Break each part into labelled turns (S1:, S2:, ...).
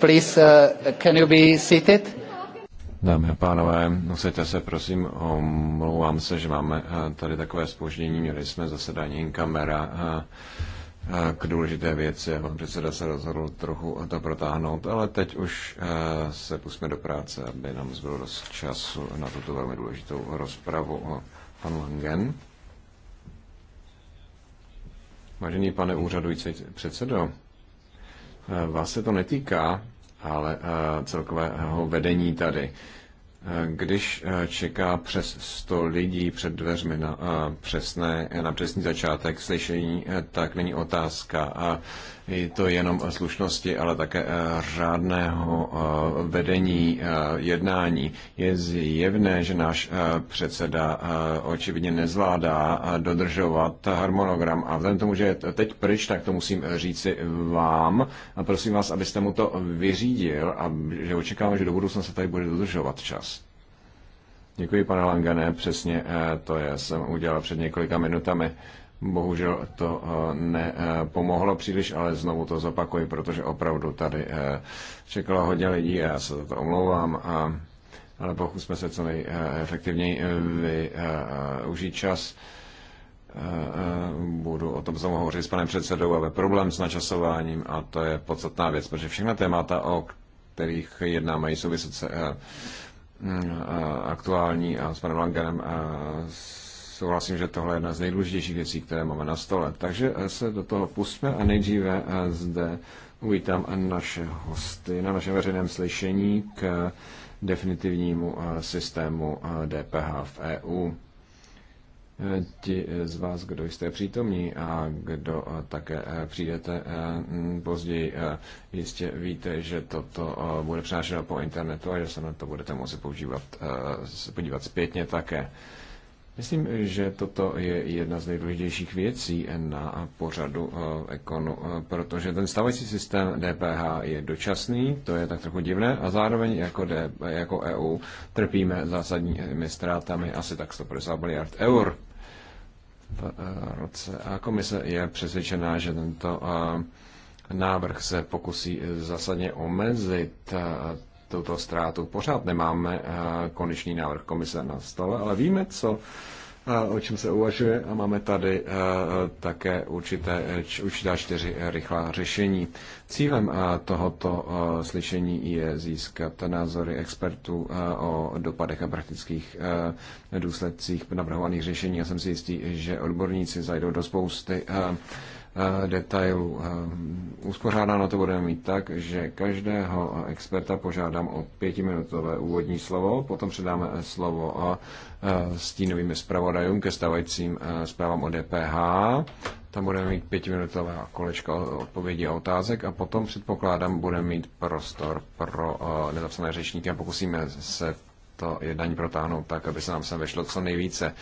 S1: please, uh, can you be seated?
S2: Dámy a pánové, usaďte se prosím, omlouvám se, že máme eh, tady takové spoždění, měli jsme zasedání kamera a, eh, a eh, k důležité věci a pan předseda se rozhodl trochu to protáhnout, ale teď už se pusme do práce, aby nám zbylo dost času na tuto velmi důležitou rozpravu o panu Langen. Vážený pane úřadující předsedo, vás se to netýká, ale eh, celkového vedení tady. Eh, když eh, čeká přes 100 lidí před dveřmi na, přesné, na přesný začátek slyšení, tak není otázka, a je to jenom slušnosti, ale také eh, řádného eh, vedení eh, jednání. Je zjevné, že náš předseda očividně nezvládá dodržovat harmonogram a vzhledem tomu, že je teď pryč, tak to musím říci vám a prosím vás, abyste mu to vyřídil a že očekávám, že do budoucna se tady bude dodržovat čas. Děkuji, pane Langane, přesně to já jsem udělal před několika minutami. Bohužel to eh, nepomohlo eh, příliš, ale znovu to zopakuji, protože opravdu tady eh, čekalo hodně lidí a já se za to omlouvám. A, ale pokusme se co nejefektivněji využít čas. Budu o tom znovu hovořit s panem předsedou, ale problém s načasováním a to je podstatná věc, protože všechna témata, o kterých jednáme, jsou vysoce mm, aktuální a s panem Langerem a s souhlasím, že tohle je jedna z nejdůležitějších věcí, které máme na stole. Takže eh, se do toho pustíme a nejdříve eh, zde uvítám naše hosty na našem veřejném slyšení k definitivnímu eh, systému DPH v EU. Ti z vás, kdo jste přítomní a kdo také přijdete mm, později, jistě víte, že toto bude přenášeno po internetu a že se na to budete moci používat, podívat zpětně také. Myslím, že toto je jedna z nejdůležitějších věcí na pořadu eh, ekonu, eh, protože ten stávající systém DPH je dočasný, to je tak trochu divné, a zároveň jako, D, jako EU trpíme zásadními ztrátami asi tak 150 miliard eur v eh, roce. A komise je přesvědčená, že tento návrh se pokusí zásadně omezit touto ztrátu. Pořád nemáme eh, konečný návrh komise na stole, ale víme, co eh, o čem se uvažuje a máme tady eh, také určité, určitá čtyři rychlá řešení. Cílem tohoto slyšení je získat názory expertů o dopadech a praktických důsledcích navrhovaných řešení. Já jsem si jistý, že odborníci zajdou do spousty Eh, detailů. Eh, uspořádáno to budeme mít tak, že každého experta požádám o pětiminutové úvodní slovo, potom předáme slovo o eh, stínovým zpravodajům ke stávajícím zprávám o DPH. Tam budeme mít pětiminutová kolečka odpovědí a otázek a potom předpokládám budeme mít prostor pro nezapsané řečníky a pokusíme se to jednání protáhnout tak, aby se nám sem vešlo co nejvíce.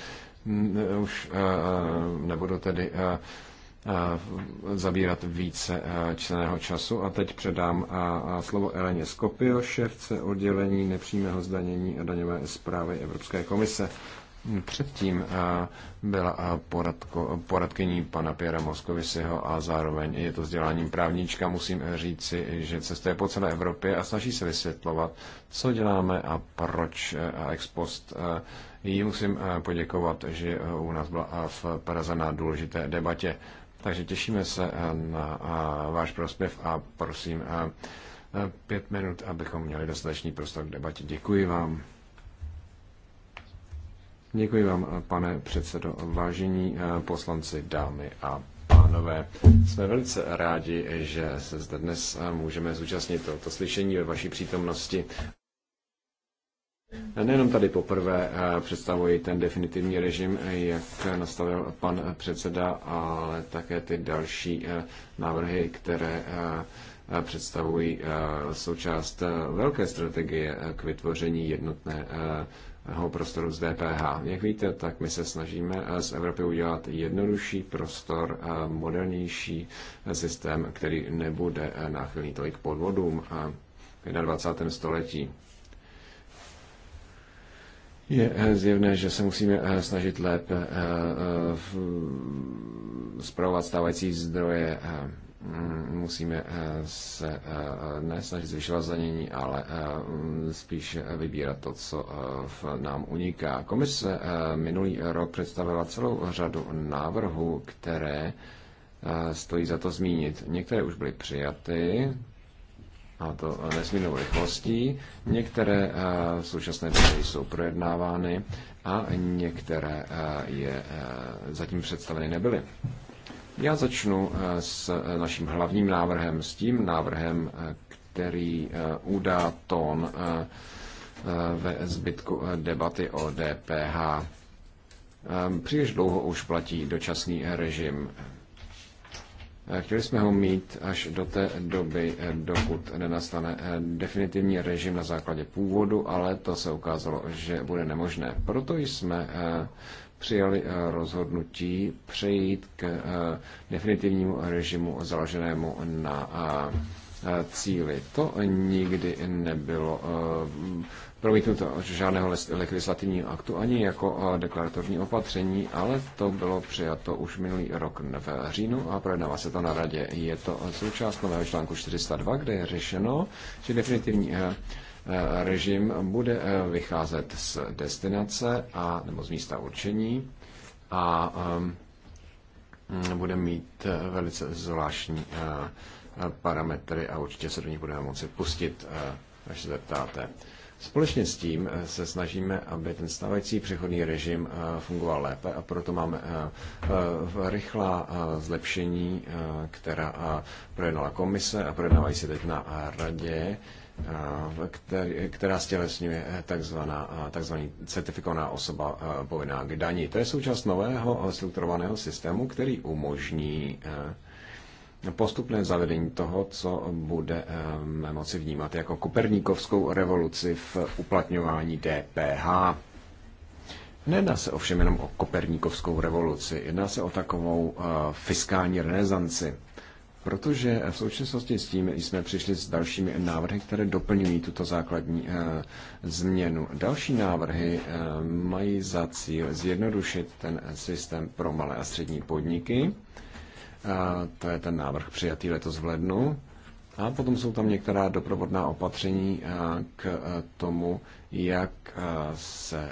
S2: Už nebudu tedy Eh, zabírat více eh, členého času. A teď předám eh, slovo Eleně Skopio, šéfce oddělení nepřímého zdanění a daňové zprávy Evropské komise. Předtím byla poradko, poradkyní pana Pěra Moskovisiho a zároveň je to vzděláním právníčka. Musím říci, že cestuje po celé Evropě a snaží se vysvětlovat, co děláme a proč a ex post. Jí musím poděkovat, že u nás byla v Praze na důležité debatě. Takže těšíme se eh, na eh, váš prospěv a prosím eh, pět minut, abychom měli dostatečný prostor k debatě. Děkuji vám. Děkuji vám, pane předsedo. Vážení poslanci, dámy a pánové, jsme velice rádi, že se zde dnes můžeme zúčastnit tohoto slyšení ve vaší přítomnosti. Nejenom tady poprvé eh, představuji ten definitivní režim, jak nastavil pan předseda, ale také ty další eh, návrhy, které eh, představují součást velké strategie k vytvoření jednotného prostoru z DPH. Jak víte, tak my se snažíme z Evropy udělat jednodušší prostor, modernější systém, který nebude náchylný tolik podvodům v 21. století. Je eh, zjevné, že se musíme eh, snažit lépe zpravovat eh, stávající zdroje. Mm, musíme se ne snažit zvyšovat zdanění, ale mm, spíš vybírat to, co nám uniká. Komise minulý rok představila celou řadu návrhů, které stojí za to zmínit. Některé už byly přijaty, a to eh, nesmírnou rychlostí. Některé eh, v současné době jsou projednávány a některé eh, je zatím představeny nebyly. Já začnu s naším hlavním návrhem, s tím návrhem, který udá tón ve zbytku debaty o DPH. Příliš dlouho už platí dočasný režim Eh, chtěli jsme ho mít až do té doby, eh, dokud nenastane eh, definitivní režim na základě původu, ale to se ukázalo, že bude nemožné. Proto jsme přijali rozhodnutí přejít k definitivnímu režimu založenému na cíli. To nikdy nebylo promítnuto žádného legislativního aktu ani jako deklaratorní opatření, ale to bylo přijato už minulý rok v říjnu a projednává se to na radě. Je to součást nového článku 402, kde je řešeno, že definitivní e, e, režim bude e, vycházet z destinace a nebo z místa určení a bude mít velice zvláštní parametry a určitě se do ní budeme moci pustit, až se zeptáte. Společně s tím eh, se snažíme, aby ten stávající přechodný režim eh, fungoval lépe a proto máme eh, rychlá zlepšení, která projednala komise a projednávají se teď na radě která stělesňuje takzvaná, takzvaný certifikovaná osoba povinná k daní. To je součást nového strukturovaného systému, který umožní postupné zavedení toho, co budeme eh, moci vnímat jako kuperníkovskou revoluci v uplatňování DPH. Nejedná se ovšem jenom o koperníkovskou revoluci, jedná se o takovou eh, fiskální renesanci, protože v současnosti s tím jsme přišli s dalšími návrhy, které doplňují tuto základní eh, změnu. Další návrhy mají za cíl zjednodušit ten systém pro malé a střední podniky, a to je ten návrh přijatý letos v lednu. A potom jsou tam některá doprovodná opatření k e, tomu, jak e, se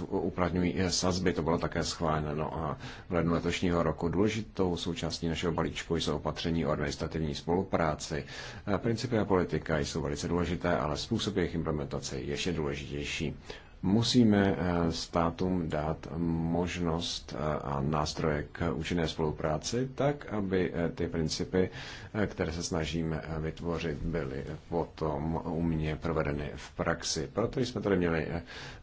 S2: e, uplatňují sazby. To bylo také schváleno no, v lednu letošního roku. Důležitou součástí našeho balíčku jsou opatření o administrativní spolupráci. Principy a politika jsou velice důležité, ale způsob jejich implementace je ještě důležitější. Musíme eh, státům dát možnost eh, a nástroje k účinné spolupráci, tak aby eh, ty principy, které se snažíme vytvořit, byly potom umě provedeny v praxi. Proto jsme tady měli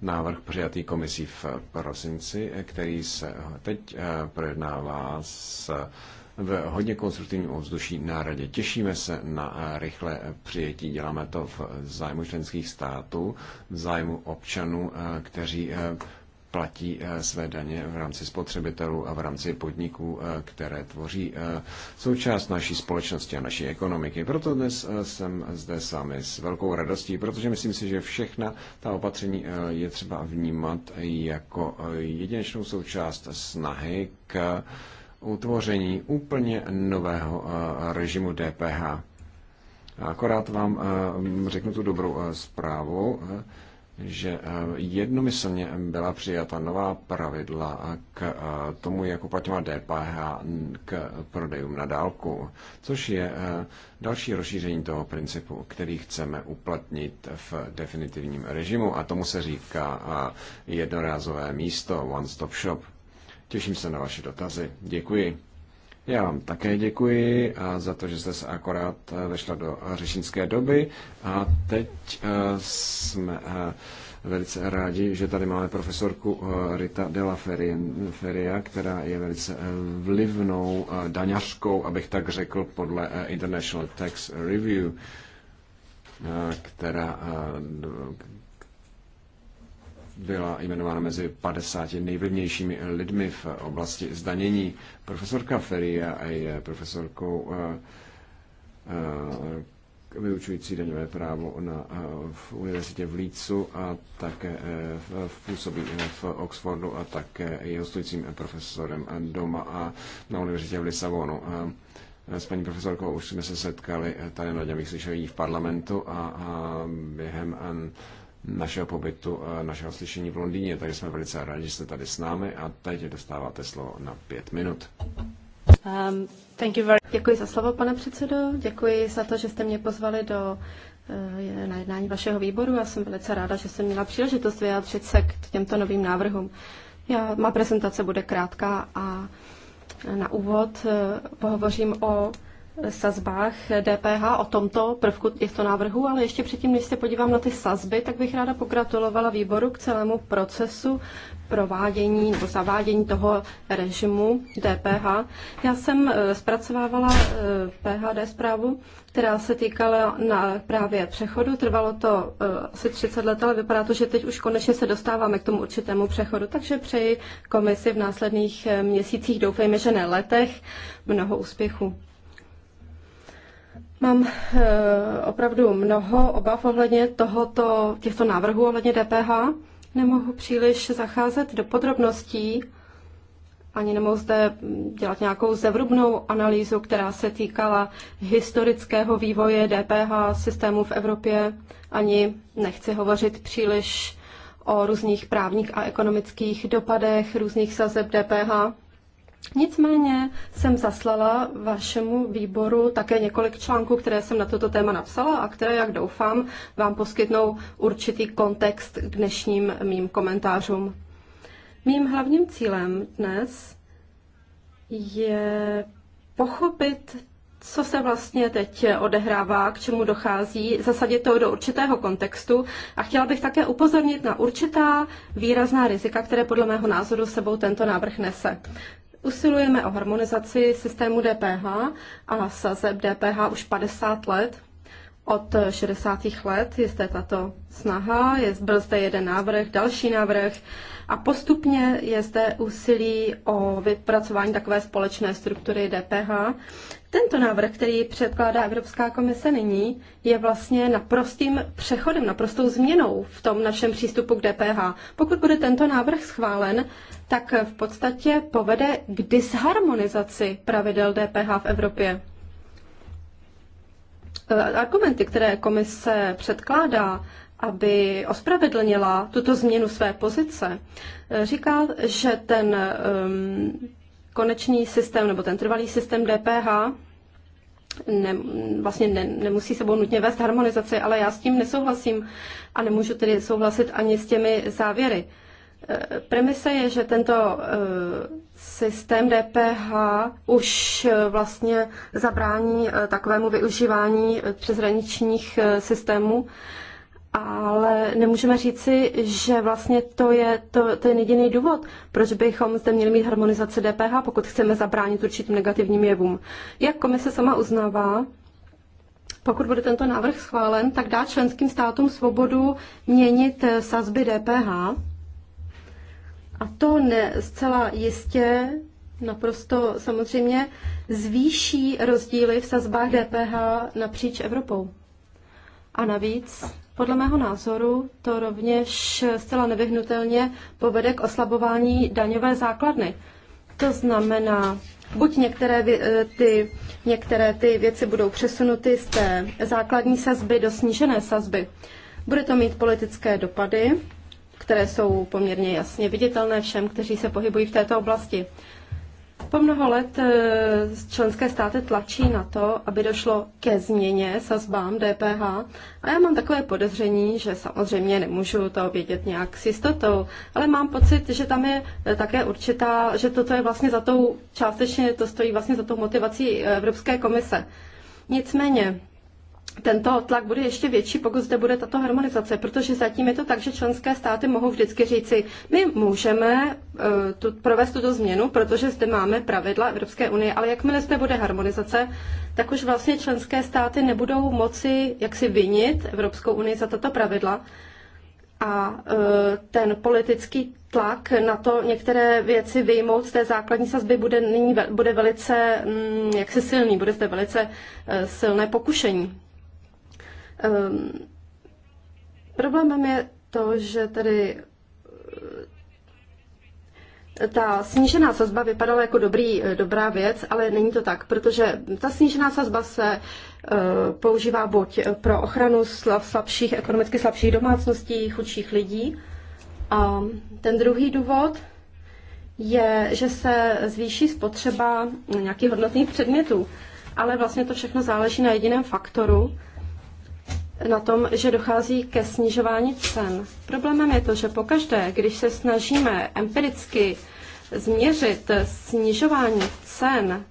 S2: návrh přijatý komisí v prosinci, který se teď projednává s v hodně konstruktivním ovzduší na radě. Těšíme se na rychlé přijetí. Děláme to v zájmu členských států, v zájmu občanů, eh, kteří eh, platí eh, své daně v rámci spotřebitelů a v rámci podniků, které tvoří součást naší společnosti a naší ekonomiky. Proto dnes jsem zde sami s velkou radostí, protože myslím si, že všechna ta opatření je třeba vnímat jako jedinečnou součást snahy k utvoření úplně nového eh, režimu DPH. Akorát vám eh, řeknu tu dobrou eh, zprávu, že jednomyslně byla přijata nová pravidla k tomu, jak uplatňovat DPH k prodejům na dálku, což je další rozšíření toho principu, který chceme uplatnit v definitivním režimu a tomu se říká jednorázové místo, one-stop shop. Těším se na vaše dotazy. Děkuji. Já vám také děkuji a za to, že jste se akorát eh, vešla do eh, řešinské doby. A teď eh, jsme velice rádi, že tady máme profesorku Rita de la Feria, která je velice vlivnou daňařkou, abych tak řekl, podle International Tax Review, která byla jmenována mezi 50 nejvlivnějšími lidmi v oblasti zdanění. Profesorka Feria je profesorkou eh, eh, vyučující daňové právo na, eh, v univerzitě v Lícu a také v, působí v Oxfordu a také je hostujícím profesorem doma a na univerzitě v Lisabonu. S paní profesorkou už jsme se setkali tady na Děmi, slyšení v parlamentu a, a během našeho pobytu, našeho slyšení v Londýně, takže jsme velice rádi, že jste tady s námi a teď dostáváte slovo na pět minut.
S3: Um, thank you very... Děkuji za slovo, pane předsedo. Děkuji za to, že jste mě pozvali do eh, na jednání vašeho výboru. Já jsem velice ráda, že jsem měla příležitost vyjádřit se k těmto novým návrhům. Já, má prezentace bude krátká a na úvod eh, pohovořím o sazbách DPH, o tomto prvku těchto návrhů, ale ještě předtím, než se podívám na ty sazby, tak bych ráda pogratulovala výboru k celému procesu provádění nebo zavádění toho režimu DPH. Já jsem eh, zpracovávala eh, PHD zprávu, která se týkala na právě přechodu. Trvalo to eh, asi 30 let, ale vypadá to, že teď už konečně se dostáváme k tomu určitému přechodu, takže přeji komisi v následných měsících, doufejme, že ne letech, mnoho úspěchů. Mám eh, opravdu mnoho obav ohledně tohoto, těchto návrhů ohledně DPH. Nemohu příliš zacházet do podrobností, ani nemohu zde dělat nějakou zevrubnou analýzu, která se týkala historického vývoje DPH systému v Evropě. Ani nechci hovořit příliš o různých právních a ekonomických dopadech různých sazeb DPH. Nicméně jsem zaslala vašemu výboru také několik článků, které jsem na toto téma napsala a které, jak doufám, vám poskytnou určitý kontext k dnešním mým komentářům. Mým hlavním cílem dnes je pochopit, co se vlastně teď odehrává, k čemu dochází, zasadit to do určitého kontextu a chtěla bych také upozornit na určitá výrazná rizika, které podle mého názoru sebou tento návrh nese. Usilujeme o harmonizaci systému DPH a sazeb DPH už 50 let. Od 60. let je zde tato snaha, je, byl zde jeden návrh, další návrh a postupně je zde úsilí o vypracování takové společné struktury DPH. Tento návrh, který předkládá Evropská komise nyní, je vlastně naprostým přechodem, naprostou změnou v tom našem přístupu k DPH. Pokud bude tento návrh schválen, tak v podstatě povede k disharmonizaci pravidel DPH v Evropě. E, argumenty, které komise předkládá, aby ospravedlnila tuto změnu své pozice, e, říká, že ten um, konečný systém nebo ten trvalý systém DPH ne, vlastně ne, nemusí sebou nutně vést harmonizaci, ale já s tím nesouhlasím a nemůžu tedy souhlasit ani s těmi závěry. Uh, Premise je, že tento eh, systém DPH už eh, vlastně zabrání eh, takovému využívání přeshraničních systémů, ale nemůžeme říci, že vlastně to je to, ten jediný důvod, proč bychom zde měli mít harmonizaci DPH, pokud chceme zabránit určitým negativním jevům. Jak komise sama uznává, pokud bude tento návrh schválen, tak dá členským státům svobodu měnit sazby DPH a to ne zcela jistě, naprosto samozřejmě, zvýší rozdíly v sazbách DPH napříč Evropou. A navíc, podle mého názoru, to rovněž zcela nevyhnutelně povede k oslabování daňové základny. To znamená, buď některé eh, ty, některé ty věci budou přesunuty z té základní sazby do snížené sazby. Bude to mít politické dopady, které jsou poměrně jasně viditelné všem, kteří se pohybují v této oblasti. Po mnoho let eh, členské státy tlačí na to, aby došlo ke změně sazbám DPH a já mám takové podezření, že samozřejmě nemůžu to vědět nějak s jistotou, ale mám pocit, že tam je eh, také určitá, že toto je vlastně za tou, částečně to stojí vlastně za tou motivací eh, Evropské komise. Nicméně, tento tlak bude ještě větší, pokud zde bude tato harmonizace, protože zatím je to tak, že členské státy mohou vždycky říci, my můžeme uh, tu, provést tuto změnu, protože zde máme pravidla Evropské unie, ale jakmile zde bude harmonizace, tak už vlastně členské státy nebudou moci jaksi vinit Evropskou unii za tato pravidla. A uh, ten politický tlak na to některé věci vyjmout z té základní sazby bude, nyní, bude velice mm, jaksi silný, bude zde velice uh, silné pokušení. Um, problémem je to, že tady eh, ta snížená sazba vypadala jako dobrý, eh, dobrá věc, ale není to tak, protože ta snížená sazba se eh, používá buď pro ochranu slabších, ekonomicky slabších domácností, chudších lidí. A ten druhý důvod je, že se zvýší spotřeba nějakých hodnotných předmětů, ale vlastně to všechno záleží na jediném faktoru, na tom, že dochází ke snižování cen. Problémem je to, že pokaždé, když se snažíme empiricky změřit snižování cen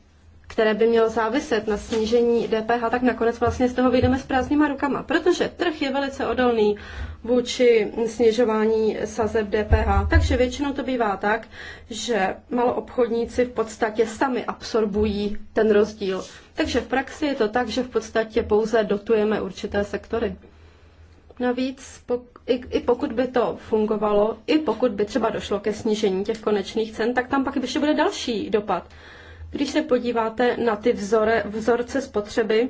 S3: které by mělo záviset na snížení DPH, tak nakonec vlastně z toho vyjdeme s prázdnýma rukama, protože trh je velice odolný vůči snižování sazeb DPH. Takže většinou to bývá tak, že maloobchodníci v podstatě sami absorbují ten rozdíl. Takže v praxi je to tak, že v podstatě pouze dotujeme určité sektory. Navíc, i, pokud by to fungovalo, i pokud by třeba došlo ke snížení těch konečných cen, tak tam pak ještě bude další dopad když se podíváte na ty vzore, vzorce spotřeby,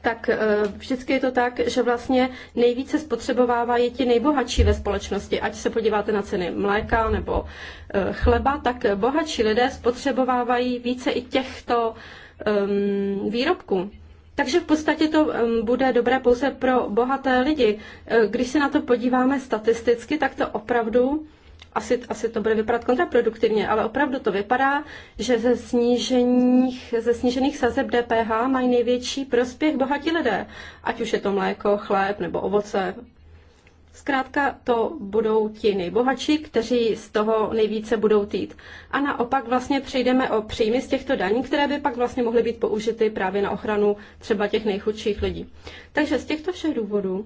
S3: tak e, vždycky je to tak, že vlastně nejvíce spotřebovávají ti nejbohatší ve společnosti. Ať se podíváte na ceny mléka nebo e, chleba, tak bohatší lidé spotřebovávají více i těchto um, výrobků. Takže v podstatě to bude dobré pouze pro bohaté lidi. E, když se na to podíváme statisticky, tak to opravdu asi, asi to bude vypadat kontraproduktivně, ale opravdu to vypadá, že ze, snížených, ze snížených sazeb DPH mají největší prospěch bohatí lidé, ať už je to mléko, chléb nebo ovoce. Zkrátka to budou ti nejbohatší, kteří z toho nejvíce budou týt. A naopak vlastně přejdeme o příjmy z těchto daní, které by pak vlastně mohly být použity právě na ochranu třeba těch nejchudších lidí. Takže z těchto všech důvodů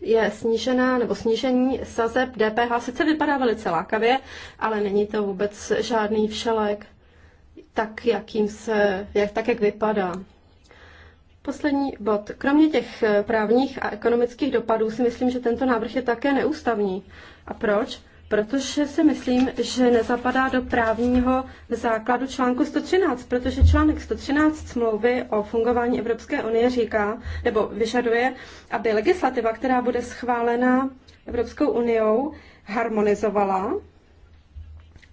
S3: je snížená nebo snížení sazeb DPH. Sice vypadá velice lákavě, ale není to vůbec žádný všelek, tak, jakým se, jak, tak jak vypadá. Poslední bod. Kromě těch eh, právních a ekonomických dopadů si myslím, že tento návrh je také neústavní. A proč? protože si myslím, že nezapadá do právního základu článku 113, protože článek 113 smlouvy o fungování Evropské unie říká, nebo vyžaduje, aby legislativa, která bude schválena Evropskou uniou, harmonizovala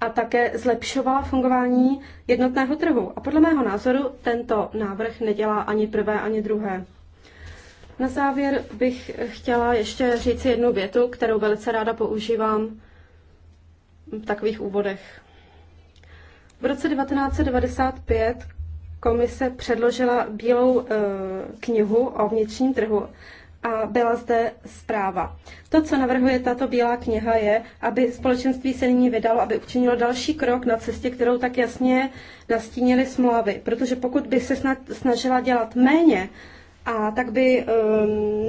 S3: a také zlepšovala fungování jednotného trhu. A podle mého názoru tento návrh nedělá ani prvé, ani druhé. Na závěr bych chtěla ještě říct jednu větu, kterou velice ráda používám takových úvodech. V roce 1995 komise předložila bílou eh, knihu o vnitřním trhu a byla zde zpráva. To, co navrhuje tato bílá kniha, je, aby společenství se nyní vydalo, aby učinilo další krok na cestě, kterou tak jasně nastínili smlouvy. Protože pokud by se snad snažila dělat méně, a tak by um,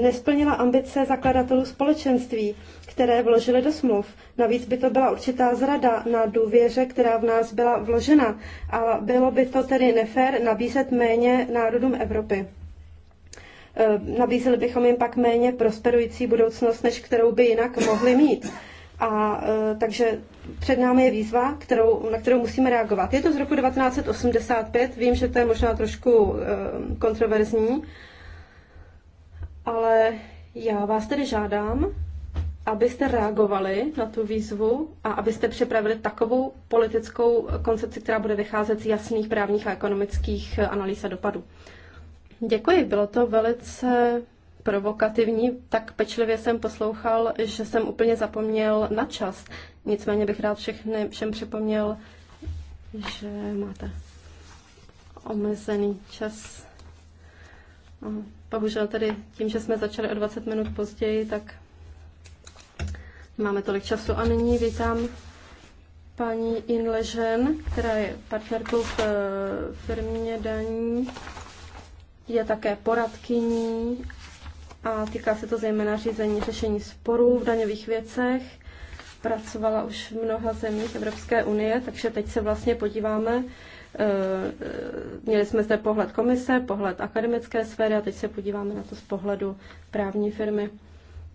S3: nesplnila ambice zakladatelů společenství které vložili do smluv. Navíc by to byla určitá zrada na důvěře, která v nás byla vložena. A bylo by to tedy nefér nabízet méně národům Evropy. E, nabízeli bychom jim pak méně prosperující budoucnost, než kterou by jinak mohli mít. A e, takže před námi je výzva, kterou, na kterou musíme reagovat. Je to z roku 1985, vím, že to je možná trošku e, kontroverzní, ale já vás tedy žádám, abyste reagovali na tu výzvu a abyste připravili takovou politickou koncepci, která bude vycházet z jasných právních a ekonomických eh, analýz a dopadů. Děkuji, bylo to velice provokativní. Tak pečlivě jsem poslouchal, že jsem úplně zapomněl na čas. Nicméně bych rád všechny, všem připomněl, že máte omezený čas. Bohužel tedy tím, že jsme začali o 20 minut později, tak máme tolik času. A nyní vítám paní Inležen, která je partnerkou v eh, firmě daní, je také poradkyní a týká se to zejména řízení řešení sporů v daňových věcech. Pracovala už v mnoha zemích Evropské unie, takže teď se vlastně podíváme. Eh, eh, měli jsme zde pohled komise, pohled akademické sféry a teď se podíváme na to z pohledu právní firmy.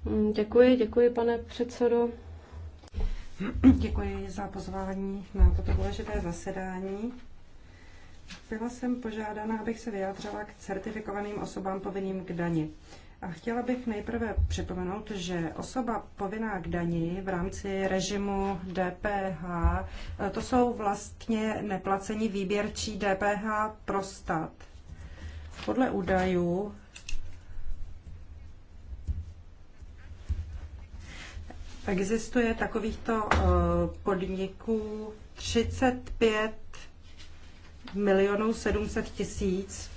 S3: Mm, děkuji, děkuji, pane předsedo. Děkuji za pozvání na toto důležité zasedání.
S4: Byla jsem požádána, abych se vyjádřila k certifikovaným osobám povinným k dani. A chtěla bych nejprve připomenout, že osoba povinná k dani v rámci režimu DPH, eh, to jsou vlastně neplacení výběrčí DPH pro stát. Podle údajů Existuje takovýchto eh, podniků 35 milionů 700 tisíc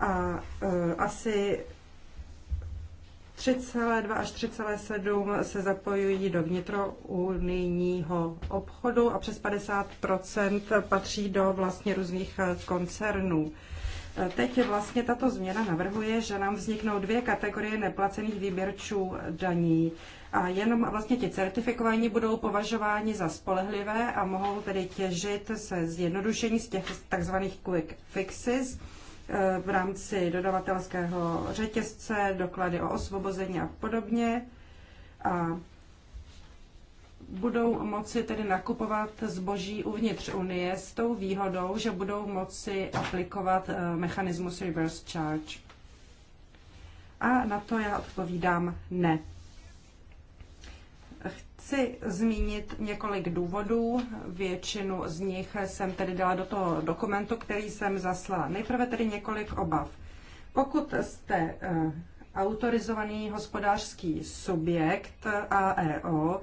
S4: a eh, asi 3,2 až 3,7 se zapojují do vnitrounijního obchodu a přes 50 patří do vlastně různých eh, koncernů. Teď vlastně tato změna navrhuje, že nám vzniknou dvě kategorie neplacených výběrčů daní a jenom vlastně ti certifikovaní budou považováni za spolehlivé a mohou tedy těžit se zjednodušení z těch takzvaných quick fixes eh, v rámci dodavatelského řetězce, doklady o osvobození a podobně. A budou moci tedy nakupovat zboží uvnitř Unie s tou výhodou, že budou moci aplikovat eh, mechanismus reverse charge. A na to já odpovídám ne. Chci zmínit několik důvodů, většinu z nich jsem tedy dala do toho dokumentu, který jsem zaslala. Nejprve tedy několik obav. Pokud jste eh, autorizovaný hospodářský subjekt AEO,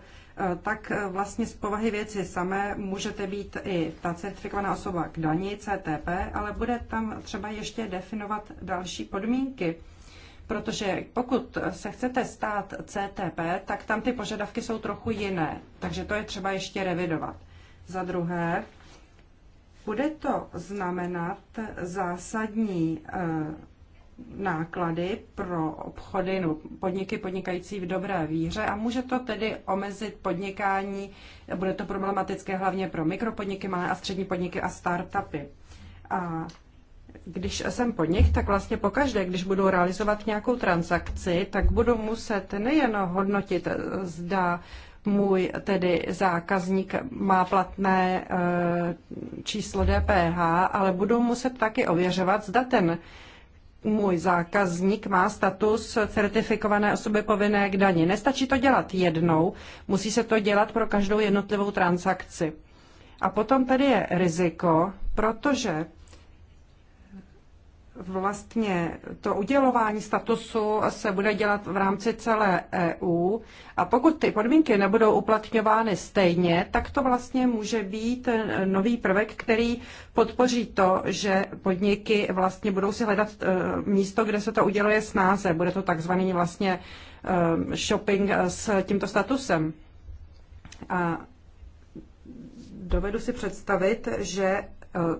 S4: tak eh, vlastně z povahy věci samé můžete být i ta certifikovaná osoba k daní, CTP, ale bude tam třeba ještě definovat další podmínky. Protože pokud se chcete stát CTP, tak tam ty požadavky jsou trochu jiné, takže to je třeba ještě revidovat. Za druhé, bude to znamenat zásadní eh, náklady pro obchody nebo podniky podnikající v dobré víře a může to tedy omezit podnikání. Bude to problematické hlavně pro mikropodniky, malé a střední podniky a startupy. A když jsem podnik, tak vlastně pokaždé, když budu realizovat nějakou transakci, tak budu muset nejen hodnotit, zda můj tedy zákazník má platné eh, číslo DPH, ale budu muset taky ověřovat, zda ten můj zákazník má status certifikované osoby povinné k dani. Nestačí to dělat jednou, musí se to dělat pro každou jednotlivou transakci. A potom tady je riziko, protože vlastně to udělování statusu se bude dělat v rámci celé EU a pokud ty podmínky nebudou uplatňovány stejně, tak to vlastně může být nový prvek, který podpoří to, že podniky vlastně budou si hledat eh, místo, kde se to uděluje snáze. Bude to takzvaný vlastně eh, shopping s tímto statusem. A dovedu si představit, že Eh,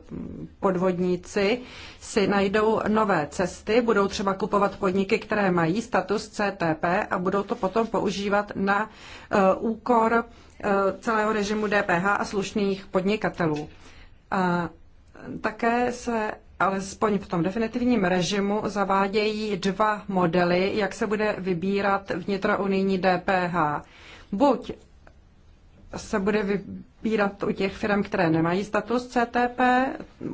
S4: podvodníci si najdou nové cesty, budou třeba kupovat podniky, které mají status CTP a budou to potom používat na eh, úkor eh, celého režimu DPH a slušných podnikatelů. A také se alespoň v tom definitivním režimu zavádějí dva modely, jak se bude vybírat vnitrounijní DPH. Buď se bude vybírat u těch firm, které nemají status CTP,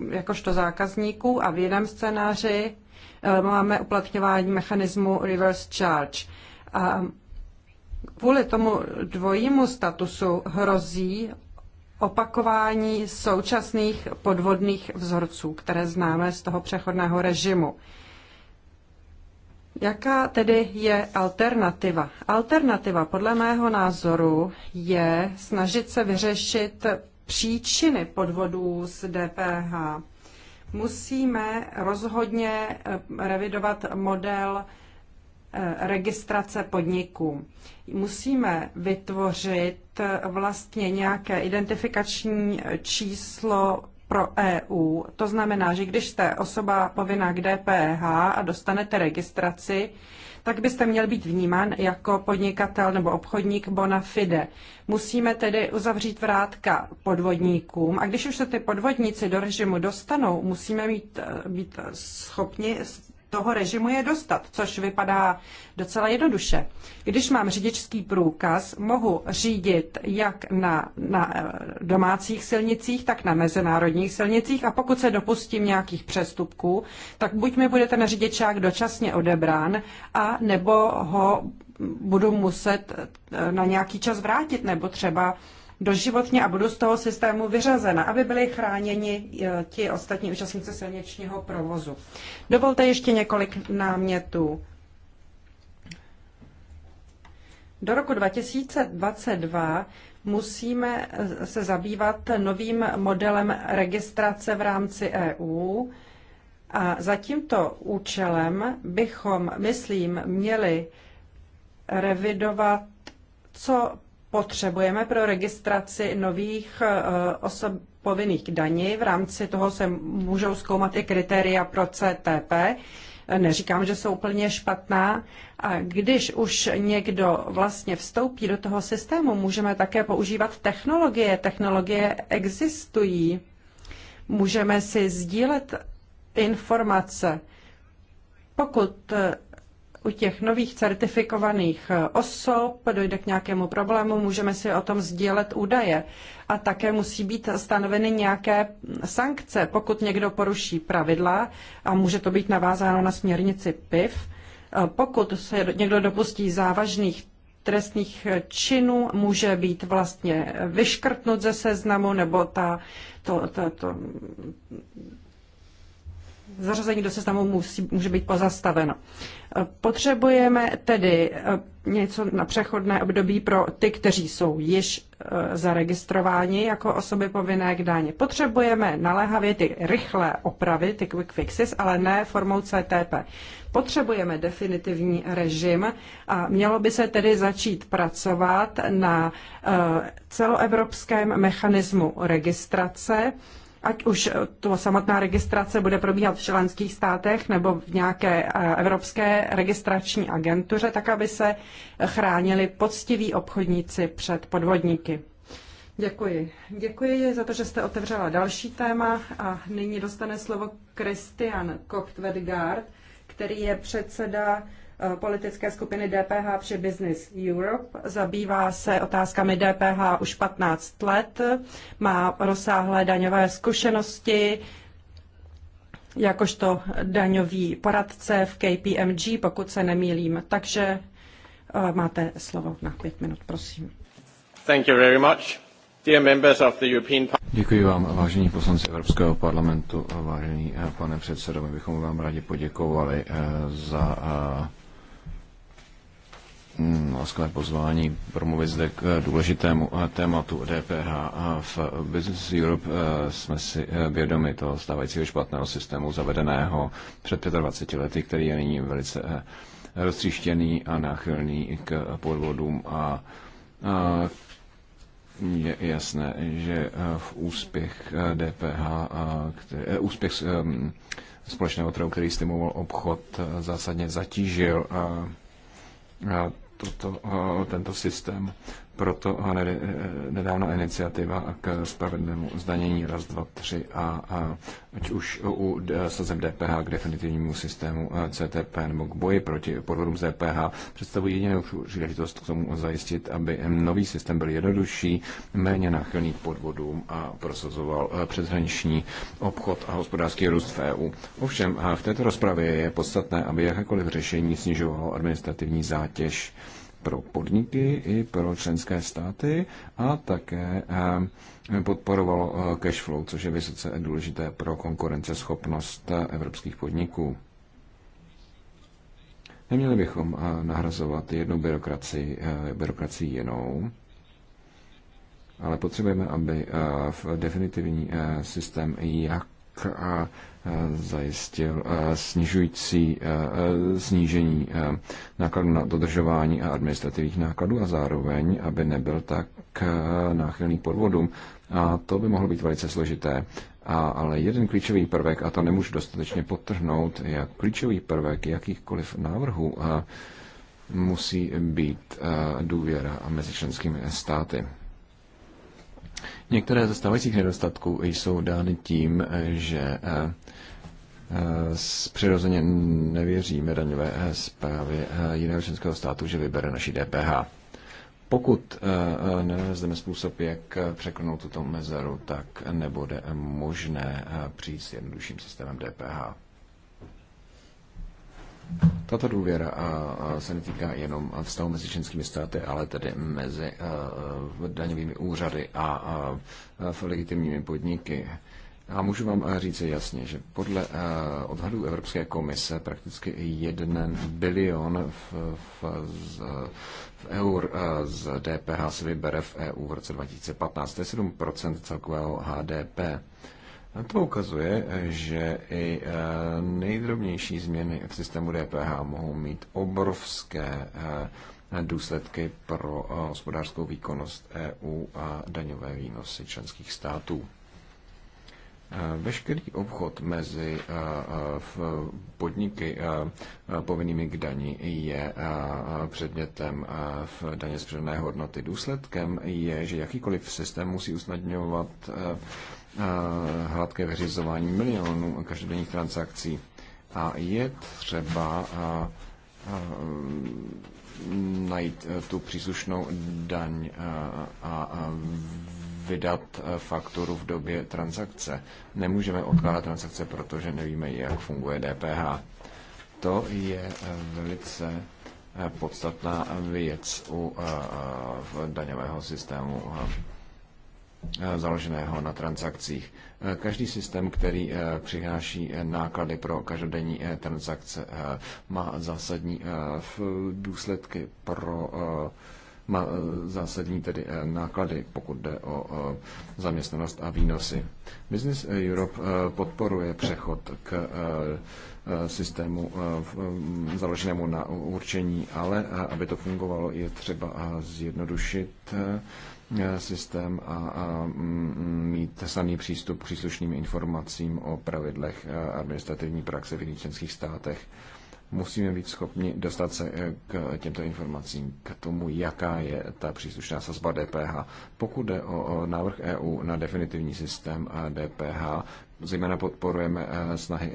S4: jakožto zákazníků a v jiném scénáři eh, máme uplatňování mechanismu reverse charge. A kvůli tomu dvojímu statusu hrozí opakování současných podvodných vzorců, které známe z toho přechodného režimu. Jaká tedy je alternativa? Alternativa podle mého názoru je snažit se vyřešit příčiny podvodů s DPH. Musíme rozhodně eh, revidovat model eh, registrace podniků. Musíme vytvořit eh, vlastně nějaké identifikační číslo pro EU. To znamená, že když jste osoba povinná k DPH a dostanete registraci, tak byste měl být vnímán jako podnikatel nebo obchodník bona fide. Musíme tedy uzavřít vrátka podvodníkům a když už se ty podvodníci do režimu dostanou, musíme mít, eh, být schopni toho režimu je dostat, což vypadá docela jednoduše. Když mám řidičský průkaz, mohu řídit jak na, na eh, domácích silnicích, tak na mezinárodních silnicích a pokud se dopustím nějakých přestupků, tak buď mi bude ten řidičák dočasně odebrán, a nebo ho budu muset eh, na nějaký čas vrátit, nebo třeba doživotně a budu z toho systému vyřazena, aby byli chráněni eh, ti ostatní účastníci silničního provozu. Dovolte ještě několik námětů. Do roku 2022 musíme eh, se zabývat novým modelem registrace v rámci EU a za tímto účelem bychom, myslím, měli revidovat co potřebujeme pro registraci nových eh, osob povinných daní. V rámci toho se můžou zkoumat i kritéria pro CTP. Neříkám, že jsou úplně špatná. A když už někdo vlastně vstoupí do toho systému, můžeme také používat technologie. Technologie existují. Můžeme si sdílet informace. Pokud eh, u těch nových certifikovaných osob dojde k nějakému problému, můžeme si o tom sdílet údaje. A také musí být stanoveny nějaké sankce, pokud někdo poruší pravidla a může to být navázáno na směrnici PIV. Pokud se někdo dopustí závažných trestných činů může být vlastně vyškrtnut ze seznamu, nebo ta, to, to, to, zařazení do seznamu musí, může být pozastaveno. Potřebujeme tedy eh, něco na přechodné období pro ty, kteří jsou již eh, zaregistrováni jako osoby povinné k dáně. Potřebujeme naléhavě ty rychlé opravy, ty quick fixes, ale ne formou CTP. Potřebujeme definitivní režim a mělo by se tedy začít pracovat na eh, celoevropském mechanismu registrace, ať už to samotná registrace bude probíhat v členských státech nebo v nějaké eh, evropské registrační agentuře, tak aby se chránili poctiví obchodníci před podvodníky. Děkuji. Děkuji za to, že jste otevřela další téma a nyní dostane slovo Christian Koptvedgard, který je předseda Eh, politické skupiny DPH při Business Europe. Zabývá se otázkami DPH už 15 let, má rozsáhlé daňové zkušenosti, jakožto daňový poradce v KPMG, pokud se nemýlím. Takže eh, máte slovo na pět minut,
S2: prosím. Thank you very much. Dear members of the European Děkuji vám, vážení poslanci Evropského parlamentu, vážený eh, pane předsedo, my bychom vám rádi poděkovali za Mm, laskavé pozvání promluvit zde k eh, důležitému eh, tématu DPH. V Business Europe eh, jsme si vědomi toho stávajícího špatného systému zavedeného před 25 lety, který je nyní velice roztříštěný a náchylný k podvodům a je jasné, že v úspěch DPH, který, úspěch společného trhu, který stimuloval obchod, zásadně zatížil a toto, eh, tento systém. Proto eh, nedávna iniciativa k spravedlnému zdanění raz, dva, tři a, a ať už u sazeb DPH k definitivnímu systému eh, CTP nebo k boji proti podvodům z DPH představují jedinou příležitost k tomu zajistit, aby nový systém byl jednodušší, méně náchylný k podvodům a prosazoval přeshraniční obchod a hospodářský růst v EU. Ovšem v této rozpravě je podstatné, aby jakékoliv řešení snižovalo administrativní zátěž pro podniky i pro členské státy a také eh, podporovalo eh, cash flow, což je vysoce důležité pro konkurenceschopnost eh, evropských podniků. Neměli bychom nahrazovat jednu byrokracii, byrokraci jinou, ale potřebujeme, aby v definitivní systém, jak a zajistil snižující snížení nákladů na dodržování a administrativních nákladů a zároveň, aby nebyl tak náchylný podvodům. A to by mohlo být velice složité. A, ale jeden klíčový prvek, a to nemůžu dostatečně potrhnout, jak klíčový prvek jakýchkoliv návrhů a musí být důvěra mezi členskými státy. Některé ze stávajících nedostatků jsou dány tím, že eh, eh, přirozeně nevěříme daňové eh, zprávy jiného členského státu, že vybere naši DPH. Pokud nenalezneme způsob, jak překlenout tuto mezeru, tak nebude možné přijít s jednodušším systémem DPH. Tato důvěra a, se netýká jenom vztahu mezi členskými státy, ale tedy mezi daňovými úřady a, a legitimními podniky. A můžu vám říct jasně, že podle odhadů Evropské komise prakticky jeden bilion v, v, z, v eur z DPH se vybere v EU v roce 2015. To je 7 celkového HDP. To ukazuje, že i e, nejdrobnější změny v systému DPH mohou mít obrovské e, důsledky pro e, hospodářskou výkonnost EU a daňové výnosy členských států. Veškerý obchod mezi podniky povinnými k dani je předmětem v daně z hodnoty. Důsledkem je, že jakýkoliv systém musí usnadňovat hladké vyřizování milionů každodenních transakcí. A je třeba najít e, tu příslušnou daň a vydat e, fakturu v době transakce. Nemůžeme odkládat transakce, protože nevíme, jak funguje DPH. To je e, velice podstatná věc u daňového systému Eh, založeného na transakcích. Eh, každý systém, který eh, přináší náklady pro každodenní transakce, má zásadní důsledky pro má zásadní tedy náklady, pokud jde o zaměstnanost a výnosy. Business Europe podporuje přechod k systému mm, založenému na určení, ale aby to fungovalo, je třeba zjednodušit Eh, systém a, a mm, mít samý přístup k příslušným informacím o pravidlech eh, administrativní praxe v jiných členských státech. Musíme být schopni dostat se eh, k těmto informacím, k tomu, jaká je ta příslušná sazba DPH. Pokud jde o návrh EU na definitivní systém DPH, zejména podporujeme snahy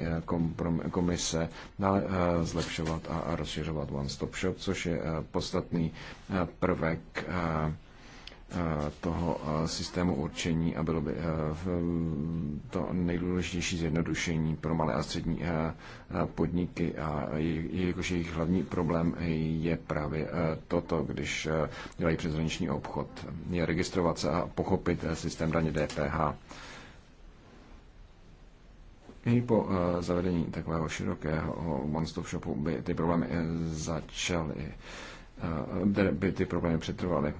S2: komise dále zlepšovat a rozšiřovat One Stop Shop, což je podstatný prvek Eh, toho eh, systému určení a bylo by eh, mm, to nejdůležitější zjednodušení pro malé a střední podniky a jakož jejich hlavní problém je právě toto, když dělají přeshraniční obchod, je registrovat se a pochopit systém daně DPH. I po zavedení takového širokého one-stop shopu by ty problémy začaly, by ty problémy přetrvaly.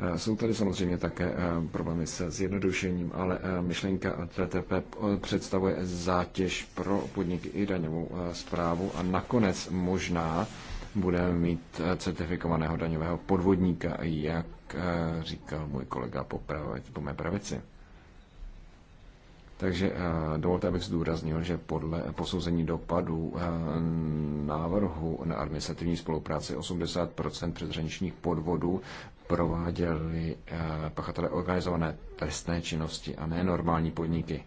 S2: Eh, jsou tady samozřejmě také eh, problémy se zjednodušením, ale eh, myšlenka TTP představuje zátěž pro podniky i daňovou zprávu a nakonec možná budeme mít certifikovaného daňového podvodníka, jak říkal můj kolega po, pravě, po mé pravici. Takže dovolte, abych zdůraznil, že podle posouzení dopadů návrhu na administrativní spolupráci 80 přeshraničních podvodů prováděli eh, pachatele organizované trestné činnosti a ne normální podniky.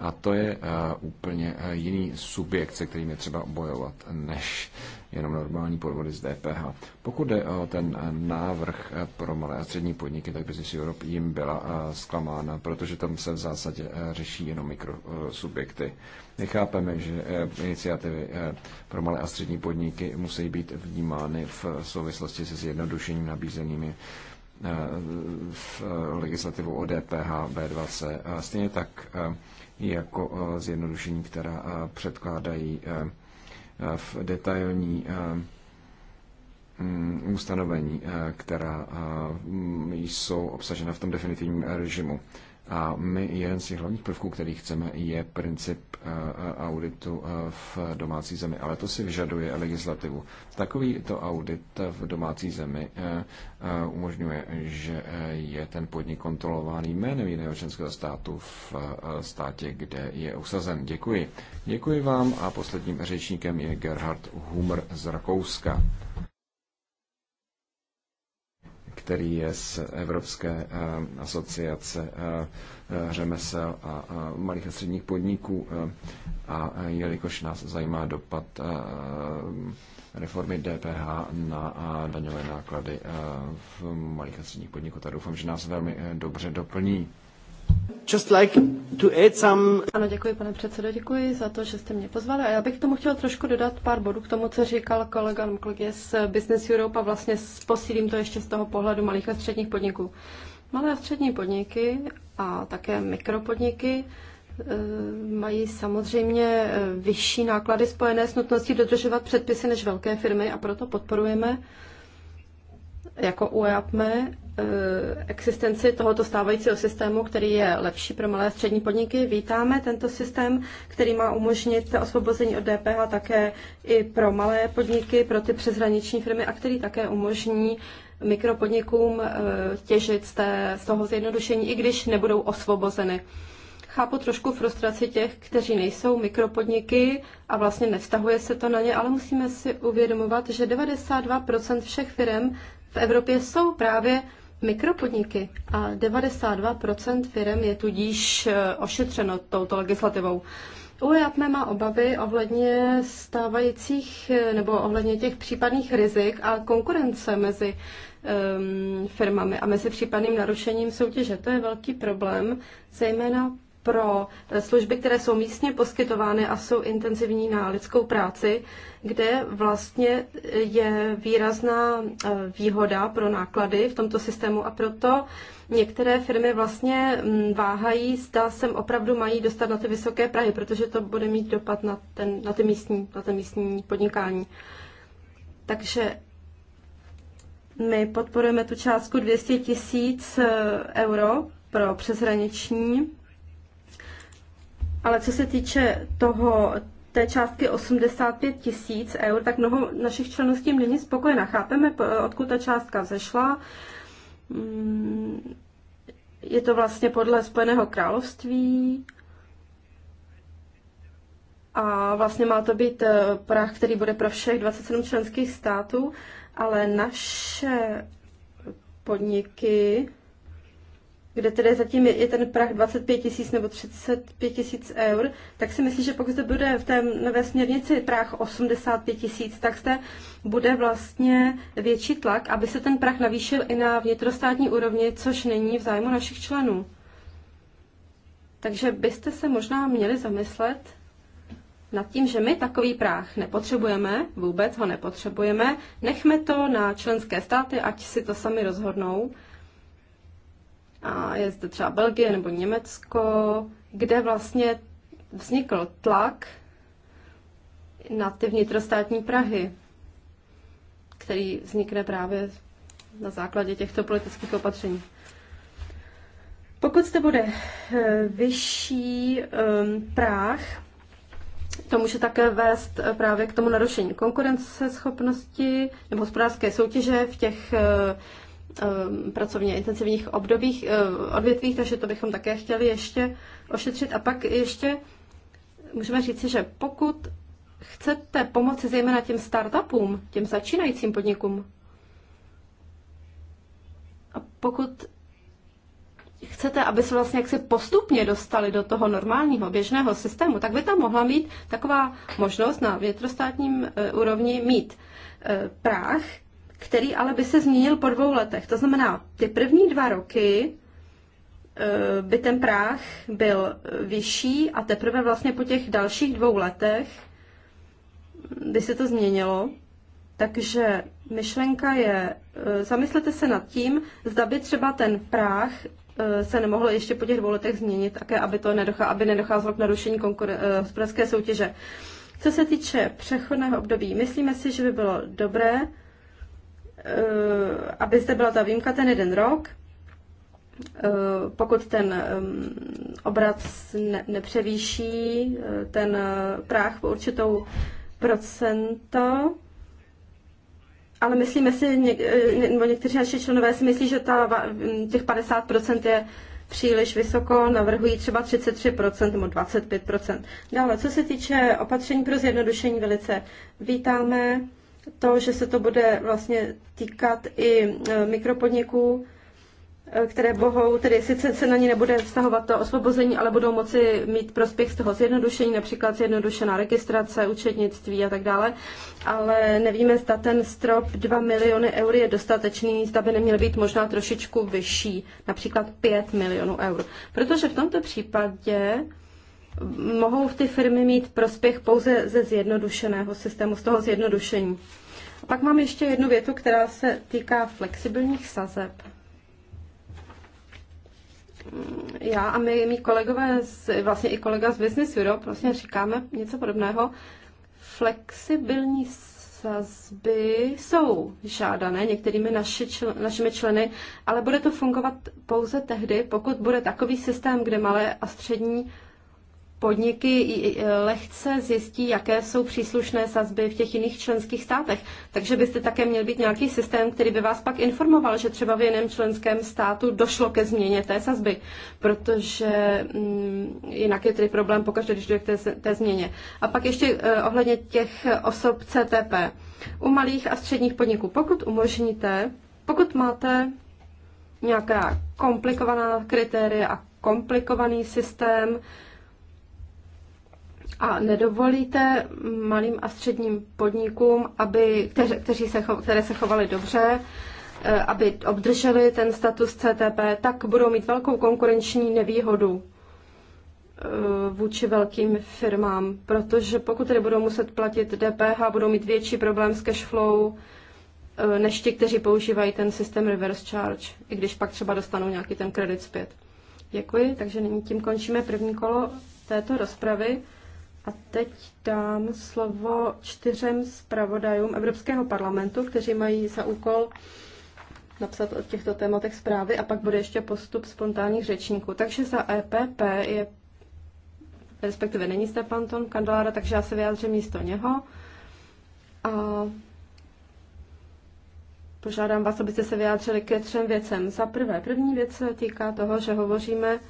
S2: A to je eh, úplně eh, jiný subjekt, se kterým je třeba bojovat, než jenom normální podvody z DPH. Pokud jde o ten eh, návrh pro malé a střední podniky, tak Business Europe jim byla zklamána, protože tam se v zásadě řeší jenom mikrosubjekty. Nechápeme, že iniciativy pro malé a střední podniky musí být vnímány v souvislosti se zjednodušením nabízenými v legislativu o DPH B2C. Stejně tak jako eh, zjednodušení, která eh, předkládají eh, v detailní mm, ustanovení, která jsou obsažena v tom definitivním režimu. A my jeden z těch hlavních prvků, který chceme, je princip eh, eh, auditu eh, v domácí zemi. Ale to si vyžaduje legislativu. to audit v domácí zemi umožňuje, že je ten podnik kontrolovaný jménem jiného členského státu v státě, kde je usazen. Děkuji. Děkuji vám a posledním řečníkem je Gerhard Humer z Rakouska který je z Evropské eh, asociace eh, eh, řemesel a malých a středních podniků. A jelikož nás zajímá dopad reformy DPH na daňové náklady v malých a středních podniků, tak doufám, že nás velmi dobře doplní. Just like to add some...
S3: Ano, děkuji, pane předsedo, děkuji za to, že jste mě pozvali. A já bych tomu chtěl trošku dodat pár bodů k tomu, co říkal kolega kolegy z Business Europe a vlastně posílím to ještě z toho pohledu malých a středních podniků. Malé a střední podniky a také mikropodniky eh, mají samozřejmě eh, vyšší náklady spojené s nutností dodržovat předpisy než velké firmy a proto podporujeme jako UEAPME Eh, existenci tohoto stávajícího systému, který je lepší pro malé a střední podniky. Vítáme tento systém, který má umožnit osvobození od DPH také i pro malé podniky, pro ty přeshraniční firmy a který také umožní mikropodnikům eh, těžit z, té, z toho zjednodušení, i když nebudou osvobozeny. Chápu trošku frustraci těch, kteří nejsou mikropodniky a vlastně nevztahuje se to na ně, ale musíme si uvědomovat, že 92% všech firm v Evropě jsou právě mikropodniky a 92% firm je tudíž eh, ošetřeno touto legislativou. UEAPME má obavy ohledně stávajících eh, nebo ohledně těch případných rizik a konkurence mezi um, firmami a mezi případným narušením soutěže. To je velký problém, zejména pro služby, které jsou místně poskytovány a jsou intenzivní na lidskou práci, kde vlastně je výrazná eh, výhoda pro náklady v tomto systému a proto některé firmy vlastně mm, váhají, zda sem opravdu mají dostat na ty vysoké prahy, protože to bude mít dopad na, ten, na, ty místní, na ten místní podnikání. Takže my podporujeme tu částku 200 tisíc eh, euro pro přeshraniční ale co se týče toho, té částky 85 tisíc eur, tak mnoho našich členů s tím není spokojená. Chápeme, odkud ta částka zešla. Mm, je to vlastně podle Spojeného království a vlastně má to být eh, prach, který bude pro všech 27 členských států, ale naše podniky kde tedy zatím je, je ten prach 25 tisíc nebo 35 tisíc eur, tak si myslím, že pokud to bude v té nové směrnici prach 85 tisíc, tak zde bude vlastně větší tlak, aby se ten prach navýšil i na vnitrostátní úrovni, což není v zájmu našich členů. Takže byste se možná měli zamyslet nad tím, že my takový práh nepotřebujeme, vůbec ho nepotřebujeme, nechme to na členské státy, ať si to sami rozhodnou a je zde třeba Belgie nebo Německo, kde vlastně vznikl tlak na ty vnitrostátní Prahy, který vznikne právě na základě těchto politických opatření. Pokud zde bude eh, vyšší um, práh, to může také vést eh, právě k tomu narušení konkurenceschopnosti nebo hospodářské soutěže v těch Eh, pracovně intenzivních obdobích, eh, odvětvích, takže to bychom také chtěli ještě ošetřit. A pak ještě můžeme říci, že pokud chcete pomoci zejména těm startupům, těm začínajícím podnikům, a pokud chcete, aby se vlastně jaksi postupně dostali do toho normálního běžného systému, tak by tam mohla mít taková možnost na větrostátním eh, úrovni mít práh, který ale by se změnil po dvou letech. To znamená, ty první dva roky eh, by ten práh byl vyšší a teprve vlastně po těch dalších dvou letech by se to změnilo. Takže myšlenka je, eh, zamyslete se nad tím, zda by třeba ten práh eh, se nemohl ještě po těch dvou letech změnit, také aby, to nedochá, aby nedocházelo k narušení hospodářské soutěže. Co se týče přechodného období, myslíme si, že by bylo dobré Eh, aby zde byla ta výjimka ten jeden rok, eh, pokud ten obrat nepřevýší eh, ten práh po určitou procento, ale myslíme si, nebo někteří naši členové si myslí, že ta, hm, těch 50% je příliš vysoko, navrhují třeba 33% nebo 25%. Dále, co se týče opatření pro zjednodušení velice, vítáme to, že se to bude vlastně týkat i e, mikropodniků, e, které bohou, tedy sice se na ní nebude vztahovat to osvobození, ale budou moci mít prospěch z toho zjednodušení, například zjednodušená registrace, účetnictví a tak dále, ale nevíme, zda ten strop 2 miliony eur je dostatečný, zda by neměl být možná trošičku vyšší, například 5 milionů eur. Protože v tomto případě mohou ty firmy mít prospěch pouze ze zjednodušeného systému, z toho zjednodušení pak mám ještě jednu větu, která se týká flexibilních sazeb. Já a my, mý kolegové, z, vlastně i kolega z Business Europe, vlastně říkáme něco podobného. Flexibilní sazby jsou žádané některými naši čl, našimi členy, ale bude to fungovat pouze tehdy, pokud bude takový systém, kde malé a střední podniky lehce zjistí, jaké jsou příslušné sazby v těch jiných členských státech. Takže byste také měl být nějaký systém, který by vás pak informoval, že třeba v jiném členském státu došlo ke změně té sazby, protože mm, jinak je tedy problém pokaždé, když dojde k té, té změně. A pak ještě eh, ohledně těch osob CTP. U malých a středních podniků, pokud umožníte, pokud máte nějaká komplikovaná kritéria a komplikovaný systém, eh, a nedovolíte malým a středním podnikům, aby, kteř, kteří se, které se chovaly dobře, eh, aby obdrželi ten status CTP, tak budou mít velkou konkurenční nevýhodu eh, vůči velkým firmám, protože pokud tedy budou muset platit DPH, budou mít větší problém s cashflow eh, než ti, kteří používají ten systém reverse charge, i když pak třeba dostanou nějaký ten kredit zpět. Děkuji, takže nyní tím končíme první kolo této rozpravy. A teď dám slovo čtyřem zpravodajům Evropského parlamentu, kteří mají za úkol napsat o těchto tématech zprávy a pak bude ještě postup spontánních řečníků. Takže za EPP je, respektive není stepan pan Tom Kandelára, takže já se vyjádřím místo něho. A požádám vás, abyste se vyjádřili ke třem věcem. Za prvé, první věc se týká toho, že hovoříme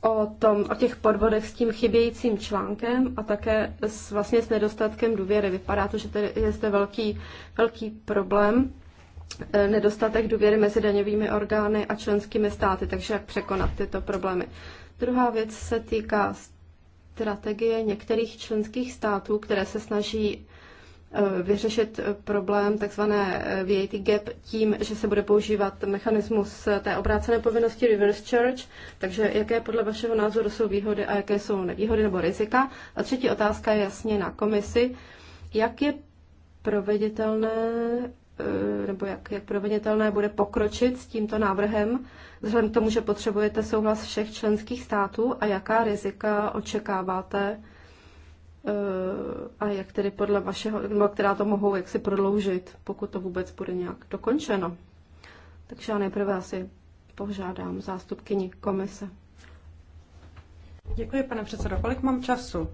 S3: o, tom, o těch podvodech s tím chybějícím článkem a také s, vlastně s nedostatkem důvěry. Vypadá to, že tady je zde velký, velký problém eh, nedostatek důvěry mezi daňovými orgány a členskými státy, takže jak překonat tyto problémy. Druhá věc se týká strategie některých členských států, které se snaží Eh, vyřešit eh, problém tzv. Eh, VAT gap tím, že se bude používat mechanismus té obrácené povinnosti reverse charge, takže jaké podle vašeho názoru jsou výhody a jaké jsou nevýhody nebo rizika. A třetí otázka je jasně na komisi, jak je proveditelné nebo jak, jak proveditelné bude pokročit s tímto návrhem, vzhledem k tomu, že potřebujete souhlas všech členských států a jaká rizika očekáváte Eh, a jak tedy podle vašeho, nebo která to mohou jaksi prodloužit, pokud to vůbec bude nějak dokončeno. Takže já nejprve asi požádám zástupkyni komise.
S4: Děkuji, pane předsedo. Kolik mám času?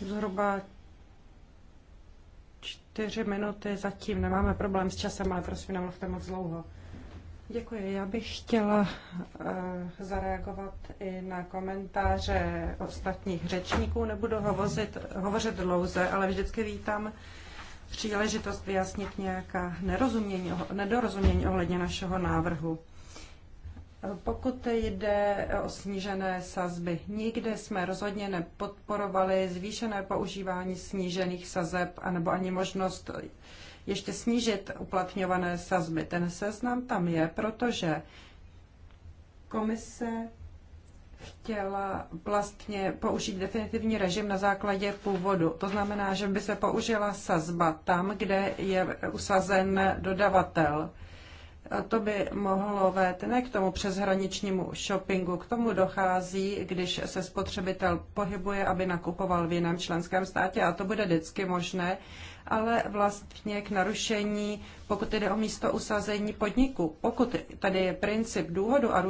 S4: Zhruba čtyři minuty zatím. Nemáme problém s časem, ale prosím, nemluvte moc dlouho. Děkuji. Já bych chtěla eh, zareagovat i na komentáře ostatních řečníků. Nebudu hovořit, hovořit dlouze, ale vždycky vítám příležitost vyjasnit nějaká nerozumění, nedorozumění ohledně našeho návrhu. Pokud jde o snížené sazby, nikde jsme rozhodně nepodporovali zvýšené používání snížených sazeb anebo ani možnost ještě snížit uplatňované sazby. Ten seznam tam je, protože komise chtěla vlastně použít definitivní režim na základě původu. To znamená, že by se použila sazba tam, kde je usazen dodavatel. To by mohlo vést ne k tomu přeshraničnímu shoppingu. K tomu dochází, když se spotřebitel pohybuje, aby nakupoval v jiném členském státě a to bude vždycky možné, ale vlastně k narušení, pokud jde o místo usazení podniku. Pokud tady je princip, důvodu a, eh,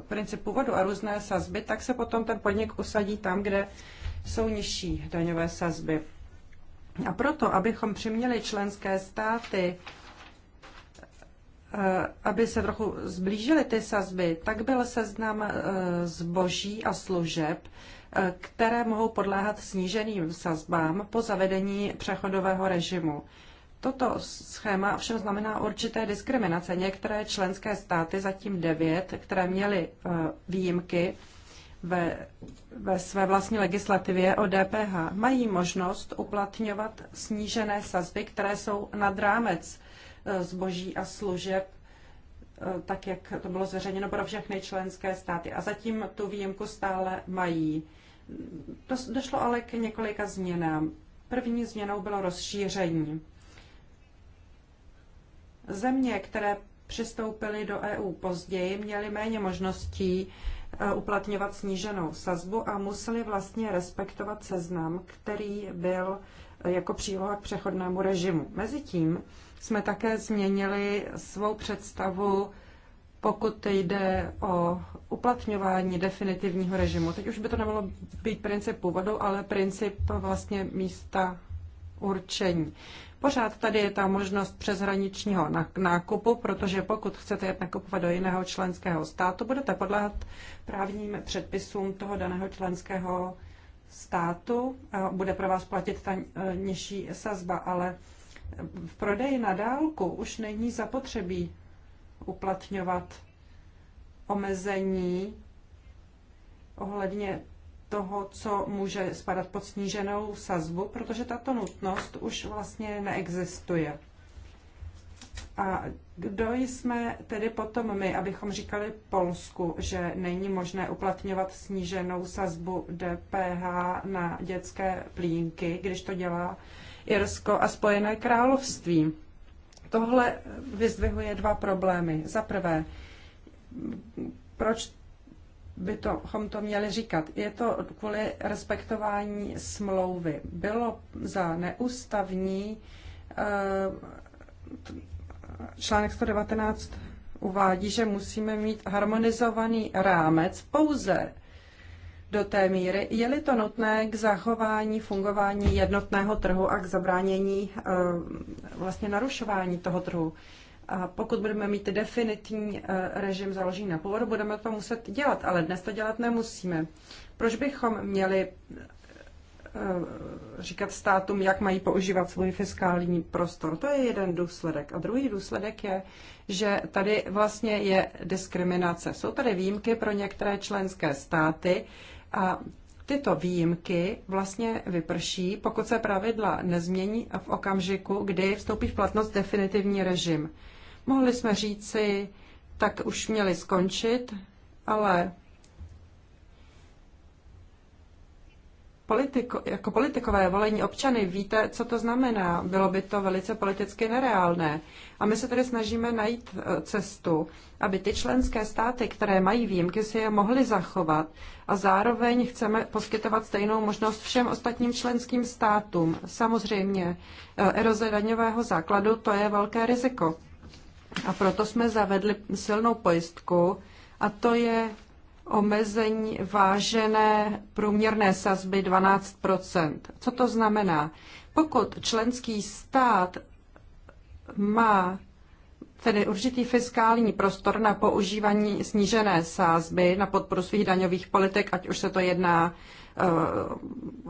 S4: princip původu a různé sazby, tak se potom ten podnik usadí tam, kde jsou nižší daňové sazby. A proto, abychom přiměli členské státy Eh, aby se trochu zblížily ty sazby, tak byl seznam eh, zboží a služeb, eh, které mohou podléhat sníženým sazbám po zavedení přechodového režimu. Toto schéma ovšem znamená určité diskriminace. Některé členské státy, zatím devět, které měly výjimky ve, ve své vlastní legislativě o DPH, mají možnost uplatňovat snížené sazby, které jsou nad rámec zboží a služeb, eh, tak jak to bylo zveřejněno pro všechny členské státy. A zatím tu výjimku stále mají. Došlo ale k několika změnám. První změnou bylo rozšíření. Země, které přistoupily do EU později, měly méně možností eh, uplatňovat sníženou sazbu a museli vlastně respektovat seznam, který byl eh, jako příloha k přechodnému režimu. Mezitím jsme také změnili svou představu, pokud jde o uplatňování definitivního režimu. Teď už by to nemohlo být princip původu, ale princip vlastně místa určení. Pořád tady je ta možnost přeshraničního nákupu, protože pokud chcete jet nakupovat do jiného členského státu, budete podléhat právním předpisům toho daného členského státu. Bude pro vás platit ta e, nižší sazba, ale v prodeji na dálku už není zapotřebí uplatňovat omezení ohledně toho, co může spadat pod sníženou sazbu, protože tato nutnost už vlastně neexistuje. A kdo jsme tedy potom my, abychom říkali Polsku, že není možné uplatňovat sníženou sazbu DPH na dětské plínky, když to dělá Irsko a Spojené království. Tohle vyzdvihuje dva problémy. Za prvé, proč bychom to měli říkat? Je to kvůli respektování smlouvy. Bylo za neústavní eh, článek 119 uvádí, že musíme mít harmonizovaný rámec pouze do té míry, je-li to nutné k zachování fungování jednotného trhu a k zabránění eh, vlastně narušování toho trhu. A pokud budeme mít definitní eh, režim založený na původu, budeme to muset dělat, ale dnes to dělat nemusíme. Proč bychom měli eh, říkat státům, jak mají používat svůj fiskální prostor. To je jeden důsledek. A druhý důsledek je, že tady vlastně je diskriminace. Jsou tady výjimky pro některé členské státy, a tyto výjimky vlastně vyprší, pokud se pravidla nezmění v okamžiku, kdy vstoupí v platnost definitivní režim. Mohli jsme říci, tak už měli skončit, ale politiko, jako politikové volení občany víte, co to znamená. Bylo by to velice politicky nereálné. A my se tedy snažíme najít eh, cestu, aby ty členské státy, které mají výjimky, si je mohly zachovat a zároveň chceme poskytovat stejnou možnost všem ostatním členským státům. Samozřejmě eh, eroze daňového základu to je velké riziko. A proto jsme zavedli silnou pojistku a to je omezení vážené průměrné sazby 12 Co to znamená? Pokud členský stát má tedy určitý fiskální prostor na používání snížené sázby na podporu svých daňových politik, ať už se to jedná eh,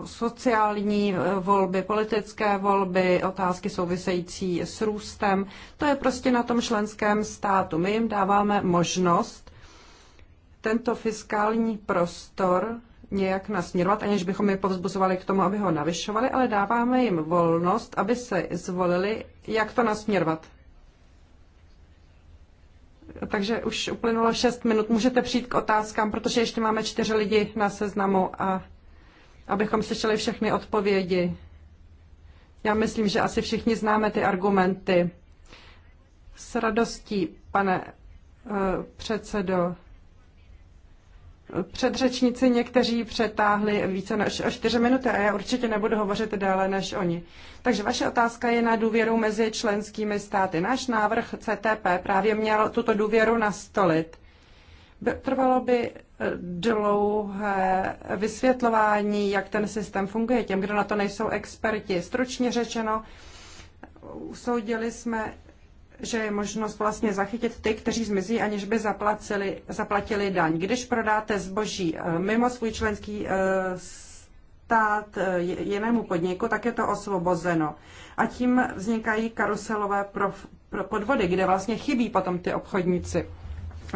S4: sociální eh, volby, politické volby, otázky související s růstem. To je prostě na tom členském státu. My jim dáváme možnost tento fiskální prostor nějak nasměrovat, aniž bychom je povzbuzovali k tomu, aby ho navyšovali, ale dáváme jim volnost, aby se zvolili, jak to nasměrovat. Takže už uplynulo 6 minut. Můžete přijít k otázkám, protože ještě máme čtyři lidi na seznamu a abychom slyšeli všechny odpovědi. Já myslím, že asi všichni známe ty argumenty. S radostí, pane eh, předsedo. Předřečníci někteří přetáhli více než o čtyři minuty a já určitě nebudu hovořit déle než oni. Takže vaše otázka je na důvěru mezi členskými státy. Náš návrh CTP právě měl tuto důvěru nastolit. Trvalo by eh, dlouhé vysvětlování, jak ten systém funguje těm, kdo na to nejsou experti. Stručně řečeno, usoudili jsme, že je možnost vlastně zachytit ty, kteří zmizí, aniž by zaplacili, zaplatili daň. Když prodáte zboží eh, mimo svůj členský eh, stát eh, jinému podniku, tak je to osvobozeno. A tím vznikají karuselové pro, pro podvody, kde vlastně chybí potom ty obchodníci.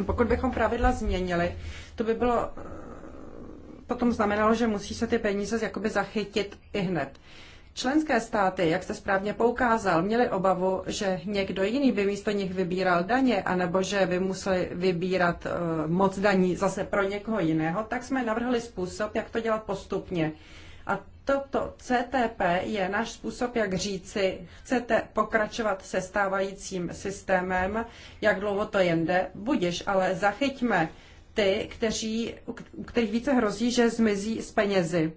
S4: Pokud bychom pravidla změnili, to by bylo potom znamenalo, že musí se ty peníze jakoby zachytit i hned. Členské státy, jak jste správně poukázal, měly obavu, že někdo jiný by místo nich vybíral daně, anebo že by museli vybírat eh, moc daní zase pro někoho jiného, tak jsme navrhli způsob, jak to dělat postupně. A toto CTP je náš způsob, jak říci, chcete pokračovat se stávajícím systémem, jak dlouho to jende, budiš, ale zachyťme ty, kteří, u kterých více hrozí, že zmizí z penězi.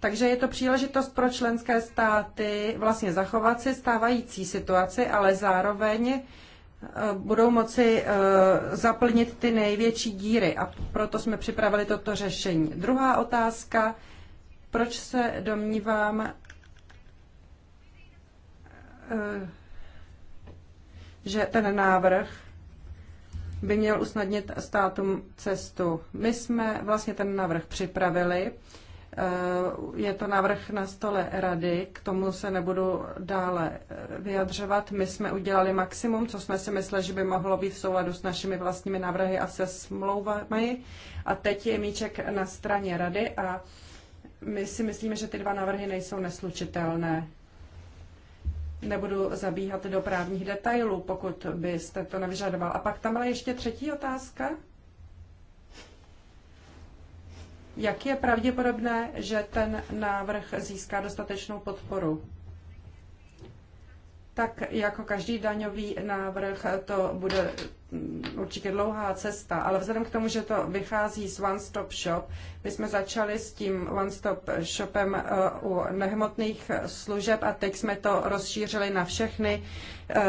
S4: Takže je to příležitost pro členské státy vlastně zachovat si stávající situaci, ale zároveň e, budou moci e, zaplnit ty největší díry a proto jsme připravili toto řešení. Druhá otázka, proč se domnívám, e, že ten návrh by měl usnadnit státům cestu. My jsme vlastně ten návrh připravili Eh, je to návrh na stole rady, k tomu se nebudu dále eh, vyjadřovat. My jsme udělali maximum, co jsme si mysleli, že by mohlo být v souladu s našimi vlastními návrhy a se smlouvami. A teď je míček na straně rady a my si myslíme, že ty dva návrhy nejsou neslučitelné. Nebudu zabíhat do právních detailů, pokud byste to nevyžadoval. A pak tam byla ještě třetí otázka. Jak je pravděpodobné, že ten návrh získá dostatečnou podporu? Tak jako každý daňový návrh, to bude mm, určitě dlouhá cesta, ale vzhledem k tomu, že to vychází z One Stop Shop, my jsme začali s tím One Stop Shopem eh, u nehmotných služeb a teď jsme to rozšířili na všechny eh,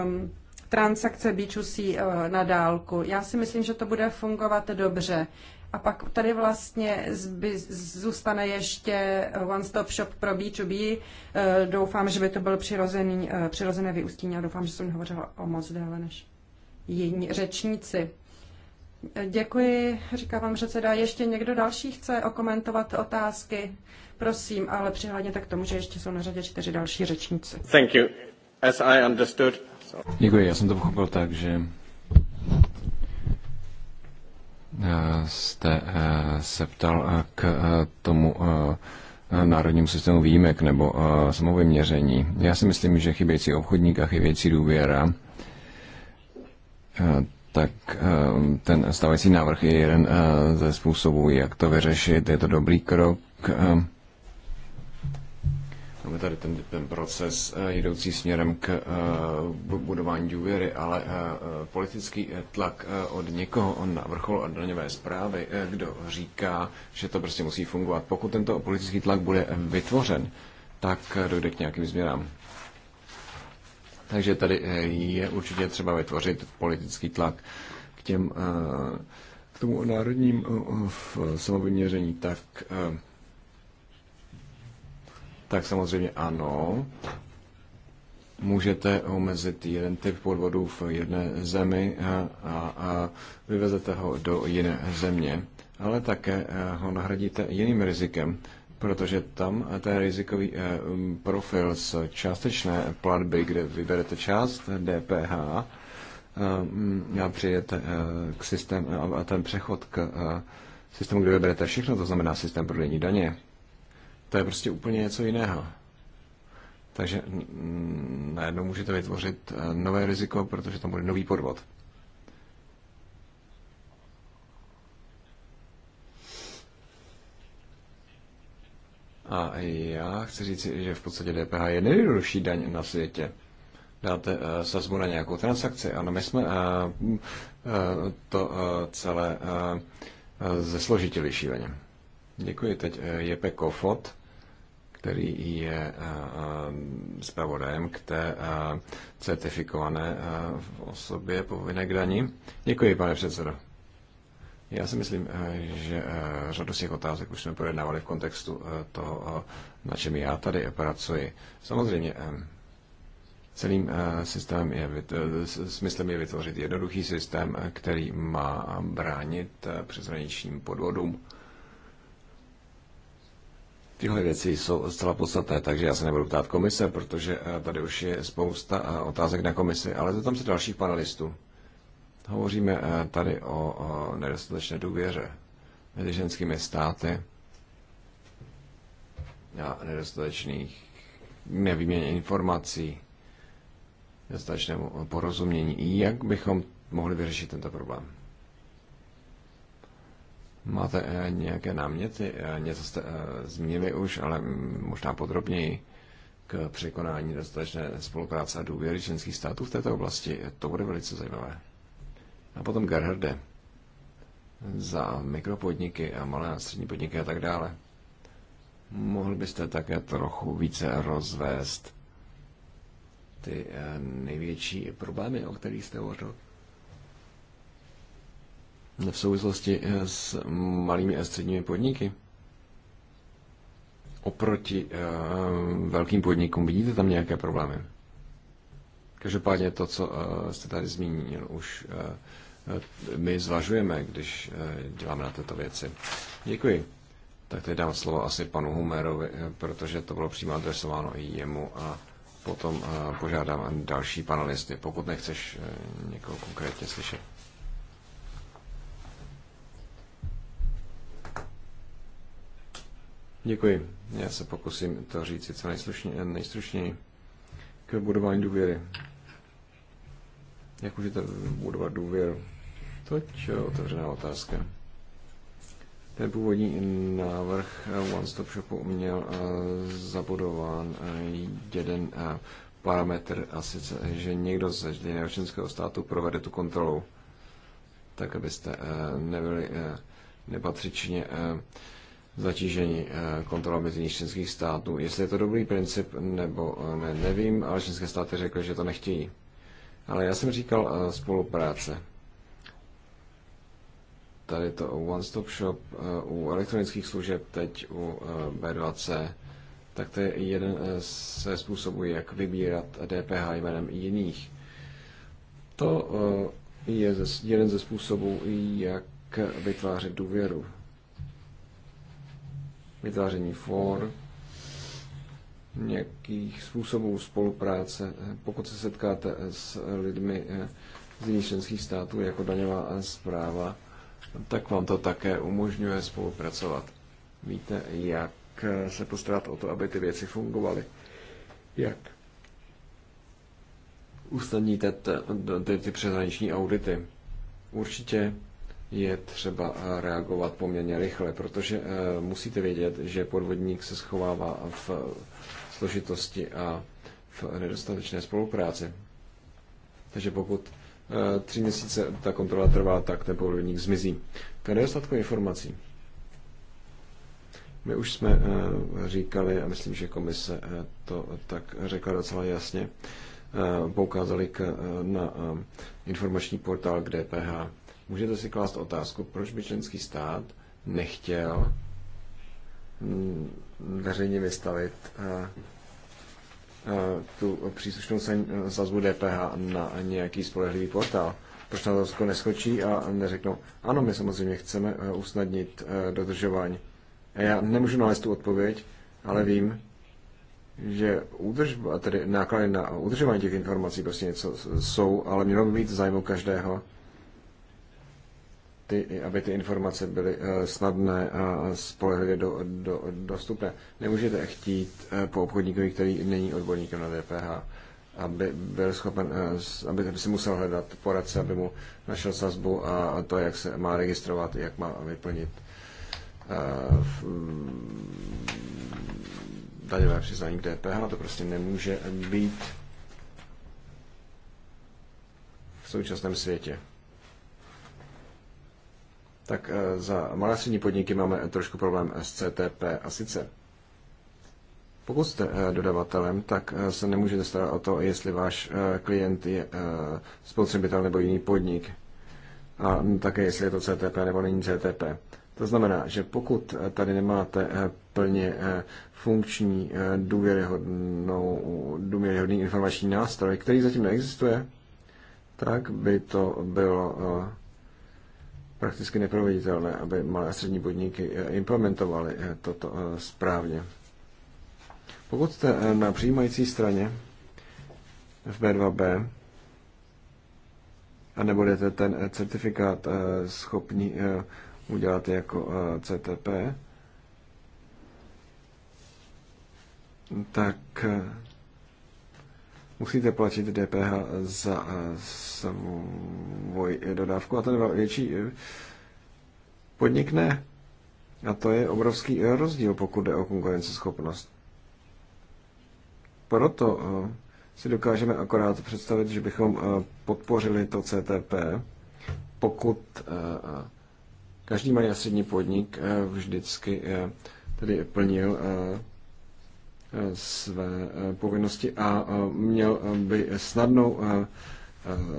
S4: ehm, transakce B2C eh, na dálku. Já si myslím, že to bude fungovat dobře. A pak tady vlastně zby, zůstane ještě One Stop Shop pro B2B. Eh, doufám, že by to byl přirozený, eh, přirozené vyústění a doufám, že jsem hovořila o moc déle než jiní řečníci. Děkuji, říká vám předseda. Ještě někdo další chce okomentovat otázky? Prosím, ale přihledněte tak tomu, že ještě jsou na řadě čtyři další
S2: řečníci. Thank you. As I understood. So. Děkuji, já jsem to pochopil tak, že jste eh, se ptal eh, k eh, tomu národnímu systému výjimek nebo měření. Já si myslím, že chybějící obchodník a chybějící důvěra tak ten stávající návrh je jeden ze způsobů, jak to vyřešit. Je to dobrý krok Máme tady ten, ten proces eh, jdoucí směrem k eh, budování důvěry, ale eh, politický tlak od někoho na vrchol a daňové zprávy, kdo říká, že to prostě musí fungovat. Pokud tento politický tlak bude vytvořen, tak dojde k nějakým změnám. Takže tady je určitě třeba vytvořit politický tlak k těm k tomu národním samovyměření, tak tak samozřejmě ano. Můžete omezit jeden typ podvodů v jedné zemi a, a, a vyvezete ho do jiné země, ale také eh, ho nahradíte jiným rizikem, protože tam ten rizikový eh, profil z částečné platby, kde vyberete část DPH, eh, a přijete k systému a ten přechod k systému, kde vyberete všechno, to znamená systém prodejní daně, to je prostě úplně něco jiného. Takže najednou můžete vytvořit eh, nové riziko, protože tam bude nový podvod. A já chci říct, že v podstatě DPH je nejjednodušší daň na světě. Dáte uh, sazbu na nějakou transakci. Ano, my jsme uh, uh, to uh, celé uh, zesložitili šíleně. Děkuji. Teď je Pekofot který je eh, eh, zpravodajem k té eh, certifikované osobě povinné k daní. Děkuji, pane předsedo. Já si myslím, že řadu z těch otázek už jsme projednávali v kontextu toho, na čem já tady pracuji. Samozřejmě celým systémem je, smyslem je vytvořit jednoduchý systém, který má bránit přeshraničním podvodům. Tyhle věci jsou zcela podstatné, takže já se nebudu ptát komise, protože eh, tady už je spousta eh, otázek na komisi, ale to tam se dalších panelistů. Hovoříme eh, tady o nedostatečné důvěře mezi ženskými státy a nedostatečných nevýměně informací, nedostatečnému porozumění. Jak bychom mohli vyřešit tento problém? Máte eh, nějaké náměty? Eh, něco jste eh, zmínili už, ale mm, možná podrobněji k překonání dostatečné spolupráce a důvěry členských států v této oblasti. To bude velice zajímavé. A potom Gerharde za mikropodniky a malé a střední podniky a tak dále. Mohl byste také trochu více rozvést ty největší problémy, o kterých jste hovořil? v souvislosti eh, s malými a středními podniky? Oproti eh, velkým podnikům vidíte tam nějaké problémy? Každopádně to, co eh, jste tady zmínil, už my zvažujeme, když děláme na této věci. Děkuji. Tak teď dám slovo asi panu Humerovi, protože to bylo přímo adresováno i jemu a potom požádám další panelisty, pokud nechceš někoho konkrétně slyšet. Děkuji. Já se pokusím to říct co nejstručněji k budování důvěry. Jak můžete budovat důvěru? To je otevřená otázka. Ten původní návrh One Stop Shopu měl eh, zabudován eh, jeden eh, parametr, a sice, že někdo ze jediného členského státu provede tu kontrolu, tak abyste nebyli nepatřičně zatížení eh, kontrolami z jiných členských států. Jestli je to dobrý princip nebo eh, ne, nevím, ale členské státy řekly, že to nechtějí. Ale já jsem říkal eh, spolupráce. Tady to one-stop shop u elektronických služeb, teď u B2C, tak to je jeden ze způsobů, jak vybírat DPH jménem jiných. To je jeden ze způsobů, jak vytvářet důvěru vytváření for, nějakých způsobů spolupráce. Pokud se setkáte s lidmi eh, z jiných členských států jako daňová zpráva, tak vám to také umožňuje spolupracovat. Víte, jak eh, se postarat o to, aby ty věci fungovaly. Jak usnadníte ty, ty přeshraniční audity. Určitě je třeba eh, reagovat poměrně rychle, protože eh, musíte vědět, že podvodník se schovává v eh, složitosti a v nedostatečné spolupráci. Takže pokud tři měsíce ta kontrola trvá, tak ten podvodník zmizí. K nedostatku informací. My už jsme říkali, a myslím, že komise to tak řekla docela jasně, poukázali na informační portál k DPH Můžete si klást otázku, proč by členský stát nechtěl mm, veřejně vystavit eh, eh, tu příslušnou eh, sazbu DPH na nějaký spolehlivý portál. Proč na to neskočí a neřeknou, ano, my samozřejmě chceme usnadnit dodržování. A já nemůžu nalézt tu odpověď, ale vím, že údržba, tedy náklady na udržování těch informací prostě něco jsou, ale mělo by být zájmu každého, ty, aby ty informace byly eh, snadné a spolehlivě do, do, dostupné. Nemůžete chtít eh, po obchodníkovi, který není odborníkem na DPH, aby byl schopen, eh, aby si musel hledat poradce, aby mu našel sazbu a to, jak se má registrovat, jak má vyplnit mm, daňové přiznání k DPH, to prostě nemůže být v současném světě tak e, za malé střední podniky máme trošku problém s CTP a sice pokud jste e, dodavatelem, tak e, se nemůžete starat o to, jestli váš klient je spotřebitel nebo jiný podnik. A také jestli je to CTP nebo není CTP. To znamená, že pokud tady nemáte plně funkční důvěryhodnou důvěryhodný informační nástroj, který zatím neexistuje, tak by to bylo prakticky neproveditelné, aby malé a střední podniky eh, implementovaly eh, toto eh, správně. Pokud jste na přijímající straně v B2B a nebudete ten certifikát schopni udělat jako CTP, tak musíte platit DPH za eh, svou dodávku a ten větší eh, podnik ne. A to je obrovský eh, rozdíl, pokud jde o konkurenceschopnost. Proto si dokážeme akorát představit, že bychom podpořili to CTP, pokud každý malý a střední podnik vždycky tedy plnil své eh, povinnosti a eh, měl eh, by snadnou,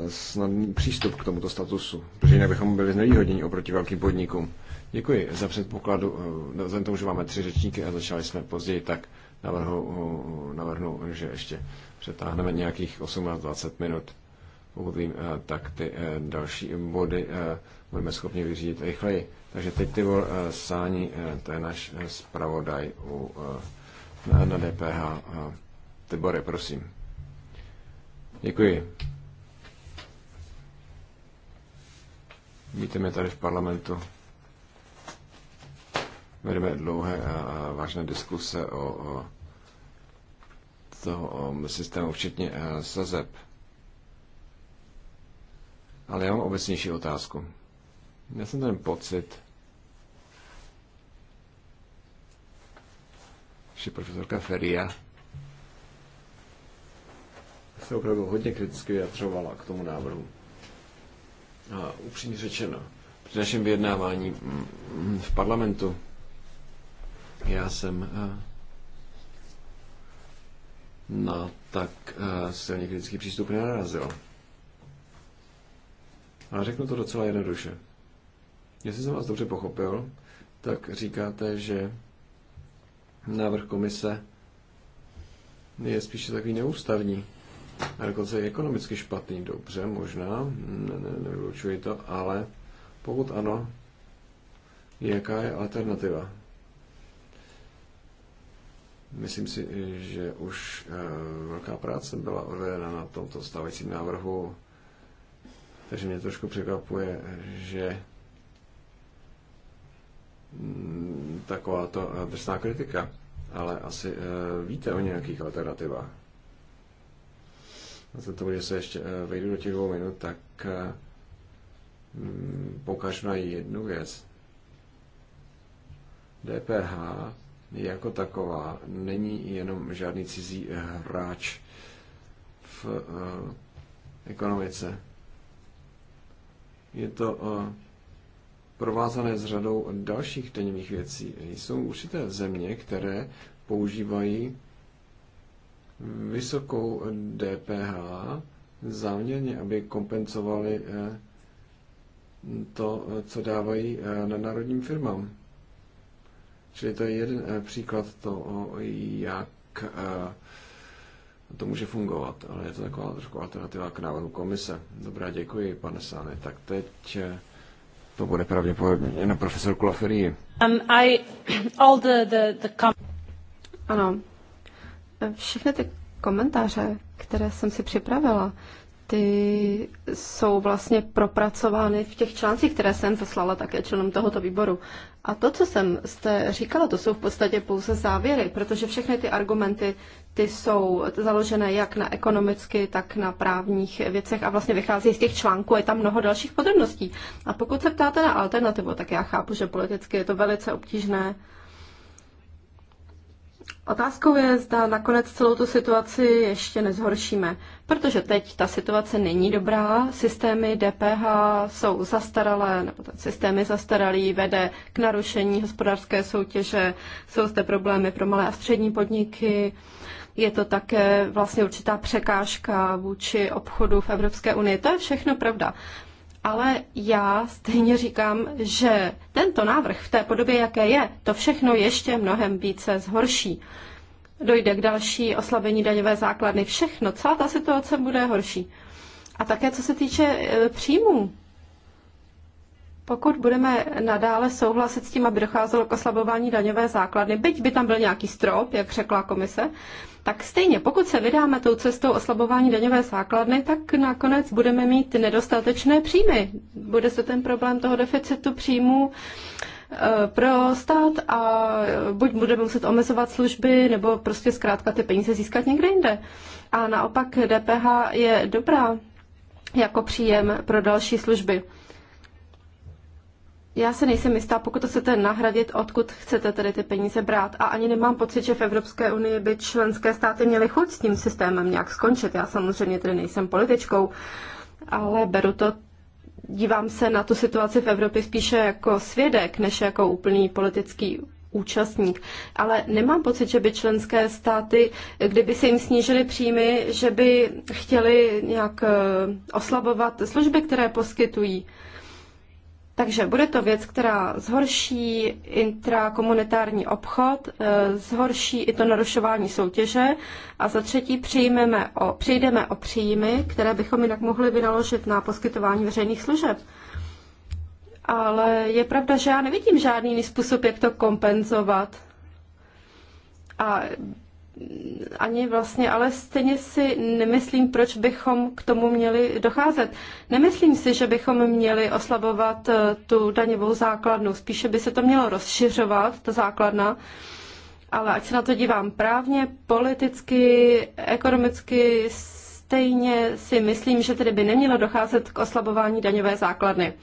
S2: snadný přístup k tomuto statusu, protože jinak bychom byli znevýhodněni oproti velkým podnikům. Děkuji za předpokladu, vzhledem tomu, že máme tři řečníky a začali jsme později, tak navrhu, navrhnu, že ještě přetáhneme nějakých 18-20 minut. Pokud vím, tak ty další body budeme schopni vyřídit rychleji. Takže teď ty vol Sáni, to je náš zpravodaj u na DPH. Tibore, prosím. Děkuji. Víte mě tady v parlamentu. Vedeme dlouhé a vážné diskuse o, o, toho, o systému, včetně e, sazeb. Ale já mám obecnější otázku. Já jsem ten pocit, že profesorka Feria se opravdu hodně kriticky vyjadřovala k tomu návrhu. A upřímně řečeno, při našem vyjednávání mm, v parlamentu já jsem eh, na tak eh, silně kritický přístup nenarazil. A řeknu to docela jednoduše. Jestli jsem vás dobře pochopil, tak říkáte, že Návrh komise je spíše takový neústavní. A dokonce je ekonomicky špatný. Dobře, možná, ne, ne, nevylučuji to, ale pokud ano, jaká je alternativa? Myslím si, že už eh, velká práce byla odvedena na tomto stávajícím návrhu, takže mě trošku překvapuje, že Mm, taková to eh, drsná kritika, ale asi eh, víte o nějakých alternativách. za to, že se ještě eh, vejdu do těch dvou minut, tak mm, pokažu na jednu věc. DPH jako taková není jenom žádný cizí hráč v ekonomice. Je to provázané s řadou dalších daňových věcí. Jsou určité země, které používají vysokou DPH záměrně, aby kompenzovali eh, to, co dávají eh, na národním firmám. Čili to je jeden eh, příklad toho, jak to může fungovat, ale je to taková trošku alternativa k návrhu komise. Dobrá, děkuji, pane Sány. Tak teď to bude pravděpodobně na profesorku Laferii.
S3: Um, I, all the, the, the com- ano. Všechny ty komentáře, které jsem si připravila, ty jsou vlastně propracovány v těch článcích, které jsem poslala také členům tohoto výboru. A to, co jsem jste říkala, to jsou v podstatě pouze závěry, protože všechny ty argumenty ty jsou založené jak na ekonomicky, tak na právních věcech a vlastně vychází z těch článků, je tam mnoho dalších podrobností. A pokud se ptáte na alternativu, tak já chápu, že politicky je to velice obtížné Otázkou je, zda nakonec celou tu situaci ještě nezhoršíme, protože teď ta situace není dobrá, systémy DPH jsou zastaralé, nebo ten systémy zastaralý, vede k narušení hospodářské soutěže, jsou zde problémy pro malé a střední podniky, je to také vlastně určitá překážka vůči obchodu v Evropské unii. To je všechno pravda ale já stejně říkám, že tento návrh v té podobě, jaké je, to všechno ještě mnohem více zhorší. Dojde k další oslabení daňové základny, všechno, celá ta situace bude horší. A také co se týče e, příjmů, pokud budeme nadále souhlasit s tím, aby docházelo k oslabování daňové základny, byť by tam byl nějaký strop, jak řekla komise, tak stejně, pokud se vydáme tou cestou oslabování daňové základny, tak nakonec budeme mít nedostatečné příjmy. Bude se ten problém toho deficitu příjmů eh, pro stát a eh, buď budeme muset omezovat služby, nebo prostě zkrátka ty peníze získat někde jinde. A naopak DPH je dobrá jako příjem pro další služby. Já se nejsem jistá, pokud to chcete nahradit, odkud chcete tedy ty peníze brát. A ani nemám pocit, že v Evropské unii by členské státy měly chuť s tím systémem nějak skončit. Já samozřejmě tedy nejsem političkou, ale beru to, dívám se na tu situaci v Evropě spíše jako svědek, než jako úplný politický účastník. Ale nemám pocit, že by členské státy, kdyby se jim snížily příjmy, že by chtěli nějak eh, oslabovat služby, které poskytují. Takže bude to věc, která zhorší intrakomunitární obchod, eh, zhorší i to narušování soutěže a za třetí přijmeme o, přijdeme o příjmy, které bychom jinak mohli vynaložit na poskytování veřejných služeb. Ale je pravda, že já nevidím žádný jiný způsob, jak to kompenzovat. A ani vlastně, ale stejně si nemyslím, proč bychom k tomu měli docházet. Nemyslím si, že bychom měli oslabovat eh, tu daňovou základnu. Spíše by se to mělo rozšiřovat, ta základna. Ale ať se na to dívám právně, politicky, ekonomicky, stejně si myslím, že tedy by nemělo docházet k oslabování daňové základny.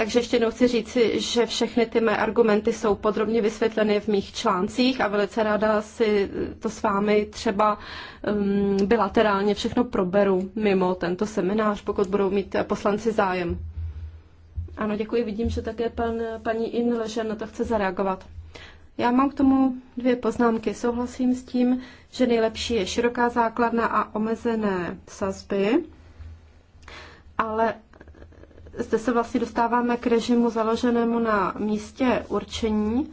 S3: Takže ještě jednou chci říci, že všechny ty mé argumenty jsou podrobně vysvětleny v mých článcích a velice ráda si to s vámi třeba um, bilaterálně všechno proberu mimo tento seminář, pokud budou mít poslanci zájem. Ano, děkuji. Vidím, že také pan, paní In na to chce zareagovat. Já mám k tomu dvě poznámky. Souhlasím s tím, že nejlepší je široká základna a omezené sazby, ale zde se vlastně dostáváme k režimu založenému na místě určení.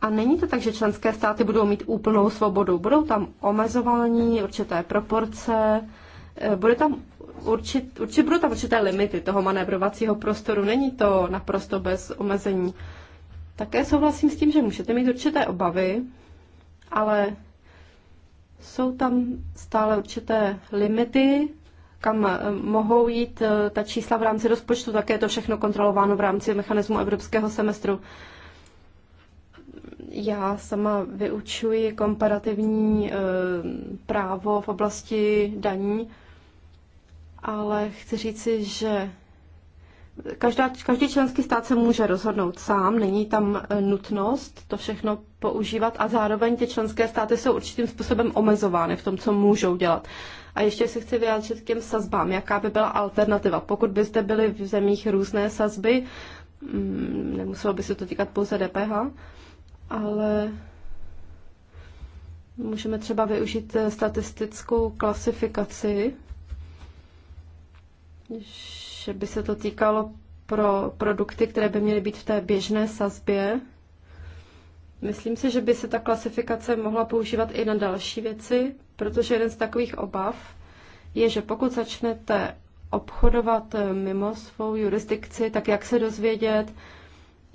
S3: A není to tak, že členské státy budou mít úplnou svobodu. Budou tam omezování, určité proporce, eh, bude tam určit, určit, budou tam určité limity toho manévrovacího prostoru. Není to naprosto bez omezení. Také souhlasím s tím, že můžete mít určité obavy, ale jsou tam stále určité limity, kam eh, mohou jít eh, ta čísla v rámci rozpočtu, také je to všechno kontrolováno v rámci mechanismu evropského semestru. Já sama vyučuji komparativní eh, právo v oblasti daní, ale chci říci, že každá, každý členský stát se může rozhodnout sám, není tam nutnost to všechno používat a zároveň ty členské státy jsou určitým způsobem omezovány v tom, co můžou dělat. A ještě se chci vyjádřit k těm sazbám. Jaká by byla alternativa? Pokud byste byli v zemích různé sazby, mm, nemuselo by se to týkat pouze DPH, ale můžeme třeba využít eh, statistickou klasifikaci, že by se to týkalo pro produkty, které by měly být v té běžné sazbě, Myslím si, že by se ta klasifikace mohla používat i na další věci, protože jeden z takových obav je, že pokud začnete obchodovat eh, mimo svou jurisdikci, tak jak se dozvědět,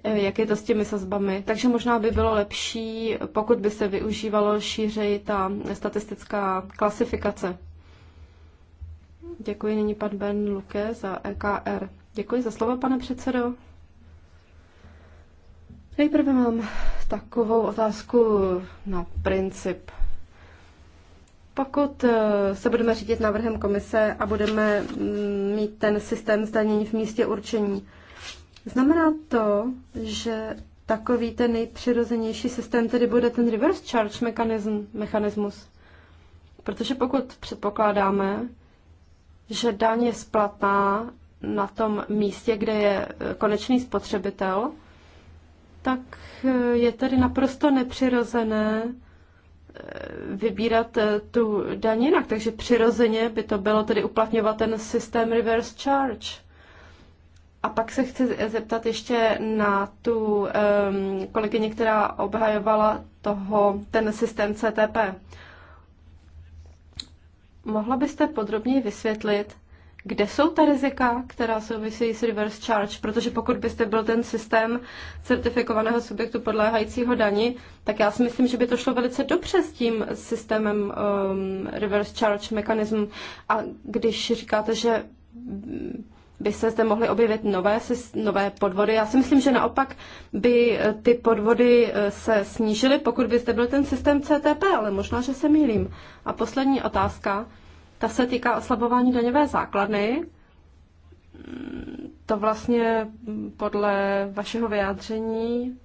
S3: eh, jak je to s těmi sazbami. Takže možná by bylo lepší, pokud by se využívalo šířej ta statistická klasifikace. Děkuji nyní pan Ben Luke za EKR. Děkuji za slovo, pane předsedo. Nejprve mám takovou otázku na princip. Pokud eh, se budeme řídit návrhem komise a budeme mm, mít ten systém zdanění v místě určení, znamená to, že takový ten nejpřirozenější systém tedy bude ten reverse charge mechanism, mechanismus. Protože pokud předpokládáme, že daň je splatná na tom místě, kde je eh, konečný spotřebitel, tak eh, je tedy naprosto nepřirozené eh, vybírat eh, tu daň jinak. Takže přirozeně by to bylo tedy uplatňovat ten systém reverse charge. A pak se chci zeptat ještě na tu um, ehm, kolegyně, která obhajovala toho, ten systém CTP. Mohla byste podrobněji vysvětlit, kde jsou ta rizika, která souvisí s reverse charge, protože pokud byste byl ten systém certifikovaného subjektu podléhajícího dani, tak já si myslím, že by to šlo velice dobře s tím systémem um, reverse charge mechanismu. A když říkáte, že by se zde mohly objevit nové, nové podvody. Já si myslím, že naopak by eh, ty podvody eh, se snížily, pokud by zde byl ten systém CTP, ale možná, že se mýlím. A poslední otázka. Ta se týká oslabování daňové základny. To vlastně podle vašeho vyjádření,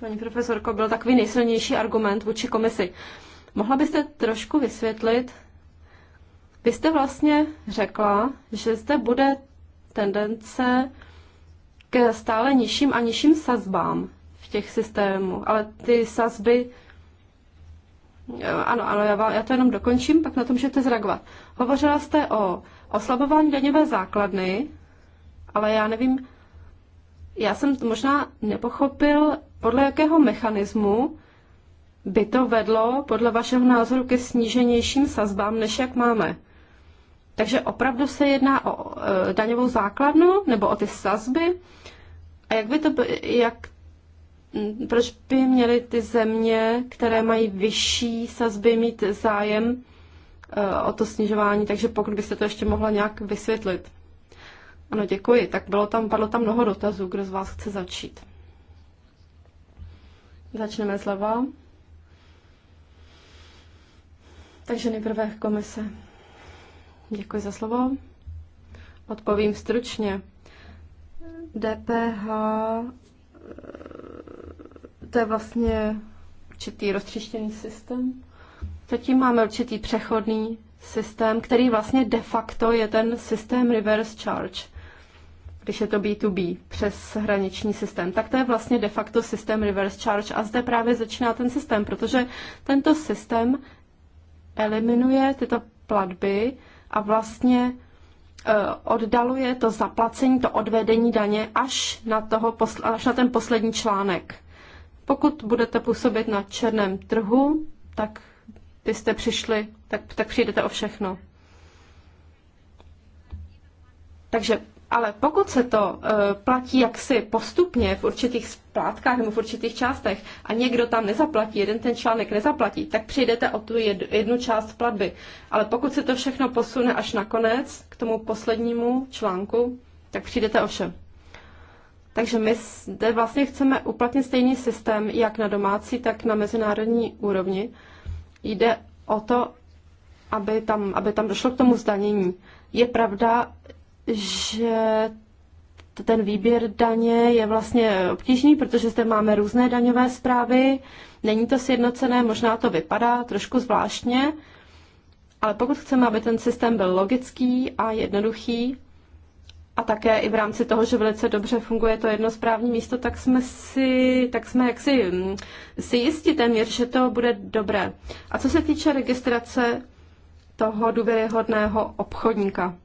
S3: paní profesorko, byl takový nejsilnější argument vůči komisi. Mohla byste trošku vysvětlit, vy jste vlastně řekla, že zde bude tendence ke stále nižším a nižším sazbám v těch systému, ale ty sazby ano, ano, já, vám, já to jenom dokončím, pak na to můžete zreagovat. Hovořila jste o oslabování daňové základny, ale já nevím, já jsem možná nepochopil, podle jakého mechanismu by to vedlo, podle vašeho názoru, ke sníženějším sazbám, než jak máme. Takže opravdu se jedná o e, daňovou základnu nebo o ty sazby? A jak by to, jak Mm, proč by měly ty země, které mají vyšší sazby, mít zájem eh, o to snižování, takže pokud byste to ještě mohla nějak vysvětlit. Ano, děkuji. Tak bylo tam, padlo tam mnoho dotazů, kdo z vás chce začít. Začneme zleva. Takže nejprve komise. Děkuji za slovo. Odpovím stručně. DPH to je vlastně určitý roztřištěný systém. Zatím máme určitý přechodný systém, který vlastně de facto je ten systém reverse charge, když je to B2B přes hraniční systém, tak to je vlastně de facto systém reverse charge a zde právě začíná ten systém, protože tento systém eliminuje tyto platby a vlastně e, oddaluje to zaplacení, to odvedení daně až na, toho, až na ten poslední článek. Pokud budete působit na černém trhu, tak byste přišli, tak, tak přijdete o všechno. Takže, ale pokud se to uh, platí jaksi postupně v určitých splátkách nebo v určitých částech a někdo tam nezaplatí, jeden ten článek nezaplatí, tak přijdete o tu jednu část platby. Ale pokud se to všechno posune až nakonec k tomu poslednímu článku, tak přijdete o vše. Takže my zde vlastně chceme uplatnit stejný systém, jak na domácí, tak na mezinárodní úrovni. Jde o to, aby tam, aby tam došlo k tomu zdanění. Je pravda, že ten výběr daně je vlastně obtížný, protože zde máme různé daňové zprávy, není to sjednocené, možná to vypadá trošku zvláštně, ale pokud chceme, aby ten systém byl logický a jednoduchý, a také i v rámci toho, že velice dobře funguje to jedno správní místo, tak jsme si, tak jsme jaksi mm, si jistí téměř, že to bude dobré. A co se týče registrace toho důvěryhodného obchodníka,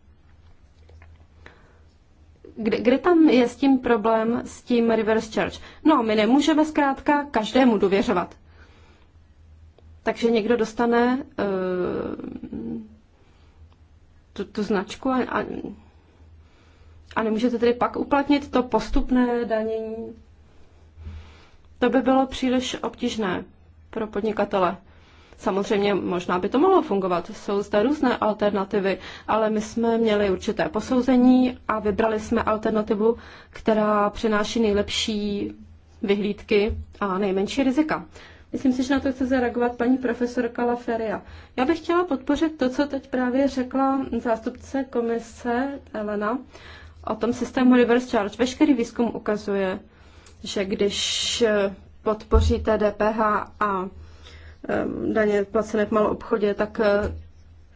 S3: kde, kde tam je s tím problém, s tím reverse charge? No, my nemůžeme zkrátka každému důvěřovat. Takže někdo dostane uh, tu, tu značku a, a a nemůžete tedy pak uplatnit to postupné danění. To by bylo příliš obtížné pro podnikatele. Samozřejmě možná by to mohlo fungovat, jsou zde různé alternativy, ale my jsme měli určité posouzení a vybrali jsme alternativu, která přináší nejlepší vyhlídky a nejmenší rizika. Myslím si, že na to chce zareagovat paní profesorka Laferia. Já bych chtěla podpořit to, co teď právě řekla zástupce komise Elena o tom systému reverse charge. Veškerý výzkum ukazuje, že když eh, podpoříte DPH a eh, daně placené v malou obchodě, tak eh,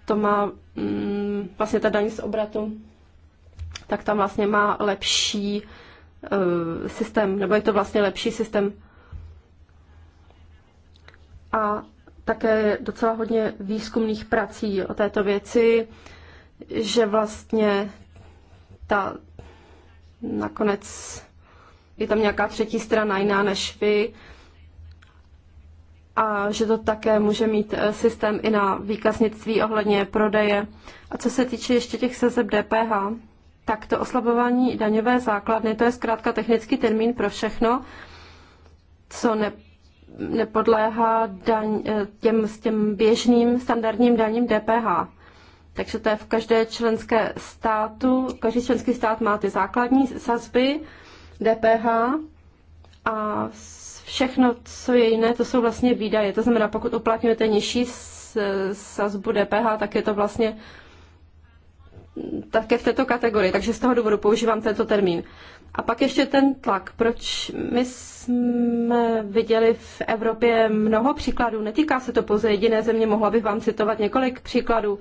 S3: to má mm, vlastně ta daň z obratu, tak tam vlastně má lepší systém, nebo je to vlastně lepší systém. A také docela hodně výzkumných prací o této věci, že vlastně ta nakonec je tam nějaká třetí strana jiná než vy a že to také může mít eh, systém i na výkaznictví ohledně prodeje. A co se týče ještě těch sazeb DPH, tak to oslabování daňové základny, to je zkrátka technický termín pro všechno, co ne, nepodléhá daň, eh, těm, těm běžným standardním daním DPH. Takže to je v každé členské státu, každý členský stát má ty základní sazby DPH a všechno, co je jiné, to jsou vlastně výdaje. To znamená, pokud uplatňujete nižší sazbu DPH, tak je to vlastně také v této kategorii, takže z toho důvodu používám tento termín. A pak ještě ten tlak. Proč my
S5: jsme
S3: viděli v Evropě mnoho příkladů, netýká se to pouze jediné země, mohla bych vám citovat několik příkladů.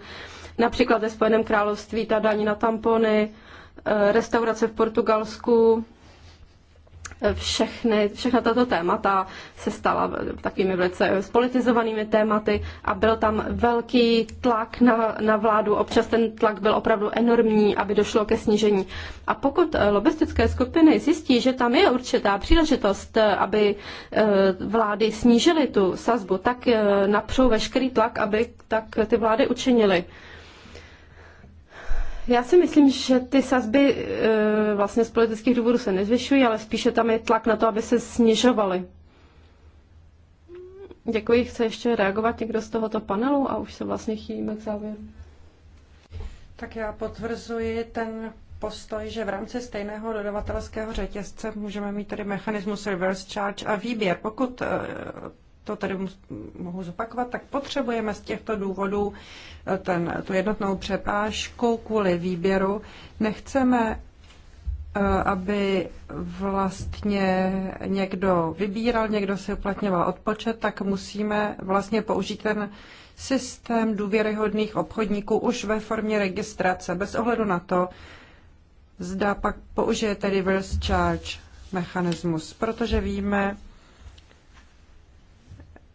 S3: Například ve Spojeném království ta daň na tampony, eh, restaurace v Portugalsku, eh, všechny, všechna tato témata se stala takovými velice spolitizovanými tématy a byl tam velký tlak na, na vládu. Občas ten tlak byl opravdu enormní, aby došlo ke snížení. A pokud eh, lobistické skupiny zjistí, že tam je určitá příležitost, aby vlády snížily tu sazbu, tak napřou veškerý tlak, aby tak ty vlády učinily. Já si myslím, že ty sazby eh, vlastně z politických důvodů se nezvyšují, ale spíše tam je tlak na to, aby se snižovaly. Děkuji. Chce ještě reagovat někdo z tohoto panelu a už se vlastně chýlíme k závěru.
S4: Tak já potvrzuji ten postoj, že v rámci stejného dodavatelského řetězce můžeme mít tedy mechanismus reverse charge a výběr. Pokud eh, to tady mohu zopakovat, tak potřebujeme z těchto důvodů eh, ten, tu jednotnou přepážku kvůli výběru. Nechceme, eh, aby vlastně někdo vybíral, někdo si uplatňoval odpočet, tak musíme vlastně použít ten systém důvěryhodných obchodníků už ve formě registrace, bez ohledu na to, zda pak použijete reverse charge mechanismus, protože víme,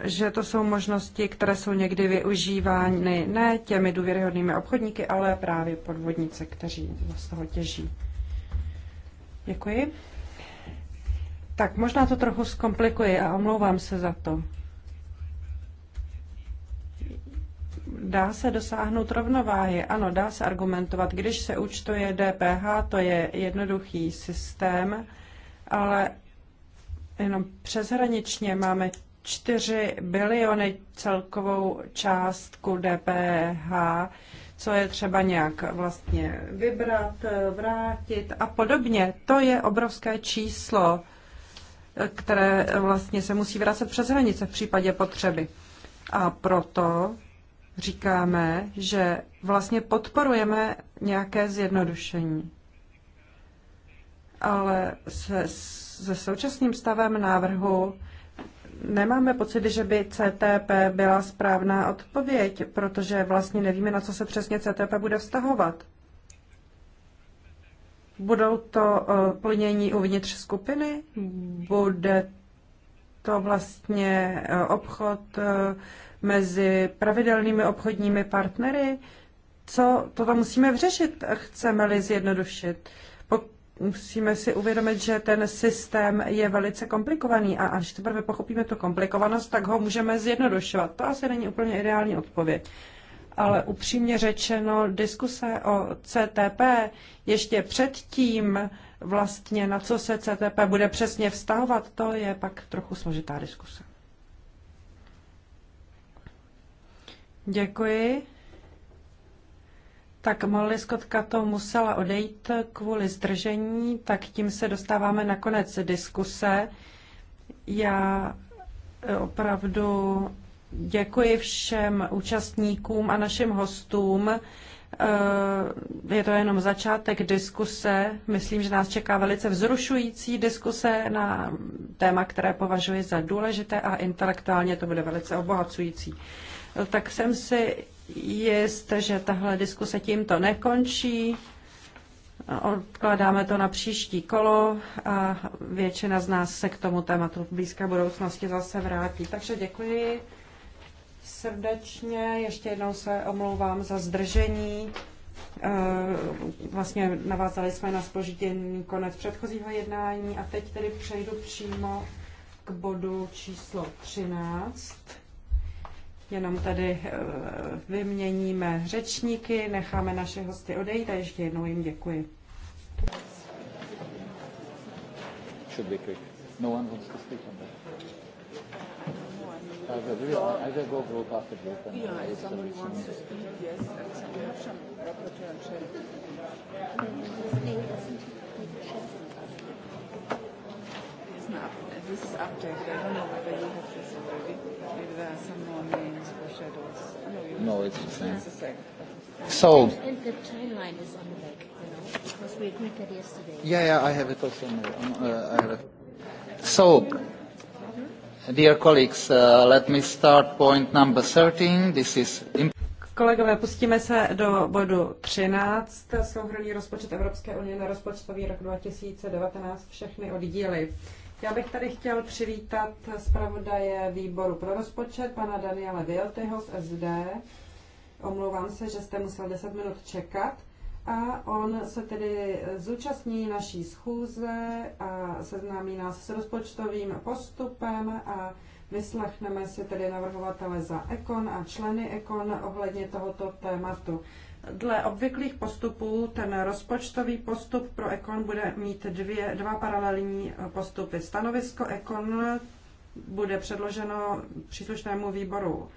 S4: že to jsou možnosti, které jsou někdy využívány ne těmi důvěryhodnými obchodníky, ale právě podvodníci, kteří z toho těží. Děkuji. Tak možná to trochu zkomplikuji a omlouvám se za to. Dá se dosáhnout rovnováhy, ano, dá se argumentovat. Když se účtuje DPH, to je jednoduchý systém, ale jenom přeshraničně máme 4 biliony celkovou částku DPH, co je třeba nějak vlastně vybrat, vrátit a podobně. To je obrovské číslo, které vlastně se musí vracet přes hranice v případě potřeby. A proto říkáme, že vlastně podporujeme nějaké zjednodušení. Ale se, se současným stavem návrhu nemáme pocit, že by CTP byla správná odpověď, protože vlastně nevíme, na co se přesně CTP bude vztahovat. Budou to eh, plnění uvnitř skupiny? Bude to vlastně eh, obchod eh, mezi pravidelnými obchodními partnery? Co toto musíme vřešit, chceme-li zjednodušit? musíme si uvědomit, že ten systém je velice komplikovaný a až teprve pochopíme tu komplikovanost, tak ho můžeme zjednodušovat. To asi není úplně ideální odpověď. Ale upřímně řečeno, diskuse o CTP ještě předtím, vlastně na co se CTP bude přesně vztahovat, to je pak trochu složitá diskuse. Děkuji. Tak Molly Skotka to musela odejít kvůli zdržení, tak tím se dostáváme na konec diskuse. Já eh, opravdu děkuji všem účastníkům a našim hostům. Eh, je to jenom začátek diskuse. Myslím, že nás čeká velice vzrušující diskuse na téma, které považuji za důležité a intelektuálně to bude velice obohacující. Tak jsem si jist, že tahle diskuse tímto nekončí. Odkládáme to na příští kolo a většina z nás se k tomu tématu v blízké budoucnosti zase vrátí. Takže děkuji srdečně. Ještě jednou se omlouvám za zdržení. Eh, vlastně navázali jsme na spožitěný konec předchozího jednání a teď tedy přejdu přímo k bodu číslo 13. Jenom tady eh, vyměníme řečníky, necháme naše hosty odejít a ještě jednou jim děkuji.
S1: Should be quick. No one wants to speak on that.
S5: This is I don't know whether you have this already. No, it's the same. So. And the timeline is on the back, you know, because we agreed that yesterday.
S1: Yeah, yeah, I have it also. On, uh, I have it. So, dear colleagues, uh, let me start point number 13. This is Kolegové,
S4: pustíme se
S1: do bodu
S4: 13. Souhrný rozpočet Evropské unie na rozpočtový rok 2019 všechny oddíly. Já bych tady chtěl přivítat zpravodaje výboru pro rozpočet, pana Daniela Viltyho z SD. Omlouvám se, že jste musel 10 minut čekat. A on se tedy zúčastní naší schůze a seznámí nás s rozpočtovým postupem a vyslechneme si tedy navrhovatele za Ekon a členy Ekon ohledně tohoto tématu. Dle obvyklých postupů ten rozpočtový postup pro Ekon bude mít dvě, dva paralelní eh, postupy. Stanovisko Ekon bude předloženo příslušnému výboru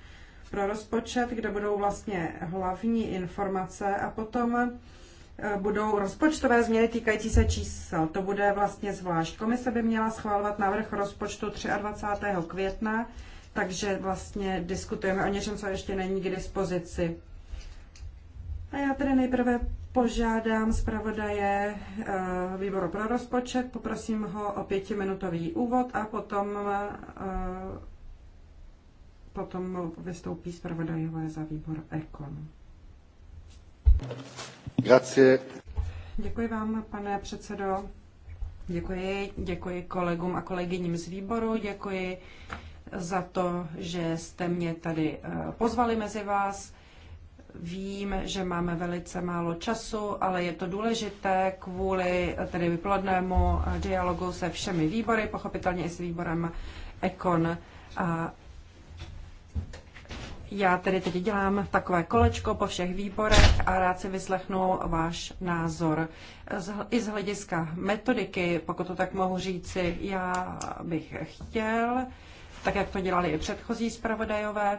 S4: pro rozpočet, kde budou vlastně hlavní informace a potom eh, budou rozpočtové změny týkající se čísel. To bude vlastně zvlášť. Komise by měla schválovat návrh rozpočtu 23. května, takže vlastně diskutujeme o něčem, co ještě není k dispozici. A já tedy nejprve požádám zpravodaje eh, výboru pro rozpočet, poprosím ho o pětiminutový úvod a potom, eh, potom vystoupí zpravodajové za výbor Ekon. Grazie. Děkuji vám, pane předsedo. Děkuji, děkuji kolegům a kolegyním z výboru, děkuji za to, že jste mě tady eh, pozvali mezi vás. Vím, že máme velice málo času, ale je to důležité kvůli tedy vyplodnému dialogu se všemi výbory, pochopitelně i s výborem Ekon. A já tedy teď dělám takové kolečko po všech výborech a rád si vyslechnu váš názor. I z hlediska metodiky, pokud to tak mohu říci, já bych chtěl, tak jak to dělali i předchozí zpravodajové,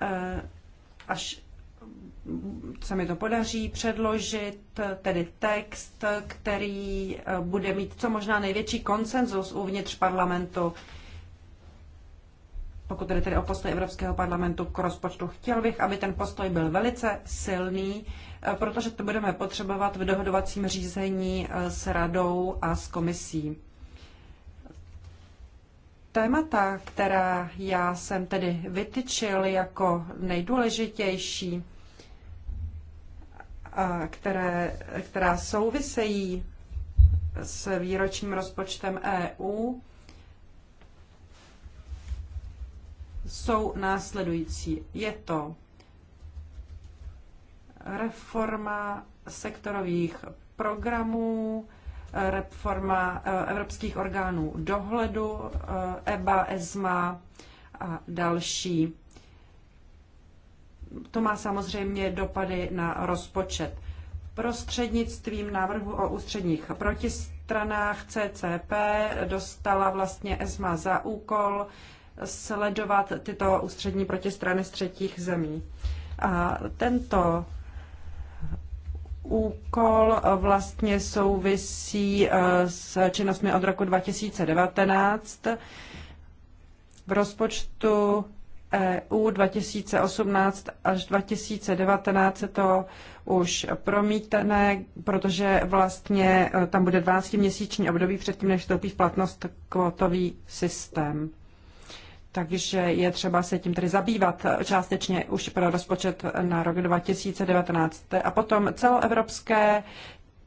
S4: eh, až se mi to podaří předložit tedy text, který eh, bude mít co možná největší konsenzus uvnitř parlamentu. Pokud tedy, tedy o postoj Evropského parlamentu k rozpočtu, chtěl bych, aby ten postoj byl velice silný, eh, protože to budeme potřebovat v dohodovacím řízení eh, s radou a s komisí. Témata, která já jsem tedy vytyčil jako nejdůležitější, které, která souvisejí s výročním rozpočtem EU, jsou následující. Je to reforma sektorových programů, reforma e, evropských orgánů dohledu, EBA, e ESMA a další to má samozřejmě dopady na rozpočet. Prostřednictvím návrhu o ústředních protistranách CCP dostala vlastně ESMA za úkol sledovat tyto ústřední protistrany z třetích zemí. A tento úkol vlastně souvisí eh, s činnostmi od roku 2019. V rozpočtu EU 2018 až 2019 je to už promítané, protože vlastně e, tam bude 12-měsíční období předtím, než vstoupí v platnost kvotový systém. Takže je třeba se tím tedy zabývat e, částečně už pro rozpočet na rok 2019. A potom celoevropské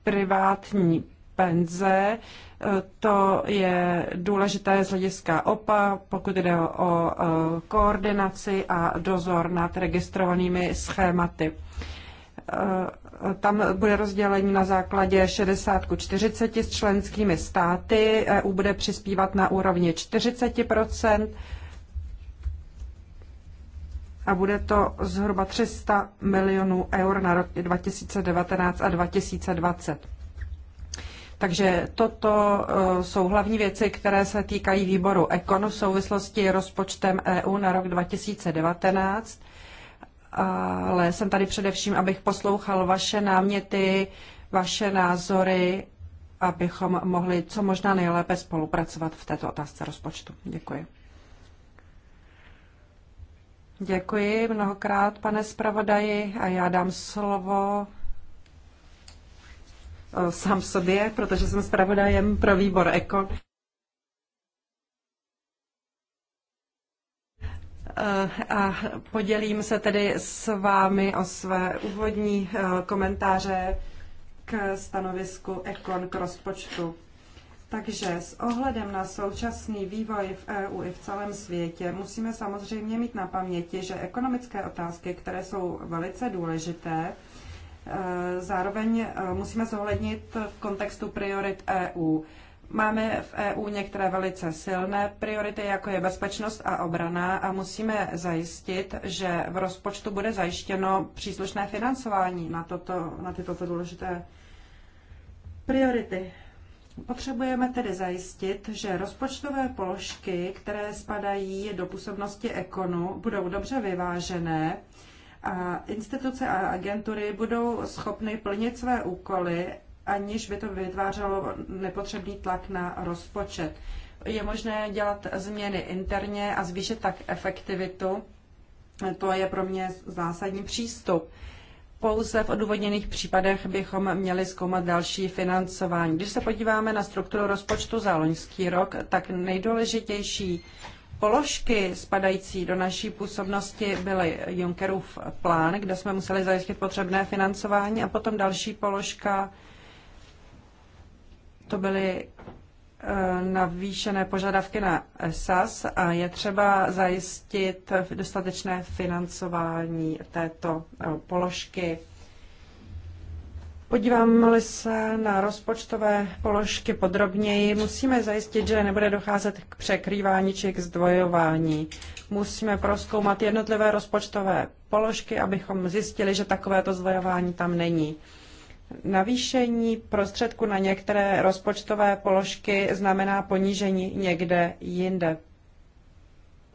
S4: privátní penze. E, to je důležité z hlediska OPA, pokud jde o e, koordinaci a dozor nad registrovanými schématy. E, tam bude rozdělení na základě 60 k 40 s členskými státy. EU bude přispívat na úrovni 40 a bude to zhruba 300 milionů eur na roky 2019 a 2020. Takže toto eh, jsou hlavní věci, které se týkají výboru Ekon v souvislosti rozpočtem EU na rok 2019. Ale jsem tady především, abych poslouchal vaše náměty, vaše názory, abychom mohli co možná nejlépe spolupracovat v této otázce rozpočtu. Děkuji. Děkuji mnohokrát, pane zpravodaji, a já dám slovo Eh, sám sobě, protože jsem zpravodajem pro výbor ECO. Eh, a podělím se tedy s vámi o své úvodní eh, komentáře k stanovisku Ekon k rozpočtu. Takže s ohledem na současný vývoj v EU i v celém světě musíme samozřejmě mít na paměti, že ekonomické otázky, které jsou velice důležité, Eh, zároveň eh, musíme zohlednit v kontextu priorit EU. Máme v EU některé velice silné priority, jako je bezpečnost a obrana, a musíme zajistit, že v rozpočtu bude zajištěno příslušné financování na, toto, na tyto důležité priority. Potřebujeme tedy zajistit, že rozpočtové položky, které spadají do působnosti ekonu, budou dobře vyvážené a instituce a agentury budou schopny plnit své úkoly, aniž by to vytvářelo nepotřebný tlak na rozpočet. Je možné dělat změny interně a zvýšit tak efektivitu. To je pro mě zásadní přístup. Pouze v odůvodněných případech bychom měli zkoumat další financování. Když se podíváme na strukturu rozpočtu za loňský rok, tak nejdůležitější položky spadající do naší působnosti byly Junckerův plán, kde jsme museli zajistit potřebné financování a potom další položka to byly e, navýšené požadavky na SAS a je třeba zajistit dostatečné financování této e, položky Podíváme-li se na rozpočtové položky podrobněji, musíme zajistit, že nebude docházet k překrývání či k zdvojování. Musíme proskoumat jednotlivé rozpočtové položky, abychom zjistili, že takovéto zdvojování tam není. Navýšení prostředku na některé rozpočtové položky znamená ponížení někde jinde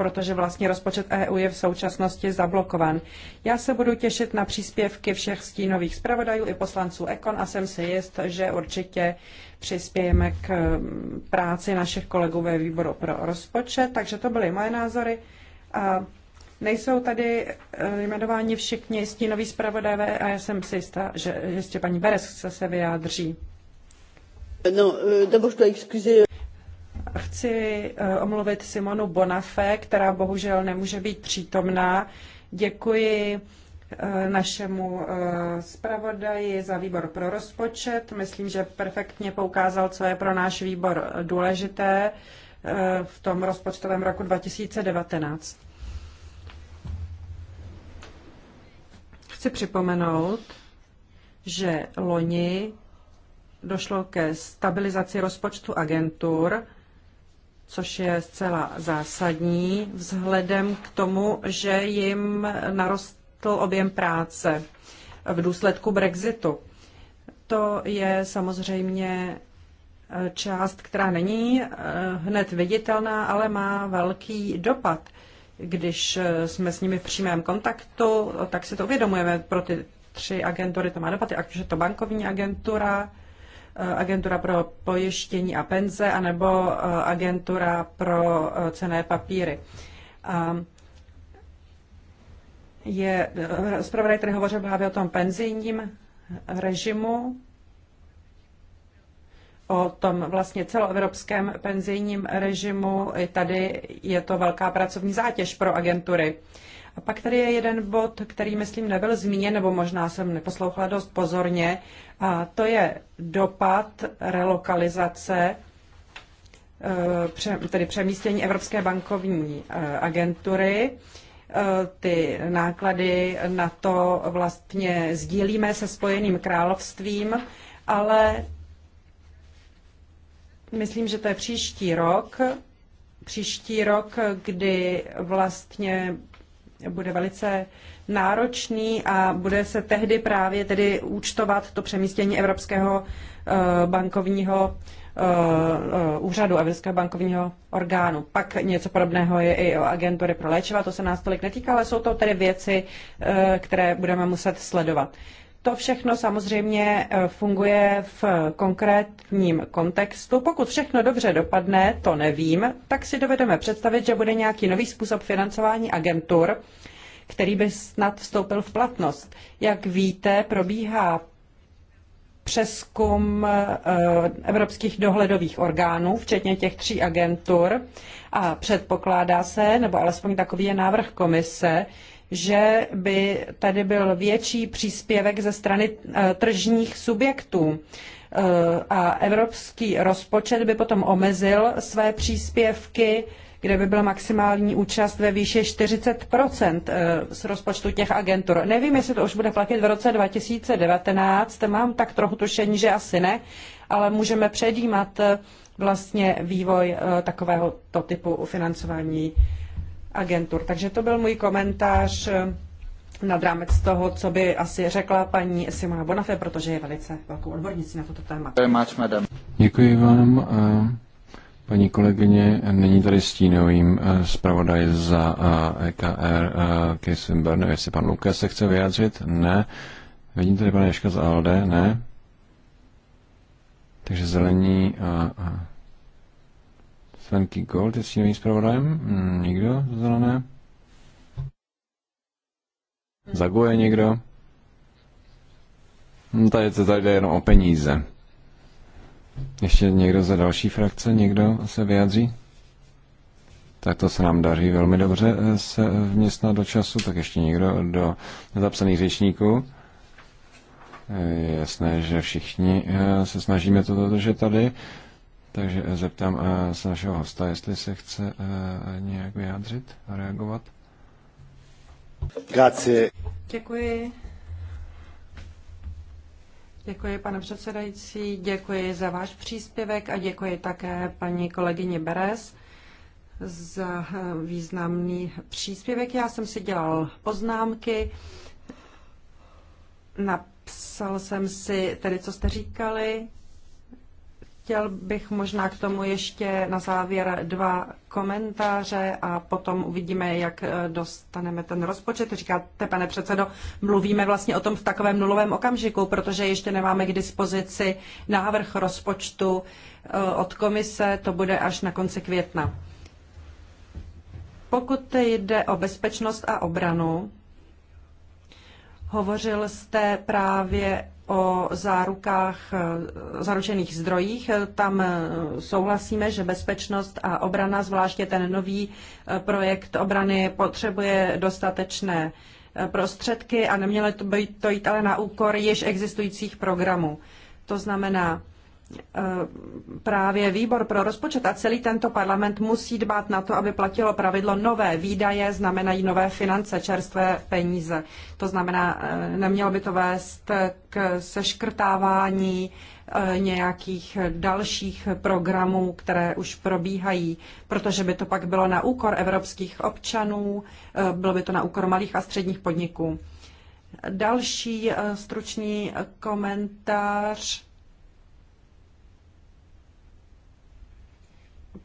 S4: protože vlastně rozpočet EU je v současnosti zablokovan. Já se budu těšit na příspěvky všech stínových zpravodajů i poslanců Ekon a jsem si jist, že určitě přispějeme k mm, práci našich kolegů ve výboru pro rozpočet. Takže to byly moje názory. A nejsou tady eh, jmenováni všichni stínoví zpravodajové a já jsem si jistá, že ještě paní Beres se, vyjádří. No, eh, d'abord je dois excuser chci eh, omluvit Simonu Bonafé, která bohužel nemůže být přítomná. Děkuji eh, našemu eh, zpravodaji za výbor pro rozpočet. Myslím, že perfektně poukázal, co je pro náš výbor důležité v tom rozpočtovém roku 2019. Chci připomenout, že loni došlo ke stabilizaci rozpočtu agentur což je zcela zásadní vzhledem k tomu, že jim narostl objem práce v důsledku Brexitu. To je samozřejmě eh, část, která není eh, hned viditelná, ale má velký dopad. Když eh, jsme s nimi v přímém kontaktu, tak si to uvědomujeme. Pro ty tři agentury to má dopady, ať už je to bankovní agentura, Eh, agentura pro pojištění a penze anebo eh, agentura pro eh, cené papíry. je, zpravodaj tady hovořil právě o tom penzijním režimu, o tom vlastně celoevropském penzijním režimu. I tady je to velká pracovní zátěž pro agentury. A pak tady je jeden bod, který, myslím, nebyl zmíněn, nebo možná jsem neposlouchala dost pozorně, a to je dopad relokalizace, e, tedy přemístění Evropské bankovní e, agentury. E, ty náklady na to vlastně sdílíme se Spojeným královstvím, ale myslím, že to je příští rok, příští rok, kdy vlastně bude velice náročný a bude se tehdy právě tedy účtovat to přemístění Evropského eh, bankovního eh, eh, úřadu, Evropského bankovního orgánu. Pak něco podobného je i o agentury pro léčiva, to se nás tolik netýká, ale jsou to tedy věci, které budeme muset sledovat. To všechno samozřejmě eh, funguje v konkrétním kontextu. Pokud všechno dobře dopadne, to nevím, tak si dovedeme představit, že bude nějaký nový způsob financování agentur, který by snad vstoupil v platnost. Jak víte, probíhá přeskum eh, evropských dohledových orgánů, včetně těch tří agentur, a předpokládá se, nebo alespoň takový je návrh komise, že by tady byl větší příspěvek ze strany eh, tržních subjektů eh, a evropský rozpočet by potom omezil své příspěvky, kde by byla maximální účast ve výši 40 eh, z rozpočtu těch agentur. Nevím, jestli to už bude platit v roce 2019, mám tak trochu tušení, že asi ne, ale můžeme předjímat vlastně vývoj takového to typu financování agentur. Takže to byl můj komentář eh, nad rámec toho, co by asi řekla paní Simona Bonafé, protože je velice velkou odbornicí na toto téma.
S2: Děkuji vám. Eh, paní kolegyně, není tady stínovým eh, zpravodaj za EKR e Kisim Swinburne, jestli pan Lukas se chce vyjádřit? Ne. Vidím tady pana Ješka z ALD? Ne. Takže zelení a, a Svenky Gold je stínovým zpravodajem? Hmm, nikdo? Zelené? Zaguje někdo? No tady se tady jde jenom o peníze. Ještě někdo za další frakce? Někdo se vyjadří? Tak to se nám daří velmi dobře eh, se vměstnat do času, tak ještě někdo do zapsaných řečníků. Eh, jasné, že všichni eh, se snažíme to dodržet tady. Takže zeptám eh, se našeho hosta, jestli se chce eh, nějak vyjádřit a reagovat. Grazie.
S4: Děkuji. Děkuji, pane předsedající, děkuji za váš příspěvek a děkuji také paní kolegyni Beres za eh, významný příspěvek. Já jsem si dělal poznámky, napsal jsem si tedy, co jste říkali, Chtěl bych možná k tomu ještě na závěr dva komentáře a potom uvidíme, jak eh, dostaneme ten rozpočet. Říkáte, pane předsedo, mluvíme vlastně o tom v takovém nulovém okamžiku, protože ještě nemáme k dispozici návrh rozpočtu eh, od komise, to bude až na konci května. Pokud jde o bezpečnost a obranu, hovořil jste právě o zárukách, e, zaručených zdrojích. E, Tam e, souhlasíme, že bezpečnost a obrana, zvláště ten nový projekt obrany, potřebuje dostatečné prostředky a nemělo to, být, to jít ale na úkor již existujících programů. To znamená, Eh, právě výbor pro rozpočet a celý tento parlament musí dbát na to, aby platilo pravidlo nové výdaje, znamenají nové finance, čerstvé peníze. To znamená, eh, nemělo by to vést k seškrtávání eh, nějakých dalších programů, které už probíhají, protože by to pak bylo na úkor evropských občanů, bylo by to na úkor malých a středních podniků. Další stručný komentář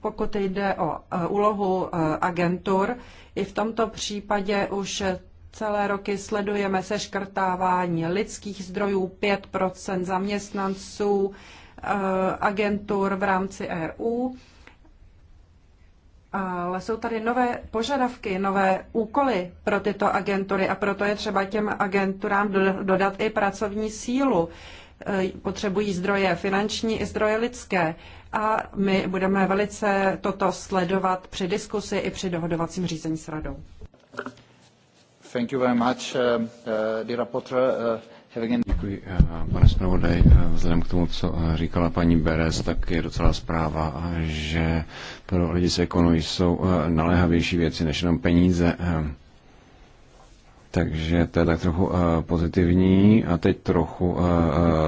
S4: Pokud jde o eh, úlohu eh, agentur, i v tomto případě už celé roky sledujeme seškrtávání lidských zdrojů 5 zaměstnanců eh, agentur v rámci EU. Ale jsou tady nové požadavky, nové úkoly pro tyto agentury a proto je třeba těm agenturám dodat i pracovní sílu. Eh, potřebují zdroje finanční i zdroje lidské. A my budeme velice toto sledovat při diskusi i
S1: při dohodovacím řízení s radou. Thank you very much, uh, uh, rapporteur. Uh, Děkuji, uh,
S2: pane zpravodaj. Vzhledem k tomu, co říkala paní Beres, tak je docela zpráva, že pro lidi s ekonomii jsou uh, naléhavější věci než jenom peníze. Uh, takže to je tak trochu uh, pozitivní. A teď trochu uh,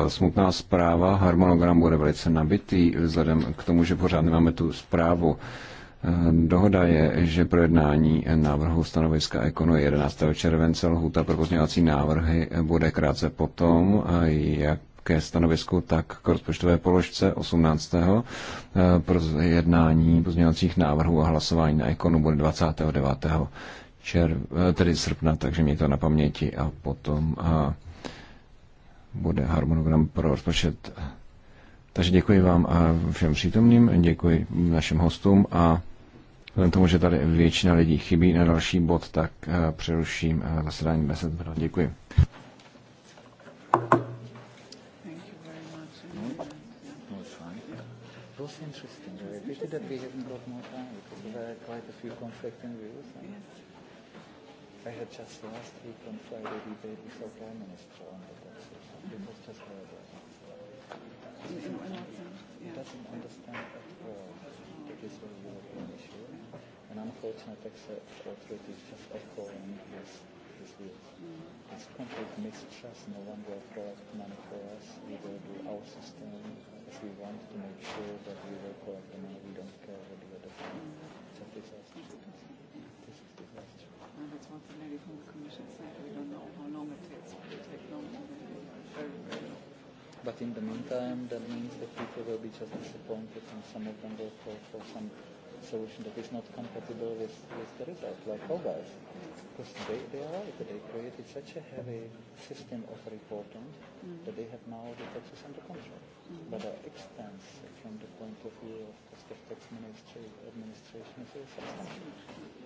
S2: smutná zpráva. Harmonogram bude velice nabitý, vzhledem k tomu, že pořád nemáme tu zprávu. Dohoda je, že projednání návrhu stanoviska Ekonu 11. července lhůta pro pozměňovací návrhy bude krátce potom, jak ke stanovisku, tak k rozpočtové položce 18. pro jednání pozměňovacích návrhů a hlasování na Ekonu bude 29 čer, eh, tedy srpna, takže mě to na paměti a potom a eh, bude harmonogram pro rozpočet. Takže děkuji vám a eh, všem přítomným, děkuji našim hostům a vzhledem tomu, že tady většina lidí chybí na další bod, tak přeruším zasedání 10 Děkuji.
S1: interesting. Really. Pity that we haven't more time because there are quite a few conflicting views takže I had just last week on Friday debate with our Prime Minister on the taxes. It was just horrible. He doesn't understand at all that this is a European issue. And unfortunately, the authority is just echoing his, his views. It's complete mistrust. No one will collect money for us. We will do our system as we want to make sure that we will collect the money. We don't care what the other people
S5: responsibility from the Commission side. We don't know how long it takes. It will take longer than very, very long.
S1: But in the meantime, that means that people will be just disappointed and some of them will call for some solution that is not compatible with, with the result, like others. Because yes. they, they are right. They created such a heavy system of reporting mm. that they have now the taxes under control but the expense from the point of view of cost of tax administration is very substantial.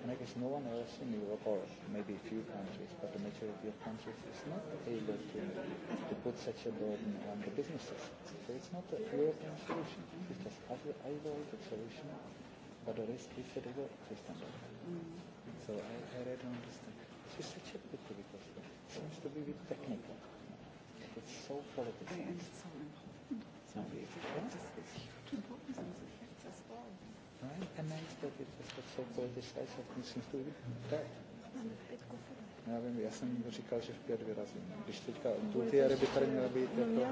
S1: And I guess no one else in Europe, or maybe a few countries, but the majority of countries is not able to, to put such a burden on the businesses. So it's not a European solution. It's just other isolated solution, but the risk is a legal system. Mm. So I, I really don't understand. This is such a pity because it seems to be a bit technical. It's so politicized. Já vím, já jsem říkal, že v pět vyrazím. Když teďka tu ty ryby tady měly být, jako...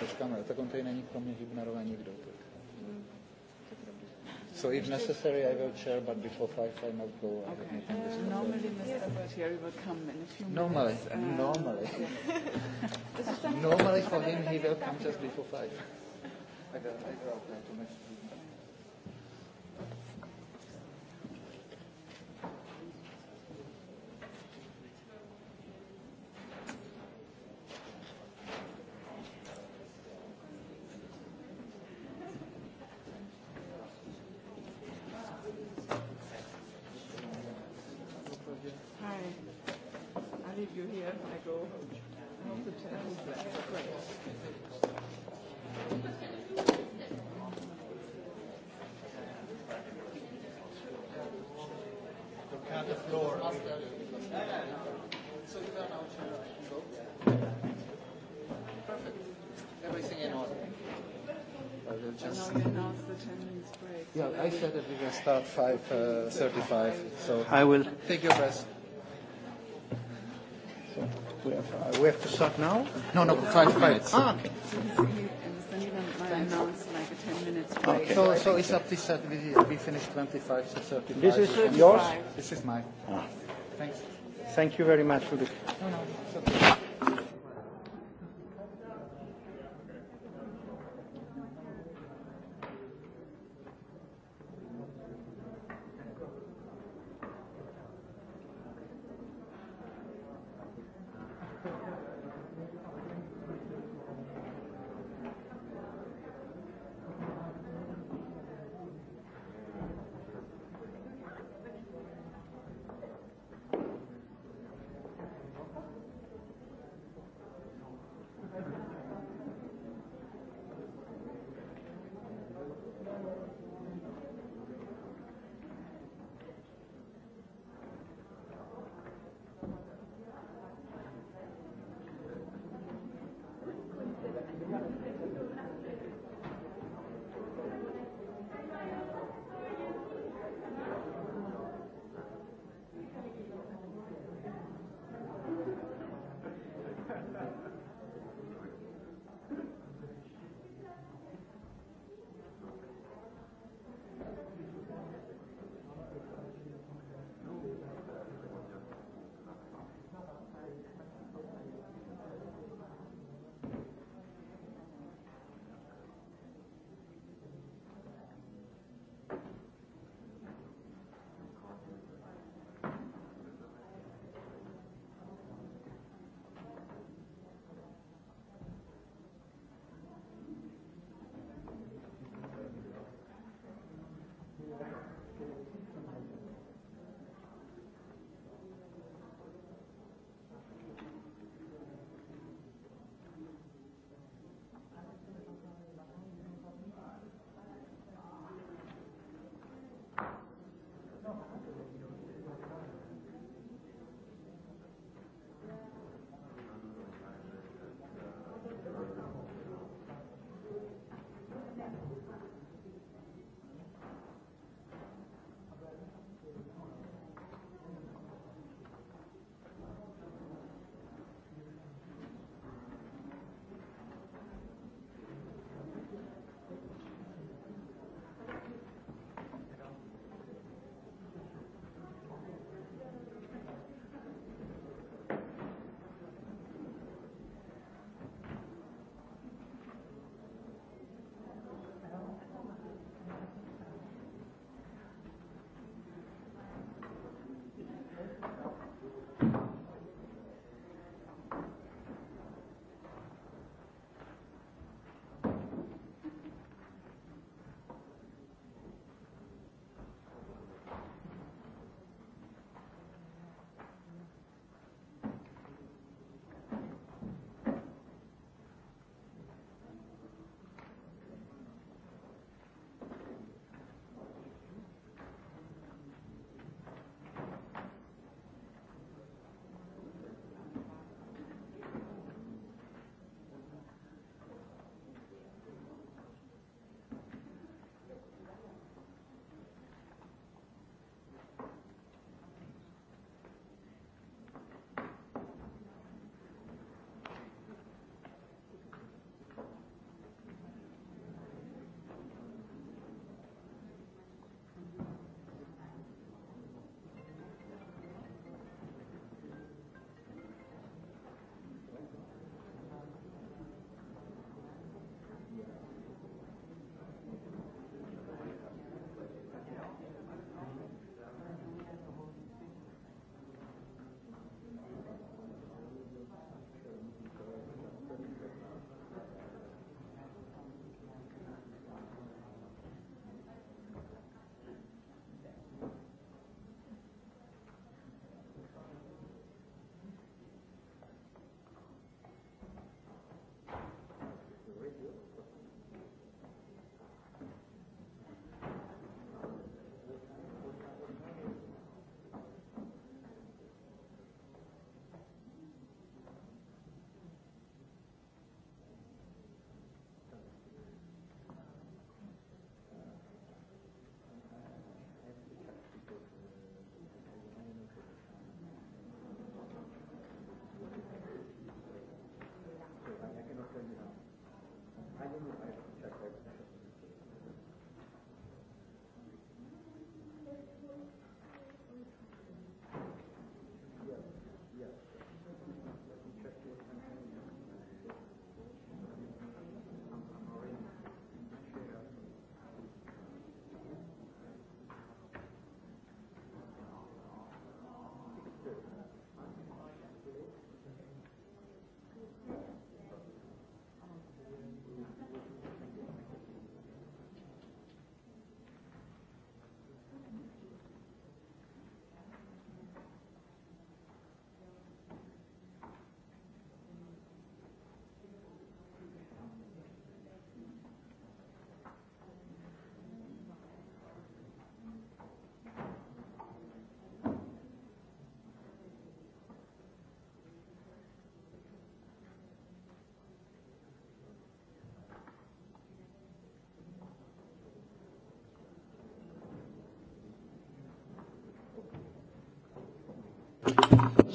S1: Počkáme, tak on tady není kromě Hübnerové nikdo. Tak. So if necessary, I will chair, but before five, I not go. Okay. Uh, normally,
S5: Mr. Bertieri will come in a few normally, minutes. Uh, normally. normally for him, he will come
S1: just before five. I will, I don't to just. And announce the 10 minutes break. Yeah, I said that we will start 5:35. Uh, so. I will. Take your rest. So we have, uh, we have to start now? No, no, five minutes. Ah, okay. Okay. So, so it's up to set. We, we finish 25 to 35. This is yours? This is mine. Ah. Thanks. Thank you very much, Ulrich. No, no, it's okay.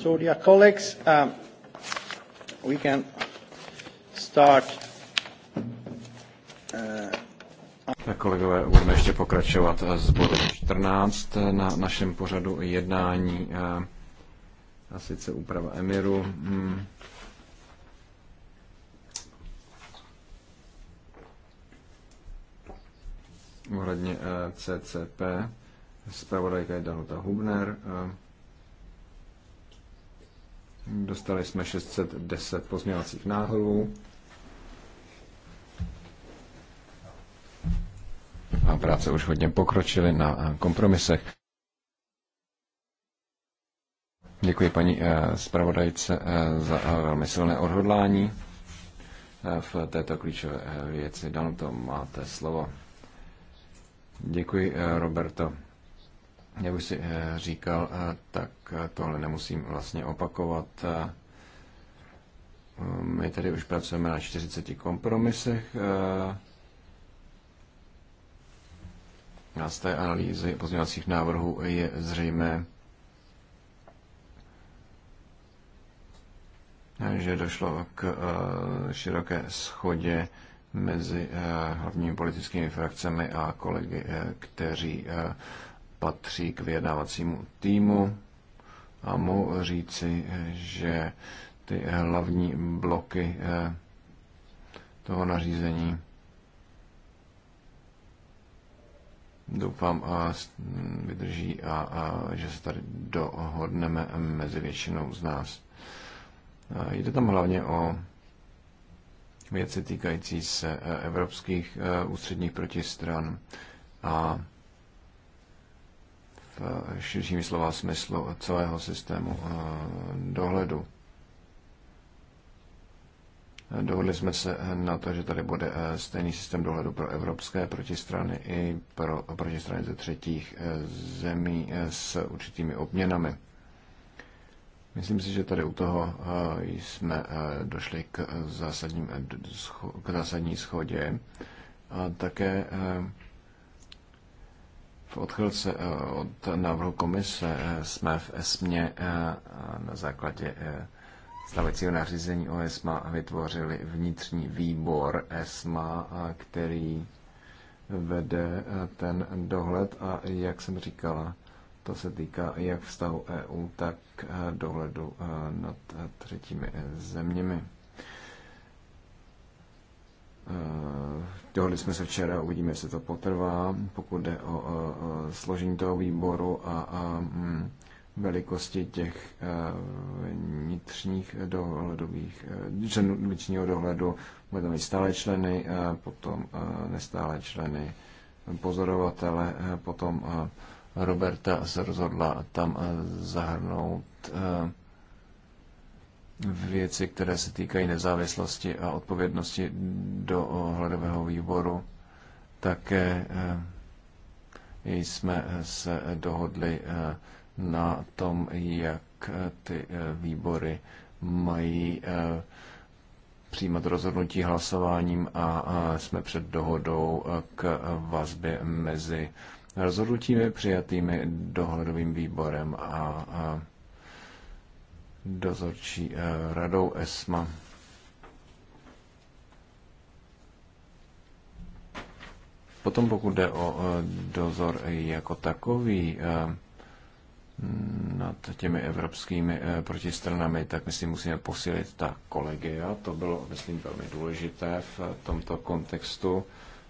S1: So, dear colleagues, um, we can start. Uh,
S2: kolegové, budeme ještě pokračovat s bodem 14 na našem pořadu jednání eh, a sice úprava Emiru. Hmm. Ohledně eh, CCP, zpravodajka je Danuta Hubner. Uh, Dostali jsme 610 pozměňovacích návrhů. A práce už hodně pokročily na eh, kompromisech. Děkuji paní eh, zpravodajce eh, za velmi silné odhodlání v této klíčové věci. to máte slovo. Děkuji, Roberto jak už si eh, říkal, eh, tak eh, tohle nemusím vlastně opakovat. My tady už pracujeme na 40 kompromisech. A z té analýzy pozměňovacích návrhů je zřejmé, že došlo k široké schodě mezi hlavními politickými frakcemi a kolegy, kteří patří k vyjednávacímu týmu a mohu říci, že ty hlavní bloky eh, toho nařízení doufám a vydrží a, a že se tady dohodneme mezi většinou z nás. jde tam hlavně o věci týkající se eh, evropských eh, ústředních protistran a širšími širším slova smyslu celého systému eh, dohledu. Dohodli jsme se na to, že tady bude eh, stejný systém dohledu pro evropské protistrany i pro protistrany ze třetích eh, zemí s určitými obměnami. Myslím si, že tady u toho jsme došli k, zásadním, k zásadní schodě. A také v odchylce eh, od návrhu komise eh, jsme v ESMě eh, na základě stavecího nařízení o ESMA vytvořili vnitřní výbor ESMA, který vede ten dohled a jak jsem říkala, to se týká jak vztahu EU, tak dohledu nad třetími zeměmi. Eh, dohodli jsme se včera, uvidíme, jestli to potrvá, pokud jde o, složení toho výboru a, mm, velikosti těch eh, vnitřních dohledových, členů eh, vnitřního dohledu. Budeme mít stále členy, potom nestále členy, pozorovatele, potom Roberta se rozhodla tam zahrnout věci, které se týkají nezávislosti a odpovědnosti do hledového výboru, také eh, jsme se dohodli eh, na tom, jak eh, ty výbory mají přijímat rozhodnutí hlasováním a jsme před dohodou k vazbě mezi rozhodnutími přijatými dohledovým výborem a dozorčí eh, radou ESMA. Potom pokud jde o eh, dozor jako takový eh, nad těmi evropskými protistranami, tak myslím, musíme posílit ta kolegia. To bylo, myslím, velmi důležité v tomto kontextu.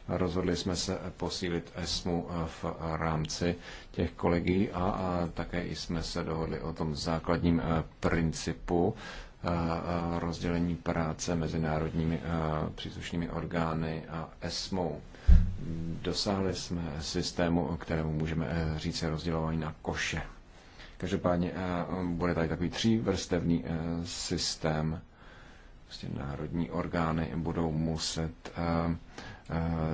S2: Rozhodli jsme se posílit ESMu eh, v rámci těch kolegí a také jsme se dohodli o tom základním eh, principu eh, rozdělení práce mezi národními příslušnými orgány a ESMO Dosáhli jsme systému, kterému můžeme říct rozdělování na koše. Každopádně bude tady takový třívrstevný systém. Prostě národní orgány budou muset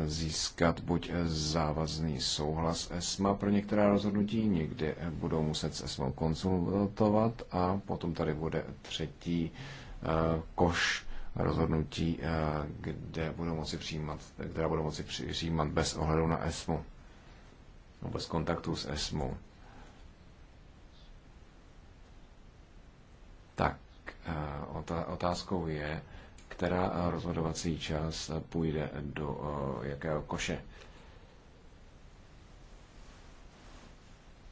S2: získat buď závazný souhlas ESMA pro některá rozhodnutí, někdy budou muset s ESMA konsultovat a potom tady bude třetí eh, koš rozhodnutí, eh, kde budou moci přijímat, která budou moci přijímat bez ohledu na ESMU, no, bez kontaktu s ESMU. Tak, eh, otázkou je, která rozhodovací část půjde do eh, jakého koše.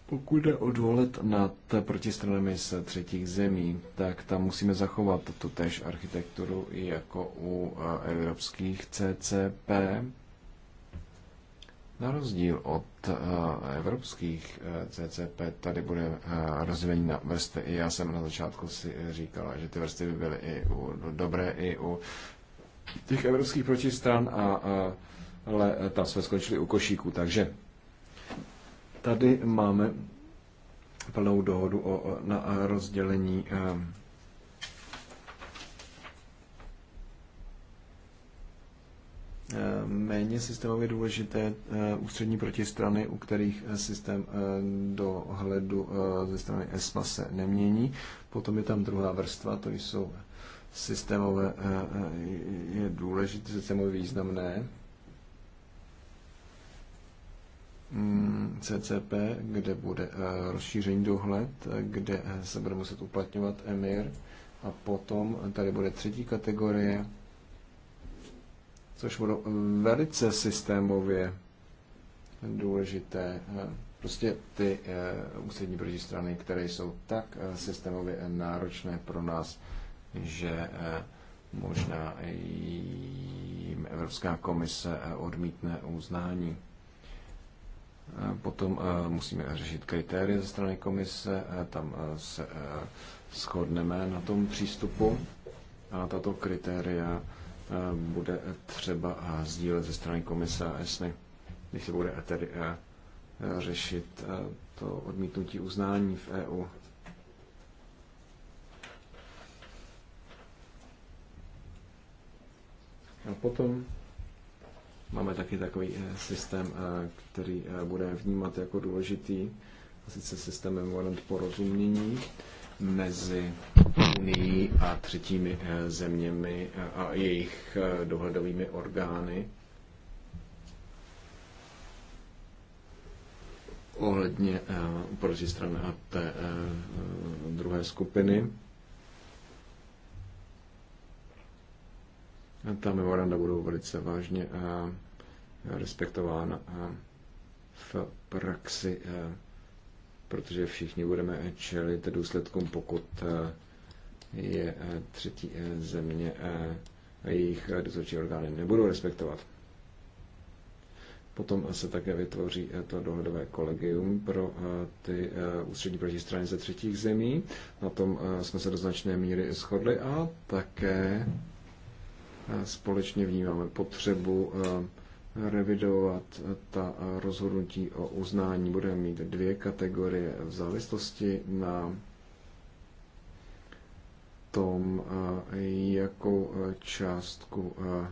S2: Pokud jde o dohled nad protistranami z třetích zemí, tak tam musíme zachovat tu tež architekturu jako u eh, evropských CCP na rozdíl od eh, evropských eh, CCP, tady bude eh, rozdělení na vrstvy. I já jsem na začátku si říkala, že ty vrstvy by byly i u no, dobré, i u těch evropských protistran, a, a, ale tam jsme skončili u košíku. Takže tady máme plnou dohodu o, na rozdělení. Uh, Eh, méně systémově důležité eh, ústřední protistrany, u kterých eh, systém dohledu ze strany ESMA se nemění. Potom je tam druhá vrstva, to jsou systémové, je důležité, systémově významné, hmm, CCP, kde bude rozšíření dohled, kde se bude muset uplatňovat EMIR a potom tady bude třetí kategorie, což bylo velice systémově důležité. Eh, prostě ty eh, ústřední strany, které jsou tak eh, systémově náročné pro nás, že možná jim Evropská komise odmítne uznání. Potom musíme řešit kritéria ze strany komise, tam se shodneme na tom přístupu a tato kritéria bude třeba sdílet ze strany komise a jestli, když se bude tedy řešit to odmítnutí uznání v EU. A potom máme taky takový e, systém, který e, budeme vnímat jako důležitý, a sice systém memorand porozumění mezi Unii a třetími eh, zeměmi eh, a jejich eh, dohledovými orgány ohledně protistran a té druhé skupiny. Ta memoranda budou velice vážně respektována v praxi protože všichni budeme čelit důsledkům, pokud eh, je eh, třetí eh, země a jejich dozorčí orgány nebudou respektovat. Potom se také vytvoří to dohodové kolegium pro ty ústřední protistrany ze třetích zemí. Na tom jsme se do značné míry shodli a také společně vnímáme potřebu revidovat ta rozhodnutí o uznání. Budeme mít dvě kategorie v závislosti na tom, eh, jakou eh, částku eh,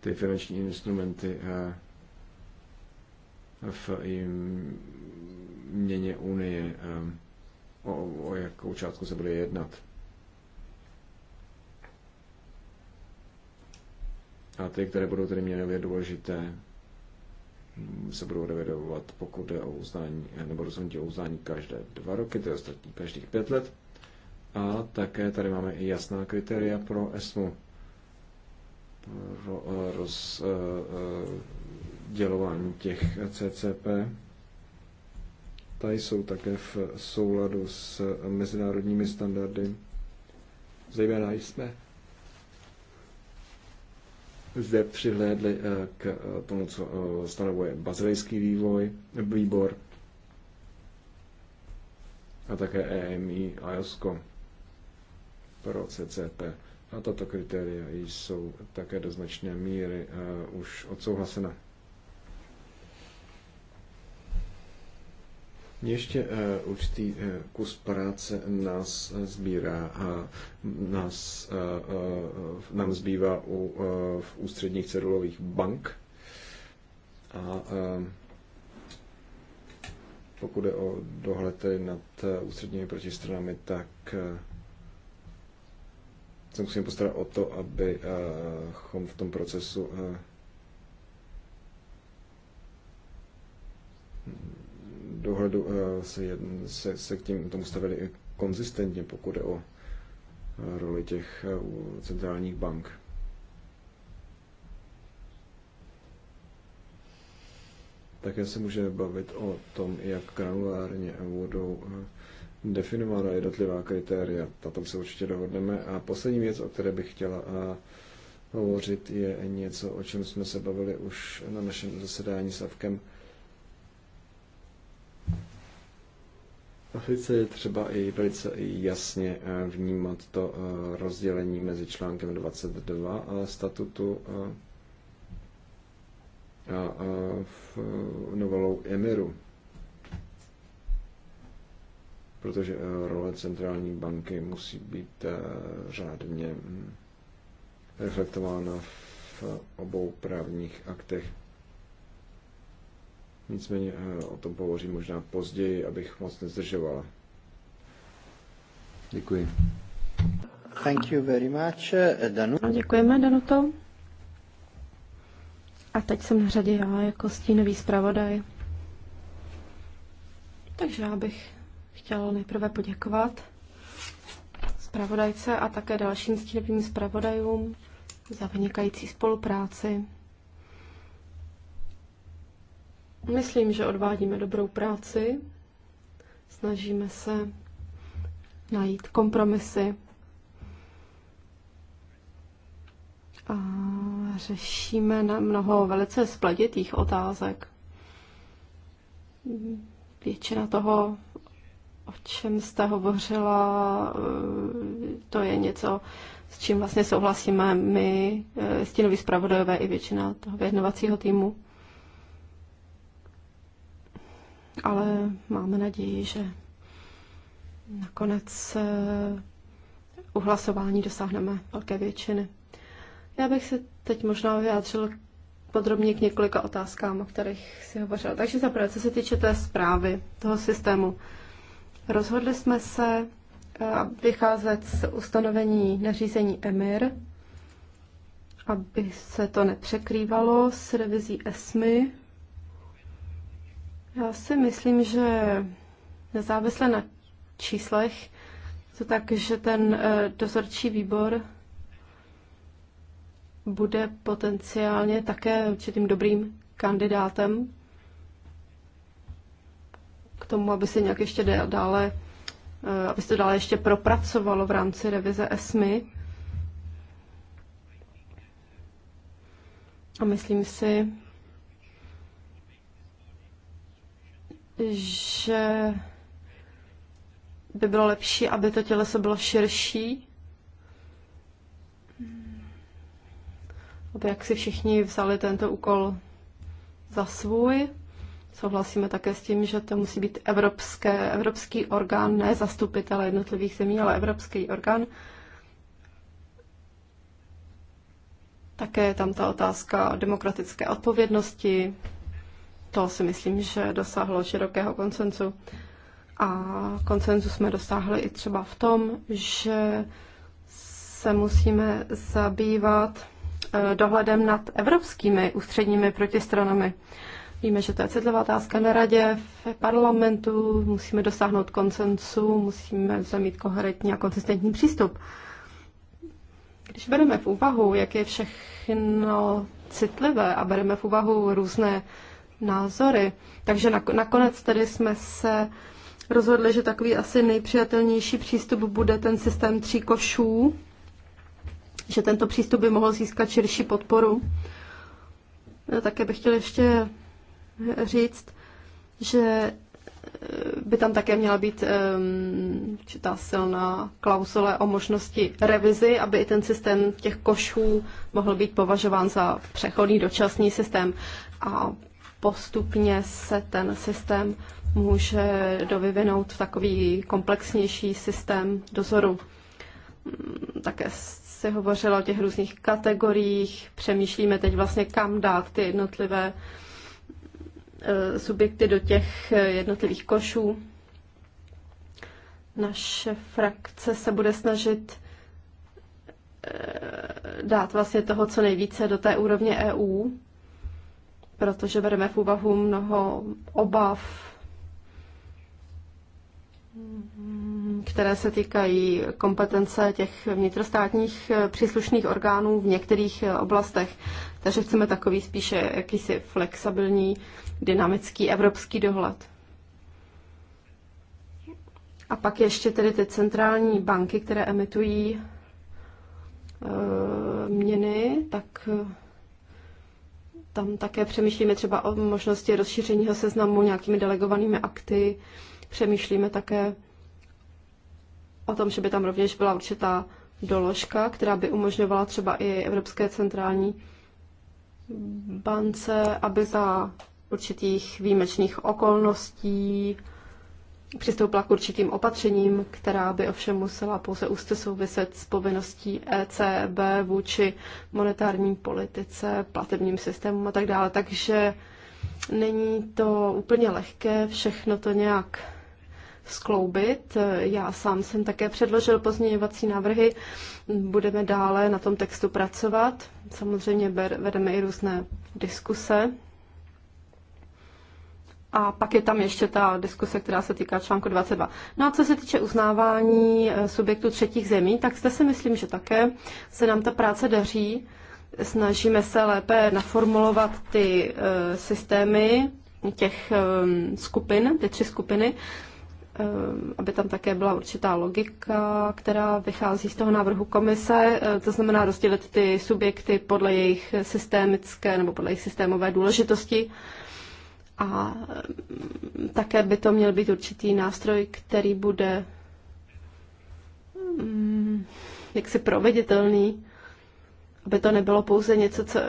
S2: ty finanční instrumenty v měně Unie, o, o jakou částku se bude jednat. A ty, které budou tedy měnově důležité, mm, se budou revidovat, pokud jde o uznání, eh, nebo rozhodnutí o uznání každé dva roky, je ostatní každých pět let. A také tady máme i jasná kritéria pro ESMU, pro eh, rozdělování eh, těch CCP. Tady jsou také v souladu s mezinárodními standardy. Zajímavé jsme zde přihlédli eh, k eh, tomu, co eh, stanovuje bazilejský vývoj, výbor a také EMI a IOSCO pro CCP. A tato kritéria jsou také do značné míry už odsouhlasena. Ještě eh, určitý eh, kus práce nás eh, sbírá a nás, nám zbývá u v ústředních cedulových bank. A pokud je o dohled nad ústředními protistranami, tak se musíme postarat o to, abychom v tom procesu dohledu eh, se, se, se k tím tomu stavili konzistentně, pokud je o eh, roli těch eh, centrálních bank. Také se můžeme bavit o tom, jak granulárně budou definována jednotlivá kritéria. Na tom se určitě dohodneme. A poslední věc, o které bych chtěla hovořit, je něco, o čem jsme se bavili už na našem zasedání s Avkem Africe je třeba i velice jasně eh, vnímat to eh, rozdělení mezi článkem 22 statutu eh, a v novelou Emiru. Protože role centrální banky musí být řádně hm, reflektována v obou právních aktech. Nicméně eh, o tom pohovořím možná později, abych moc nezdržovala. Děkuji. Thank you very
S3: much, eh, Danu. děkujeme, Danuto. A teď jsem na řadě já jako stínový zpravodaj. Takže já bych chtěla nejprve poděkovat zpravodajce a také dalším stínovým zpravodajům za vynikající spolupráci. Myslím, že odvádíme dobrou práci. Snažíme se najít kompromisy a řešíme na mnoho velice spletitých otázek. Většina toho, o čem jste hovořila, to je něco, s čím vlastně souhlasíme my, stínoví zpravodajové i většina toho vyjednovacího týmu. ale máme naději, že nakonec eh, u hlasování dosáhneme velké většiny. Já bych se teď možná vyjádřil podrobně k několika otázkám, o kterých si hovořila. Takže zaprvé, co se týče té zprávy, toho systému. Rozhodli jsme se eh, vycházet z ustanovení nařízení EMIR, aby se to nepřekrývalo s revizí ESMI, já si myslím, že nezávisle na číslech, to tak, že ten eh, dozorčí výbor bude potenciálně také určitým dobrým kandidátem k tomu, aby se nějak ještě dále, eh, aby se to dále ještě propracovalo v rámci revize ESMI. A myslím si, že by bylo lepší, aby to těleso bylo širší, aby jak si všichni vzali tento úkol za svůj. Souhlasíme také s tím, že to musí být evropské, evropský orgán, ne zastupitel jednotlivých zemí, ale evropský orgán. Také je tam ta otázka demokratické odpovědnosti, to si myslím, že dosáhlo širokého koncenzu. A koncenzu jsme dosáhli i třeba v tom, že se musíme zabývat eh, dohledem nad evropskými ústředními protistranami. Víme, že to je citlivá otázka na radě, v parlamentu, musíme dosáhnout konsensu, musíme zamít koherentní a konsistentní přístup. Když bereme v úvahu, jak je všechno citlivé a bereme v úvahu různé názory. Takže nakonec tedy jsme se rozhodli, že takový asi nejpřijatelnější přístup bude ten systém tří košů, že tento přístup by mohl získat širší podporu. E, také bych chtěl ještě říct, že e, by tam také měla být um, určitá silná klauzule o možnosti revizi, aby i ten systém těch košů mohl být považován za přechodný dočasný systém. A postupně se ten systém může dovyvinout v takový komplexnější systém dozoru. Mm, také se hovořilo o těch různých kategoriích, přemýšlíme teď vlastně, kam dát ty jednotlivé eh, subjekty do těch eh, jednotlivých košů. Naše frakce se bude snažit eh, dát vlastně toho, co nejvíce do té úrovně EU, protože bereme v úvahu mnoho obav, které se týkají kompetence těch vnitrostátních příslušných orgánů v některých oblastech. Takže chceme takový spíše jakýsi flexibilní, dynamický evropský dohled. A pak ještě tedy ty centrální banky, které emitují eh, měny, tak eh, tam také přemýšlíme třeba o možnosti rozšíření seznamu nějakými delegovanými akty. Přemýšlíme také o tom, že by tam rovněž byla určitá doložka, která by umožňovala třeba i Evropské centrální bance, aby za určitých výjimečných okolností přistoupila k určitým opatřením, která by ovšem musela pouze úzce souviset s povinností ECB vůči monetární politice, platebním systémům a tak dále. Takže není to úplně lehké všechno to nějak skloubit. Já sám jsem také předložil pozměňovací návrhy. Budeme dále na tom textu pracovat. Samozřejmě vedeme i různé diskuse a pak je tam ještě ta diskuse, která se týká článku 22. No a co se týče uznávání eh, subjektů třetích zemí, tak zde si myslím, že také se nám ta práce daří. Snažíme se lépe naformulovat ty eh, systémy těch ehm, skupin, ty tři skupiny, ehm, aby tam také byla určitá logika, která vychází z toho návrhu komise, eh, to znamená rozdělit ty subjekty podle jejich systémické nebo podle jejich systémové důležitosti a mm, také by to měl být určitý nástroj, který bude mm, jaksi proveditelný, aby to nebylo pouze něco, co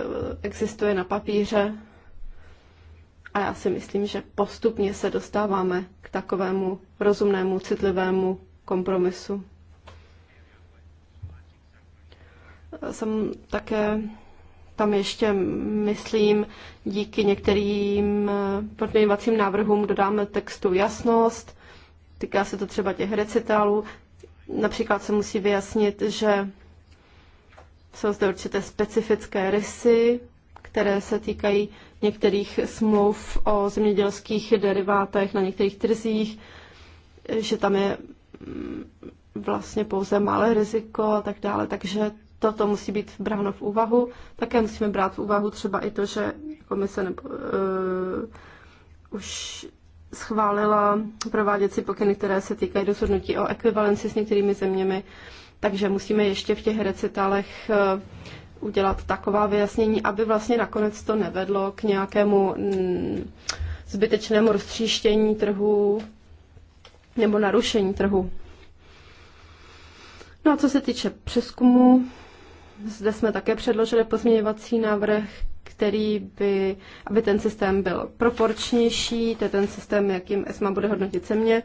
S3: existuje na papíře. A já si myslím, že postupně se dostáváme k takovému rozumnému, citlivému kompromisu. Jsem také tam ještě, myslím, díky některým eh, podměňovacím návrhům dodáme textu jasnost, týká se to třeba těch recitálů. Například se musí vyjasnit, že jsou zde určité specifické rysy, které se týkají některých smluv o zemědělských derivátech na některých trzích, že tam je mm, vlastně pouze malé riziko a tak dále, takže toto musí být bráno v úvahu. Také musíme brát v úvahu třeba i to, že komise nebo, uh, už schválila prováděcí pokyny, které se týkají rozhodnutí o ekvivalenci s některými zeměmi, takže musíme ještě v těch recitálech uh, udělat taková vyjasnění, aby vlastně nakonec to nevedlo k nějakému mm, zbytečnému roztříštění trhu nebo narušení trhu. No a co se týče přeskumu, zde jsme také předložili pozměňovací návrh, který by, aby ten systém byl proporčnější, to je ten systém, jakým ESMA bude hodnotit mě.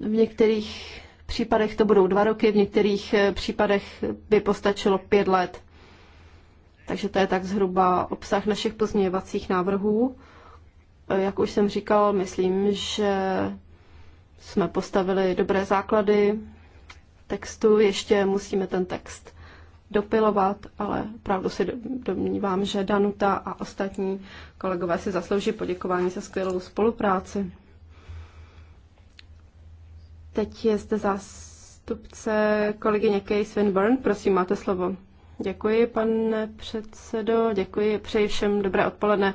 S3: V některých případech to budou dva roky, v některých eh, případech by postačilo pět let. Takže to je tak zhruba obsah našich pozměňovacích návrhů. Eh, jak už jsem říkal, myslím, že jsme postavili dobré základy textu. Ještě musíme ten text dopilovat, ale pravdu si domnívám, že Danuta a ostatní kolegové si zaslouží poděkování za skvělou spolupráci. Teď je zde zástupce kolegyně Kay Swinburne. Prosím, máte slovo. Děkuji, pane předsedo, děkuji, přeji všem dobré odpoledne.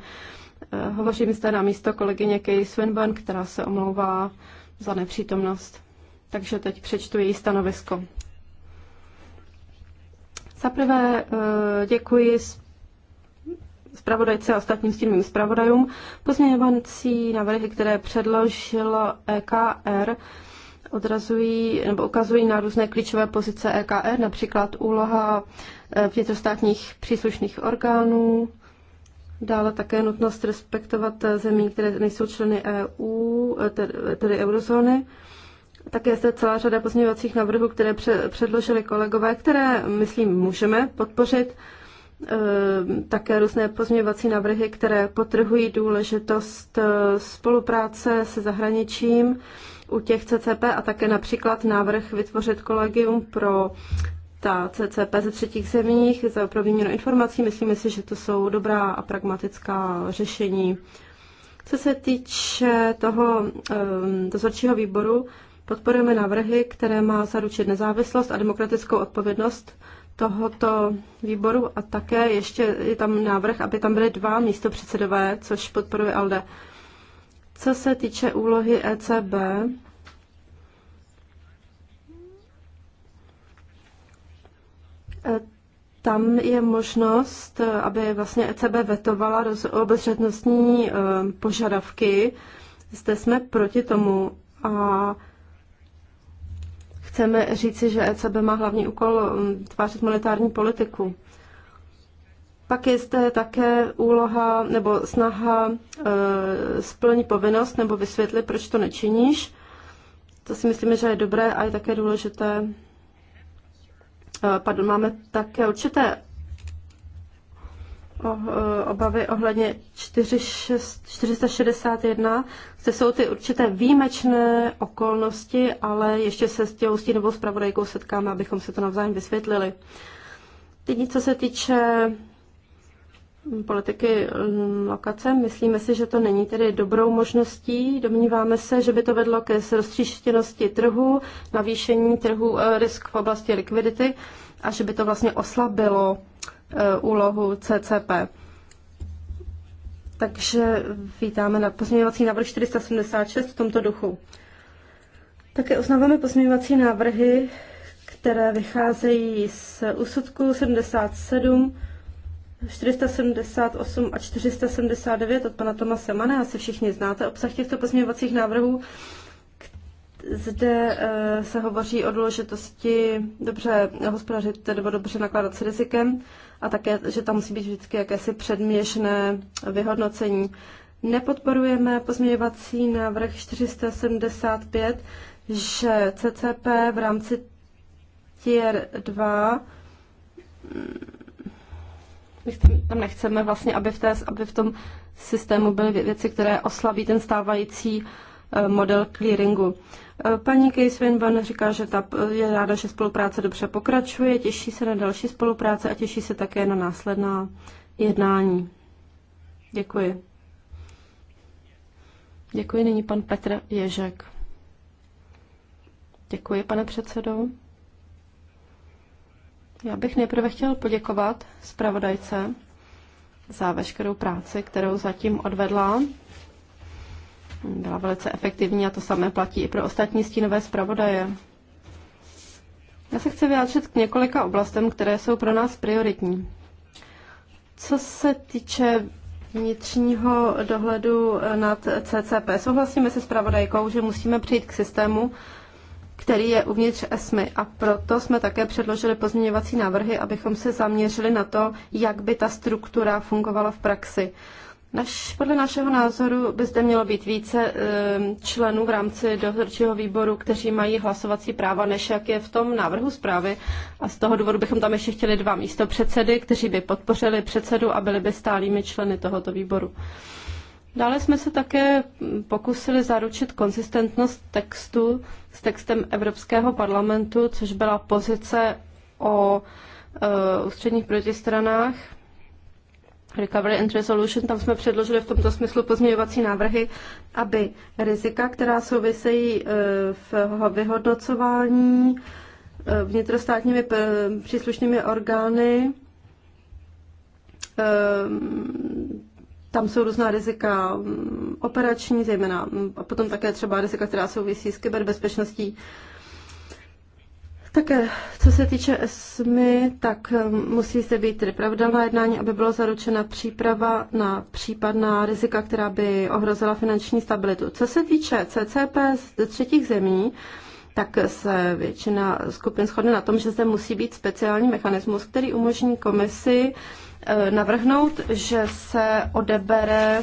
S3: Eh, hovořím zde na místo kolegyně Kay Swinburn, která se omlouvá za nepřítomnost. Takže teď přečtu její stanovisko. Zaprvé eh, děkuji zpravodajce a ostatním stínovým zpravodajům. Pozměňovací návrhy, které předložilo EKR, odrazují nebo ukazují na různé klíčové pozice EKR, například úloha eh, vnitrostátních příslušných orgánů, Dále také nutnost respektovat zemí, které nejsou členy EU, tedy eurozóny. Také zde celá řada pozměňovacích návrhů, které předložili kolegové, které, myslím, můžeme podpořit. Ehm, také různé pozměňovací návrhy, které potrhují důležitost e, spolupráce se zahraničím u těch CCP a také například návrh vytvořit kolegium pro ta CCP ze třetích zemích za pro výměnu informací. Myslíme si, že to jsou dobrá a pragmatická řešení. Co se týče toho um, dozorčího výboru, podporujeme návrhy, které má zaručit nezávislost a demokratickou odpovědnost tohoto výboru a také ještě je tam návrh, aby tam byly dva místopředsedové, což podporuje ALDE. Co se týče úlohy ECB, Tam je možnost, aby vlastně ECB vetovala obezřetnostní eh, požadavky. Zde jsme proti tomu a chceme říci, že ECB má hlavní úkol mm, tvářit monetární politiku. Pak je zde také úloha nebo snaha e, splnit povinnost nebo vysvětlit, proč to nečiníš. To si myslíme, že je dobré a je také důležité Eh, pardon, máme také určité eh, obavy ohledně 461, To jsou ty určité výjimečné okolnosti, ale ještě se s těhou stínovou zpravodajkou setkáme, abychom se to navzájem vysvětlili. Teď, co se týče politiky mm, lokace. Myslíme si, že to není tedy dobrou možností. Domníváme se, že by to vedlo ke roztříštěnosti trhu, navýšení trhu eh, risk v oblasti likvidity a že by to vlastně oslabilo eh, úlohu CCP. Takže vítáme na pozměňovací návrh 476 v tomto duchu. Také uznáváme pozměňovací návrhy, které vycházejí z úsudku 77 478 a 479 od pana Tomase Mana, asi všichni znáte obsah těchto pozměňovacích návrhů. Zde eh, se hovoří o důležitosti dobře hospodařit nebo dobře nakládat s rizikem a také, že tam musí být vždycky jakési předměšné vyhodnocení. Nepodporujeme pozměňovací návrh 475, že CCP v rámci tier 2 my tam nechceme vlastně, aby v, té, aby v tom systému byly věci, které oslabí ten stávající eh, model clearingu. Eh, paní Case Winban říká, že ta je ráda, že spolupráce dobře pokračuje, těší se na další spolupráce a těší se také na následná jednání. Děkuji. Děkuji nyní pan Petr Ježek. Děkuji, pane předsedo. Já bych nejprve chtěl poděkovat zpravodajce za veškerou práci, kterou zatím odvedla. Byla velice efektivní a to samé platí i pro ostatní stínové zpravodaje. Já se chci vyjádřit k několika oblastem, které jsou pro nás prioritní. Co se týče vnitřního dohledu nad CCP, souhlasíme se zpravodajkou, že musíme přijít k systému, který je uvnitř ESMY a proto jsme také předložili pozměňovací návrhy, abychom se zaměřili na to, jak by ta struktura fungovala v praxi. Naš, podle našeho názoru by zde mělo být více ehm, členů v rámci dozorčího výboru, kteří mají hlasovací práva, než jak je v tom návrhu zprávy. A z toho důvodu bychom tam ještě chtěli dva místo předsedy, kteří by podpořili předsedu a byli by stálými členy tohoto výboru. Dále jsme se také pokusili zaručit konzistentnost textu s textem Evropského parlamentu, což byla pozice o e, ústředních protistranách. Recovery and Resolution, tam jsme předložili v tomto smyslu pozměňovací návrhy, aby rizika, která souvisejí e, v vyhodnocování e, vnitrostátními příslušnými orgány, tam jsou různá rizika mm, operační, zejména mm, a potom také třeba rizika, která souvisí s kyberbezpečností. Také, co se týče SMI, tak mm, musí zde být tedy pravidelná jednání, aby byla zaručena příprava na případná rizika, která by ohrozila finanční stabilitu. Co se týče CCP z třetích zemí, tak se většina skupin shodne na tom, že zde musí být speciální mechanismus, který umožní komisi Eh, navrhnout, že se odebere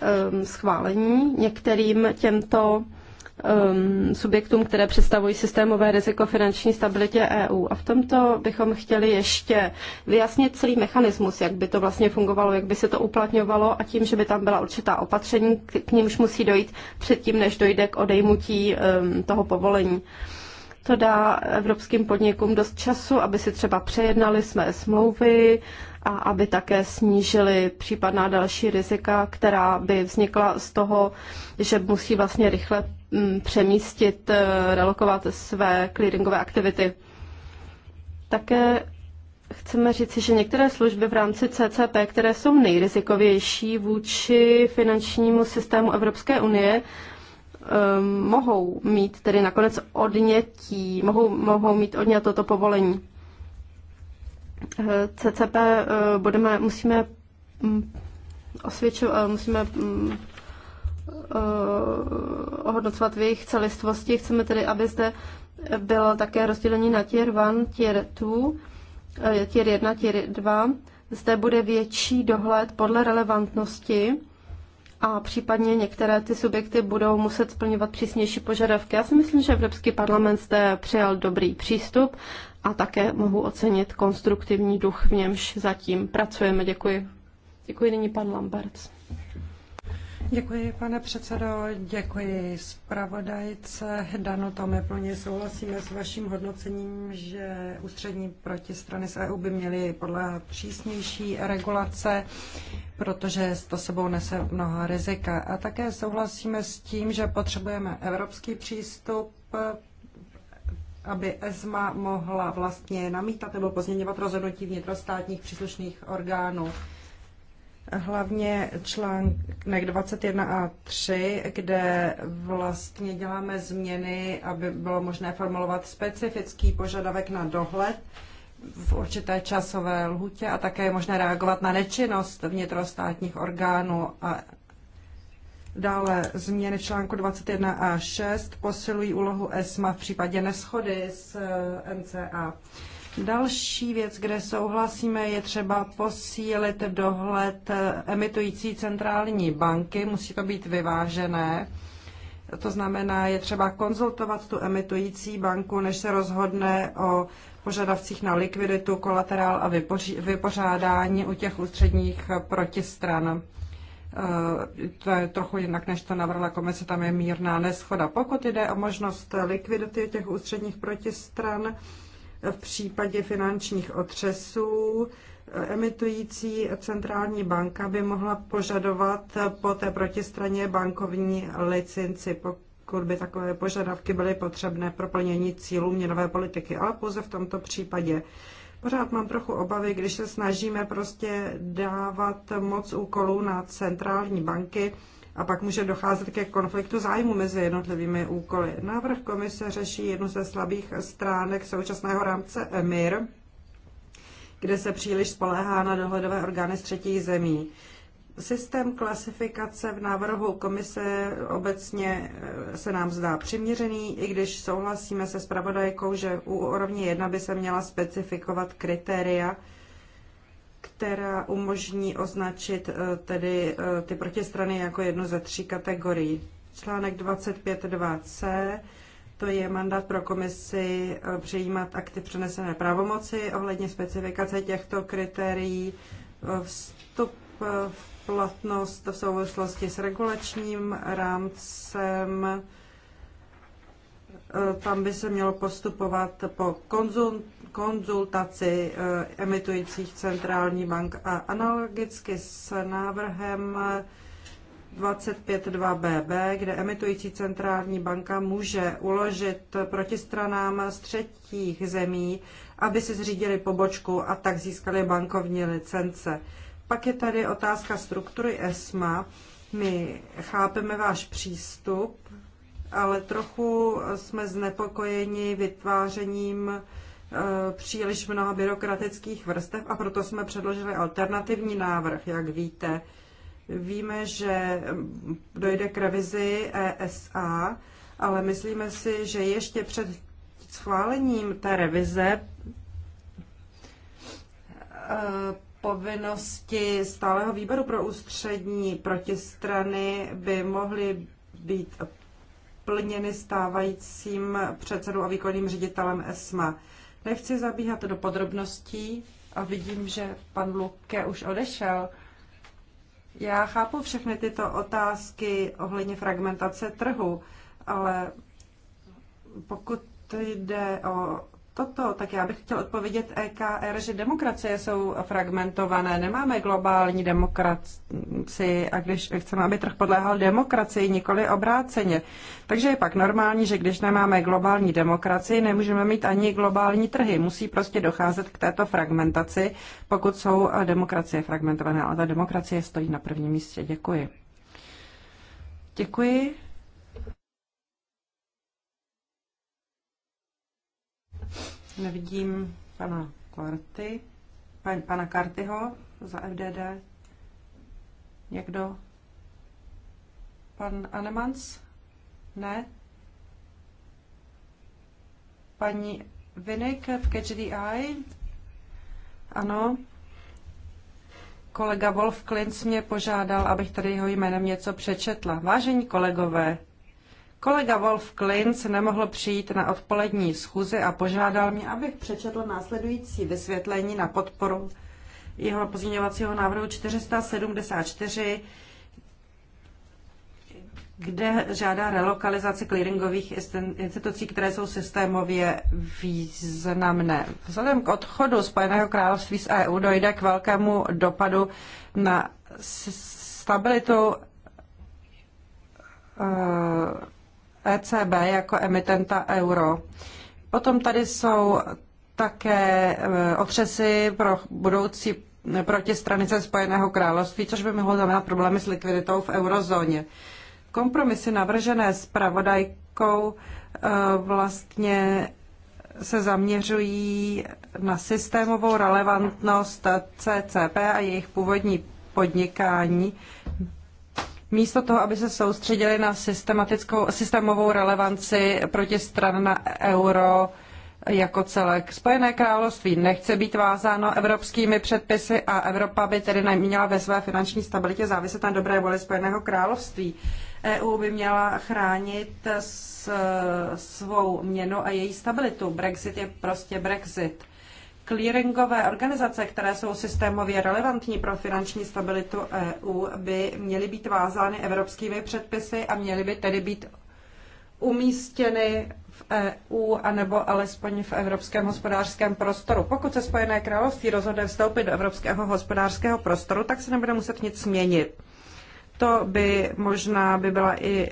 S3: ehm, schválení některým těmto ehm, subjektům, které představují systémové riziko finanční stabilitě EU. A v tomto bychom chtěli ještě vyjasnit celý mechanismus, jak by to vlastně fungovalo, jak by se to uplatňovalo a tím, že by tam byla určitá opatření, k, nímž musí dojít předtím, než dojde k odejmutí ehm, toho povolení. To dá evropským podnikům dost času, aby si třeba přejednali své smlouvy, a aby také snížili případná další rizika, která by vznikla z toho, že musí vlastně rychle mm, přemístit, eh, relokovat své clearingové aktivity. Také chceme říci, že některé služby v rámci CCP, které jsou nejrizikovější vůči finančnímu systému Evropské unie, ehm, mohou mít tedy nakonec odnětí, mohou, mohou mít odňato to povolení. CCP eh, budeme, musíme mm, osvědčovat, eh, musíme mm, eh, ohodnocovat v jejich celistvosti. Chceme tedy, aby zde bylo také rozdělení na tier 1, tier 2, tier 1, tier 2. Zde bude větší dohled podle relevantnosti a případně některé ty subjekty budou muset splňovat přísnější požadavky. Já si myslím, že Evropský parlament zde přijal dobrý přístup a také mohu ocenit konstruktivní duch, v němž zatím pracujeme. Děkuji. Děkuji nyní pan Lamberts.
S4: Děkuji, pane předsedo, děkuji zpravodajce Danu Tome. Plně souhlasíme s vaším hodnocením, že ústřední protistrany z EU by měly podléhat přísnější regulace, protože to sebou nese mnoha rizika. A také souhlasíme s tím, že potřebujeme evropský přístup aby ESMA mohla vlastně namítat nebo pozměňovat rozhodnutí vnitrostátních příslušných orgánů. Hlavně článek 21 a 3, kde vlastně děláme změny, aby bylo možné formulovat specifický požadavek na dohled v určité časové lhutě a také je možné reagovat na nečinnost vnitrostátních orgánů a Dále změny v článku 21 a 6 posilují úlohu ESMA v případě neschody s eh, NCA. Další věc, kde souhlasíme, je třeba posílit dohled eh, emitující centrální banky. Musí to být vyvážené. To znamená, je třeba konzultovat tu emitující banku, než se rozhodne o požadavcích na likviditu, kolaterál a vypořádání u těch ústředních eh, protistran. Eh, to je trochu jinak, než to navrhla komise, tam je mírná neschoda. Pokud jde o možnost likvidity těch ústředních protistran v případě finančních otřesů, eh, emitující centrální banka by mohla požadovat po té protistraně bankovní licenci, pokud by takové požadavky byly potřebné pro plnění cílů měnové politiky, ale pouze v tomto případě. Pořád mám trochu obavy, když se snažíme prostě dávat moc úkolů na centrální banky a pak může docházet ke konfliktu zájmu mezi jednotlivými úkoly. Návrh komise řeší jednu ze slabých stránek současného rámce EMIR, kde se příliš spoléhá na dohledové orgány z třetích zemí. Systém klasifikace v návrhu komise obecně eh, se nám zdá přiměřený, i když souhlasíme se spravodajkou, že u úrovně 1 by se měla specifikovat kritéria, která umožní označit eh, tedy eh, ty protistrany jako jednu ze tří kategorií. Článek 25.2c, to je mandát pro komisi přijímat akty přenesené pravomoci ohledně specifikace těchto kritérií vstup v eh, platnost v souvislosti s regulačním rámcem. Eh, tam by se mělo postupovat po konzultaci eh, emitujících centrální bank a analogicky s návrhem 25.2bb, kde emitující centrální banka může uložit protistranám z třetích zemí, aby si zřídili pobočku a tak získali bankovní licence. Pak je tady otázka struktury ESMA. My chápeme váš přístup, ale trochu jsme znepokojeni vytvářením e, příliš mnoha byrokratických vrstev a proto jsme předložili alternativní návrh, jak víte. Víme, že dojde k revizi ESA, ale myslíme si, že ještě před schválením té revize e, povinnosti stáleho výboru pro ústřední protistrany by mohly být plněny stávajícím předsedou a výkonným ředitelem ESMA. Nechci zabíhat do podrobností a vidím, že pan Luke už odešel. Já chápu všechny tyto otázky ohledně fragmentace trhu, ale pokud jde o toto, tak já bych chtěl odpovědět EKR, že demokracie jsou fragmentované, nemáme globální demokracii a když chceme, aby trh podléhal demokracii, nikoli obráceně. Takže je pak normální, že když nemáme globální demokracii, nemůžeme mít ani globální trhy. Musí prostě docházet k této fragmentaci, pokud jsou eh, demokracie fragmentované, ale ta demokracie stojí na prvním místě. Děkuji. Děkuji. Nevidím pana Karty, pan, pana Kartyho za FDD. Někdo? Pan Anemans? Ne? Paní Vinik v KGDI? Ano. Kolega Wolf Klinc mě požádal, abych tady jeho jménem něco přečetla. Vážení kolegové, Kolega Wolf Klinc nemohl přijít na odpolední schůzi a požádal mě, abych přečetl následující vysvětlení na podporu jeho pozměňovacího návrhu 474, kde žádá relokalizaci clearingových institucí, které jsou systémově významné. Vzhledem k odchodu Spojeného království z EU dojde k velkému dopadu na stabilitu eh, ECB jako emitenta euro. Potom tady jsou také e, otřesy pro budoucí e, protistrany ze Spojeného království, což by mohlo znamenat problémy s likviditou v eurozóně. Kompromisy navržené s pravodajkou e, vlastně se zaměřují na systémovou relevantnost CCP a jejich původní podnikání místo toho, aby se soustředili na systematickou, systémovou relevanci protistran na euro jako celek. Spojené království nechce být vázáno evropskými předpisy a Evropa by tedy neměla ve své finanční stabilitě záviset na dobré vůli Spojeného království. EU by měla chránit s, svou měnu a její stabilitu. Brexit je prostě Brexit. Clearingové organizace, které jsou systémově relevantní pro finanční stabilitu EU, by měly být vázány evropskými předpisy a měly by tedy být umístěny v EU anebo alespoň v evropském hospodářském prostoru. Pokud se Spojené království rozhodne vstoupit do evropského hospodářského prostoru, tak se nebude muset nic měnit. To by možná by byla i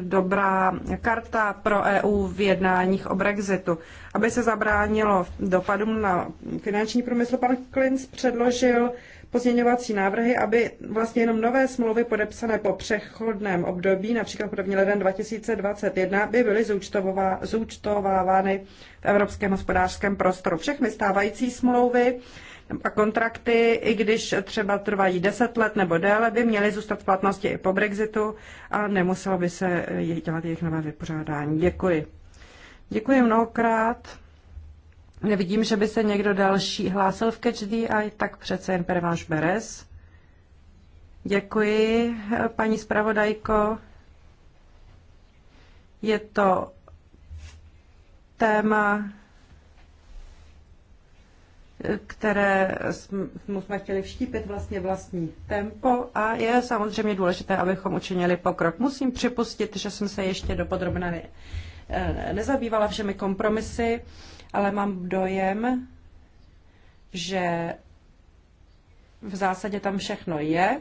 S4: dobrá karta pro EU v jednáních o Brexitu. Aby se zabránilo dopadům na finanční průmysl, pan Klinc předložil pozměňovací návrhy, aby vlastně jenom nové smlouvy podepsané po přechodném období, například po leden 2021, by byly zúčtovávány v Evropském hospodářském prostoru. Všechny stávající smlouvy a kontrakty, i když třeba trvají 10 let nebo déle, by měly zůstat v platnosti i po Brexitu a nemuselo by se dělat jejich nové vypořádání. Děkuji. Děkuji mnohokrát. Nevidím, že by se někdo další hlásil v Catch DI, tak přece jen váš Beres. Děkuji, paní zpravodajko. Je to téma, které mu jsme chtěli vštípit vlastně vlastní tempo a je samozřejmě důležité, abychom učinili pokrok. Musím připustit, že jsem se ještě dopodrobna ne, eh, nezabývala všemi kompromisy, ale mám dojem, že v zásadě tam všechno je.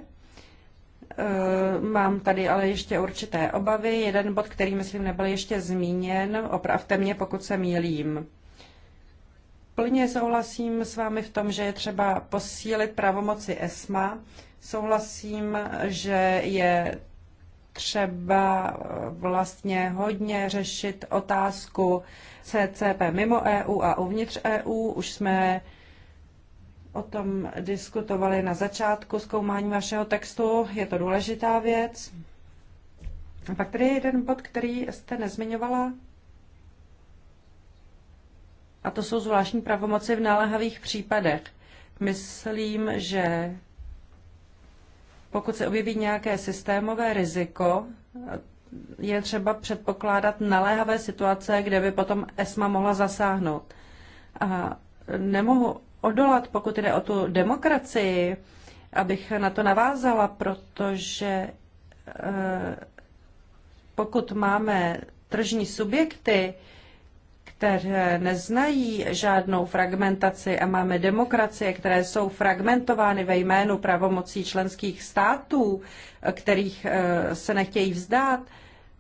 S4: Eh, mám tady ale ještě určité obavy. Jeden bod, který myslím nebyl ještě zmíněn, opravte mě, pokud se mýlím Plně souhlasím s vámi v tom, že je třeba posílit pravomoci ESMA. Souhlasím, že je třeba eh, vlastně hodně řešit otázku CCP mimo EU a uvnitř EU. Už jsme o tom diskutovali na začátku zkoumání vašeho textu. Je to důležitá věc. A pak tady je jeden bod, který jste nezmiňovala, a to jsou zvláštní pravomoci v náléhavých případech. Myslím, že pokud se objeví nějaké systémové riziko, je třeba předpokládat naléhavé situace, kde by potom ESMA mohla zasáhnout. A nemohu odolat, pokud jde o tu demokracii, abych na to navázala, protože e, pokud máme tržní subjekty, které neznají žádnou fragmentaci a máme demokracie, které jsou fragmentovány ve jménu pravomocí členských států, kterých eh, se nechtějí vzdát,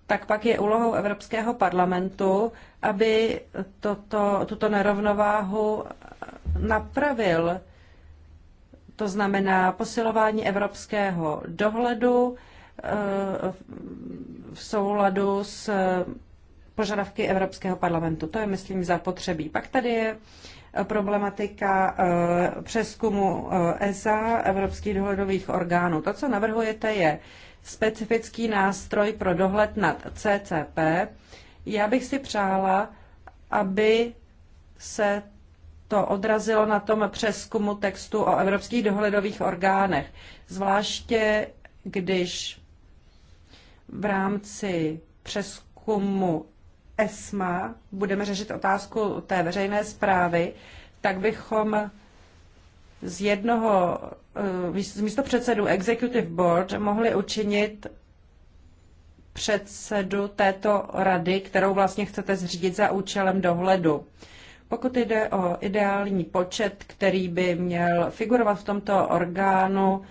S4: tak pak je úlohou Evropského parlamentu, aby toto, tuto nerovnováhu eh, napravil. To znamená posilování evropského dohledu eh, v souladu s požadavky Evropského parlamentu. To je, myslím, zapotřebí. Pak tady je eh, problematika eh, přeskumu ESA, eh, e Evropských dohledových orgánů. To, co navrhujete, je specifický nástroj pro dohled nad CCP. Já bych si přála, aby se to odrazilo na tom přeskumu textu o evropských dohledových orgánech. Zvláště když v rámci přeskumu ESMA budeme řešit otázku té veřejné zprávy, tak bychom z jednoho eh, z místo předsedu Executive Board mohli učinit předsedu této rady, kterou vlastně chcete zřídit za účelem dohledu. Pokud jde o ideální počet, který by měl figurovat v tomto orgánu,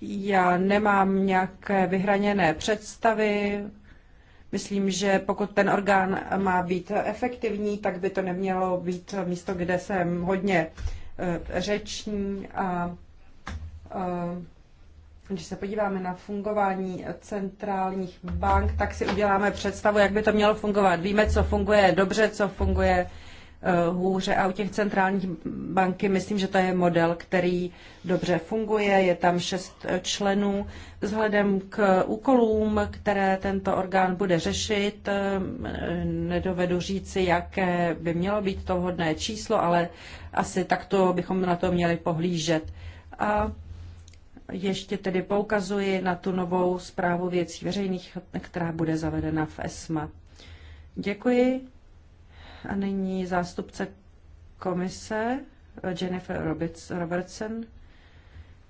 S4: já nemám nějaké vyhraněné představy, Myslím, že pokud ten orgán má být efektivní, tak by to nemělo být místo, kde jsem hodně eh, řeční a eh, když se podíváme na fungování centrálních bank, tak si uděláme představu, jak by to mělo fungovat. Víme, co funguje dobře, co funguje Eh, hůře. A u těch centrálních banky myslím, že to je model, který dobře funguje. Je tam šest členů. Vzhledem k úkolům, které tento orgán bude řešit, eh, nedovedu říci, jaké by mělo být to vhodné číslo, ale asi takto bychom na to měli pohlížet. A ještě tedy poukazuji na tu novou zprávu věcí veřejných, která bude zavedena v ESMA. Děkuji. A nyní zástupce komise Jennifer Robertson.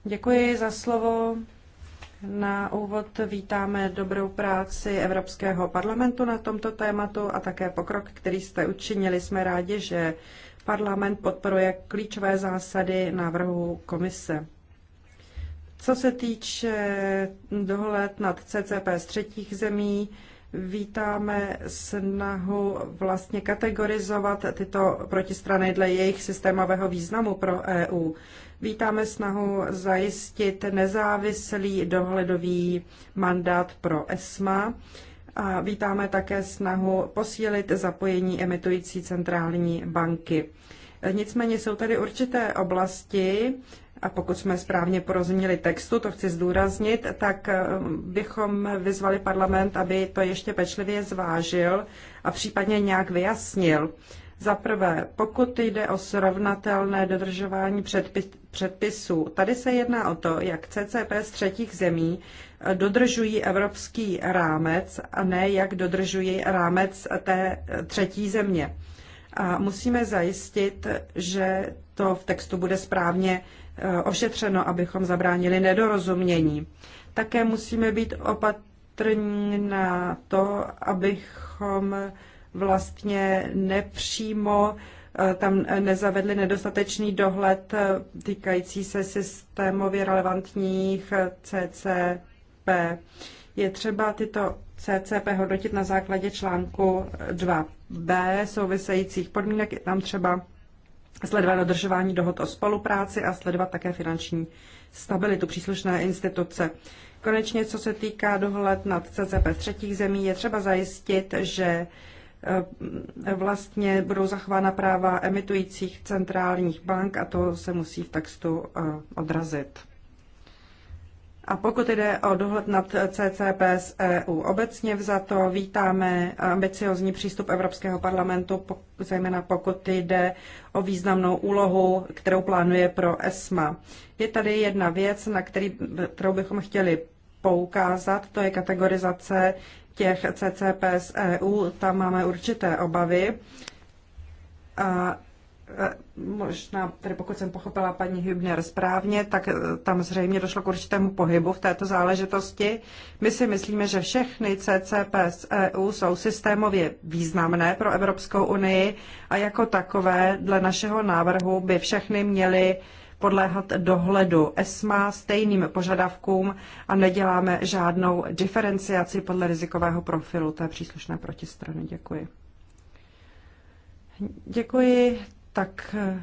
S4: Děkuji za slovo. Na úvod vítáme dobrou práci Evropského parlamentu na tomto tématu a také pokrok, který jste učinili. Jsme rádi, že parlament podporuje klíčové zásady návrhu komise. Co se týče dohled nad CCP z třetích zemí, Vítáme snahu vlastně kategorizovat tyto protistrany dle jejich systémového významu pro EU. Vítáme snahu zajistit nezávislý dohledový mandát pro ESMA a vítáme také snahu posílit zapojení emitující centrální banky. Nicméně jsou tady určité oblasti, a pokud jsme správně porozuměli textu, to chci zdůraznit, tak eh, bychom vyzvali parlament, aby to ještě pečlivě zvážil a případně nějak vyjasnil. Za prvé, pokud jde o srovnatelné dodržování předpisů, tady se jedná o to, jak CCP z třetích zemí eh, dodržují evropský rámec a ne jak dodržují rámec té eh, třetí země. A musíme zajistit, že to v textu bude správně Eh, ošetřeno, abychom zabránili nedorozumění. Také musíme být opatrní na to, abychom vlastně nepřímo eh, tam nezavedli nedostatečný dohled eh, týkající se systémově relevantních CCP. Je třeba tyto CCP hodnotit na základě článku 2b souvisejících podmínek. Je tam třeba sledovat dodržování dohod o spolupráci a sledovat také finanční stabilitu příslušné instituce. Konečně, co se týká dohled nad CCP třetích zemí, je třeba zajistit, že eh, vlastně budou zachována práva emitujících centrálních bank a to se musí v textu eh, odrazit. A pokud jde o dohled nad CCP z EU, obecně vzato vítáme ambiciozní přístup Evropského parlamentu, zejména pokud jde o významnou úlohu, kterou plánuje pro ESMA. Je tady jedna věc, na který, kterou bychom chtěli poukázat, to je kategorizace těch CCP z EU. Tam máme určité obavy. A Eh, možná, tedy pokud jsem pochopila paní Hübner správně, tak eh, tam zřejmě došlo k určitému pohybu v této záležitosti. My si myslíme, že všechny CCP z EU jsou systémově významné pro Evropskou unii a jako takové, dle našeho návrhu, by všechny měly podléhat dohledu ESMA stejným požadavkům a neděláme žádnou diferenciaci podle rizikového profilu té příslušné protistrany. Děkuji. Děkuji. Tak eh,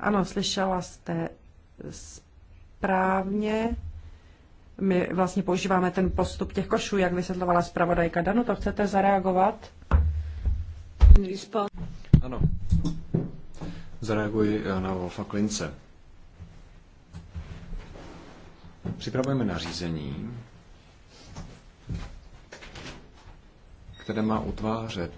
S4: ano, slyšela jste správně. My vlastně používáme ten postup těch košů, jak vysvětlovala zpravodajka. Danu, to chcete zareagovat?
S2: Ano. Zareaguji eh, na Wolfa Klince. Připravujeme nařízení, které má utvářet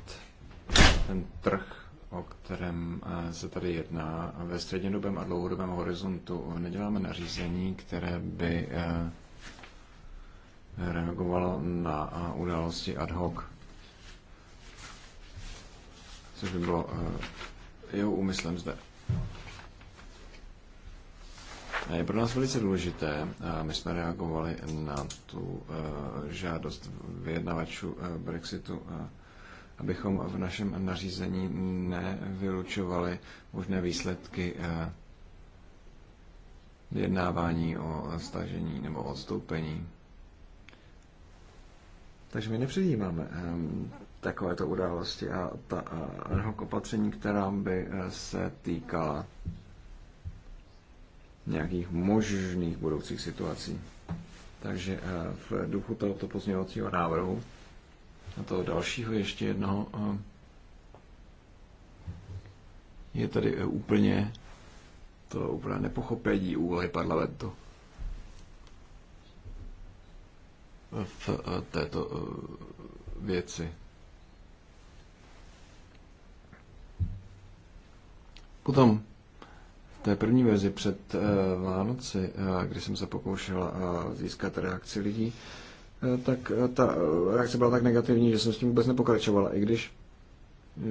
S2: ten trh o kterém eh, se tady jedná, ve střednědobém a dlouhodobém horizontu neděláme nařízení, které by eh, reagovalo na eh, události ad hoc. Což by bylo jeho úmyslem zde. Je pro nás velice důležité, my jsme reagovali na tu žádost vyjednavačů Brexitu abychom v našem nařízení nevylučovali možné výsledky eh, jednávání, o stažení nebo odstoupení. Takže my nepředjímáme eh, takovéto události a ta eh, ad opatření, která by se týkala nějakých možných budoucích situací. Takže v duchu tohoto pozměňovacího návrhu na toho dalšího ještě jednoho eh, je tady eh, úplně to úplně nepochopení úlohy parlamentu v eh, této věci. Potom v té první verzi před Vánoci, kdy jsem se pokoušel získat reakci lidí, Eh, tak eh, ta reakce byla tak negativní, že jsem s tím vůbec nepokračovala, i když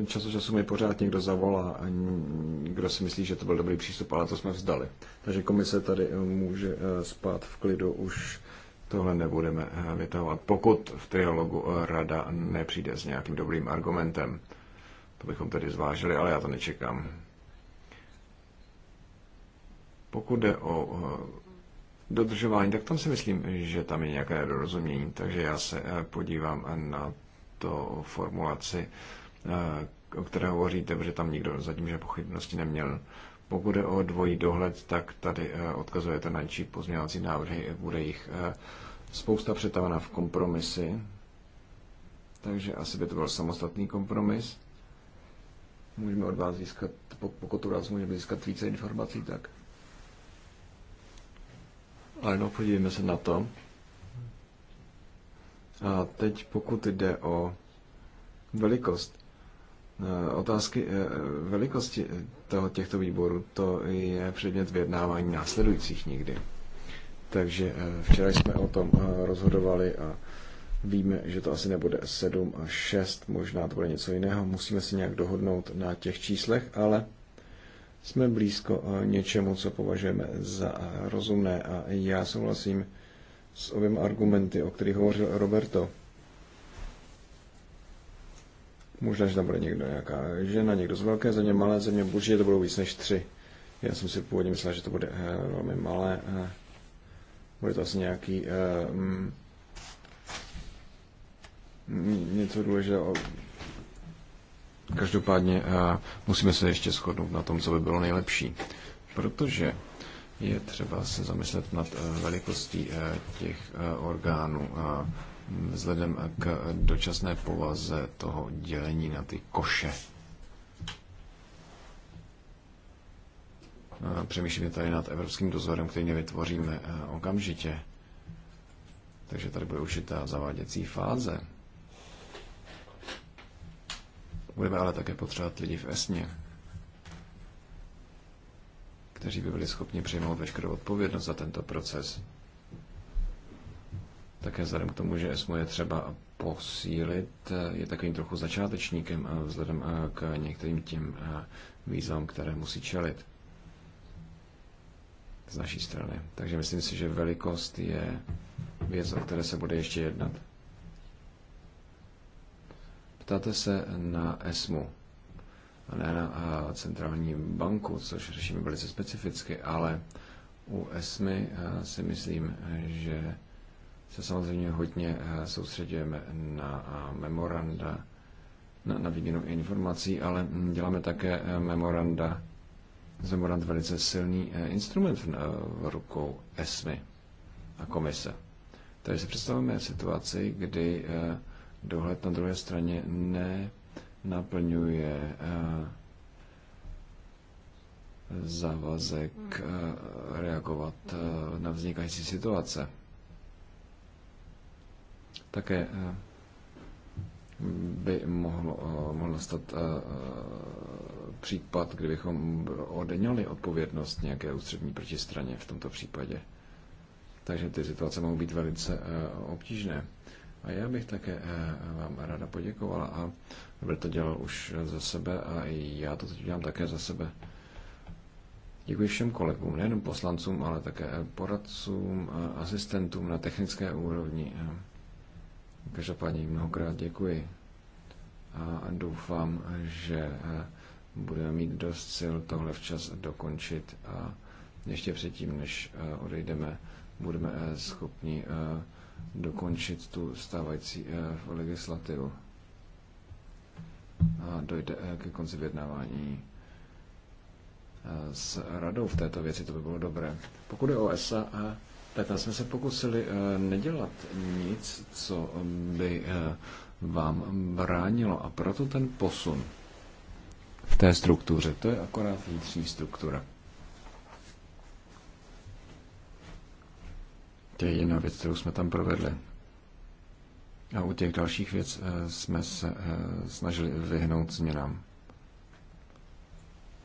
S2: čas od času mi pořád někdo zavolá, a kdo si myslí, že to byl dobrý přístup, ale to jsme vzdali. Takže komise tady eh, může spát v klidu, už tohle nebudeme vytahovat, pokud v trialogu rada nepřijde s nějakým dobrým argumentem. To bychom tedy zvážili, ale já to nečekám. Pokud jde o dodržování, tak tam si myslím, že tam je nějaké dorozumění. Takže já se eh, podívám na to formulaci, eh, o které hovoříte, protože tam nikdo zatím že pochybnosti neměl. Pokud je o dvojí dohled, tak tady eh, odkazujete na čí pozměňovací návrhy, bude jich spousta přetavena v kompromisy, takže asi by to byl samostatný kompromis. Můžeme od vás získat, pokud to vás můžeme získat více informací, tak ale no, podívejme se na to. A teď pokud jde o velikost, eh, otázky eh, velikosti eh, toho, těchto výborů, to je předmět vyjednávání následujících nikdy. Takže včera jsme o tom rozhodovali a víme, že to asi nebude 7 a 6, možná to bude něco jiného. Musíme se nějak dohodnout na těch číslech, ale jsme blízko eh, něčemu, co považujeme za eh, rozumné. A já souhlasím s oběma argumenty, o kterých hovořil Roberto. Možná, že tam bude někdo nějaká žena, někdo z velké země, malé země, určitě to budou víc než tři. Já jsem si původně myslel, že to bude eh, velmi malé. Bude to asi nějaký um, něco důležitého Každopádně eh, musíme se ještě shodnout na tom, co by bylo nejlepší, protože je třeba se zamyslet nad eh, velikostí eh, těch orgánů vzhledem k dočasné povaze toho dělení na ty koše. Přemýšlíme tady nad evropským dozorem, který vytvoříme okamžitě. Takže tady bude určitá zaváděcí fáze. Budeme ale také potřebovat lidi v esně, kteří by byli schopni přijmout veškerou odpovědnost za tento proces. Také vzhledem k tomu, že ESMO je třeba posílit, je takovým trochu začátečníkem a vzhledem eh, k některým těm eh, výzvám, které musí čelit z naší strany. Takže myslím si, že velikost je věc, o které se bude ještě jednat. Ptáte se na ESMU, a ne na eh, centrální banku, což řešíme velice specificky, ale u ESMY eh, si myslím, že se samozřejmě hodně eh, soustředujeme na memoranda, na, na výměnu informací, ale hm, děláme také memoranda. Memorand velice silný instrument v, v rukou ESMY a komise. Takže si představujeme situaci, kdy dohled na druhé straně nenaplňuje eh, závazek hmm. eh, reagovat eh, na vznikající situace. Také by mohlo, mohl nastat případ, kdybychom odeňali odpovědnost nějaké ústřední protistraně v tomto případě. Takže ty situace mohou být velice obtížné. A já bych také eh, vám ráda poděkovala a Robert to dělal už za sebe a já to teď dělám také za sebe. Děkuji všem kolegům, nejenom poslancům, ale také poradcům, asistentům na technické úrovni. Každopádně mnohokrát děkuji a doufám, že eh, budeme mít dost sil tohle včas dokončit a ještě předtím, než eh, odejdeme, budeme schopni dokončit tu stávající eh, legislativu a dojde eh, ke konci vyjednávání eh, s radou v této věci, to by bylo dobré. Pokud je o ESA, e, tak tam jsme se pokusili nedělat nic, co by vám bránilo. A proto ten posun v té struktuře, to je akorát vnitřní struktura. To je jedna věc, kterou jsme tam provedli. A u těch dalších věc eh, jsme se eh, snažili vyhnout změnám.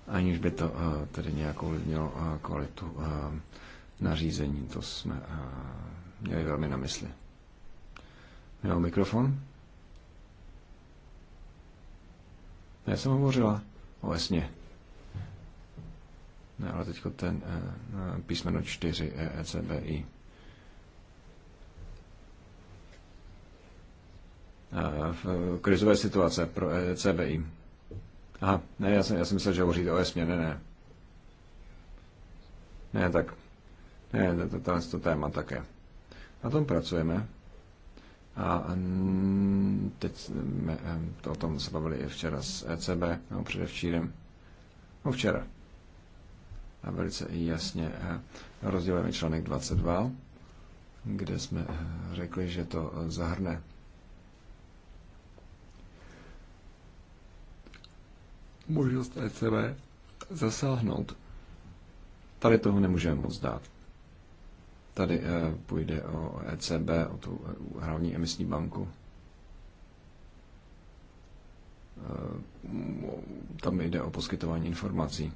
S2: Aniž by to eh, tedy nějakou mělo kvalitu nařízení, to jsme měli velmi na mysli. Měl mikrofon? Já jsem hovořila o esně. Ne, ale teď ten písmeno 4 ECBI. E, Eh, krizové situace pro e CBI. Aha, ne, já jsem, já jsem myslel, že hovoříte o ESMě, ne, ne. Ne, tak. Ne, to, to, to, to téma také. Na tom pracujeme. A teď jsme, to o tom se bavili i včera s ECB, no předevčírem. No včera. A velice jasně eh, rozdělujeme článek 22, kde jsme eh, řekli, že to zahrne možnost ECB zasáhnout. Tady toho nemůžeme moc dát. Tady eh, půjde o ECB, o tu eh, hlavní emisní banku. Eh, tam jde o poskytování informací.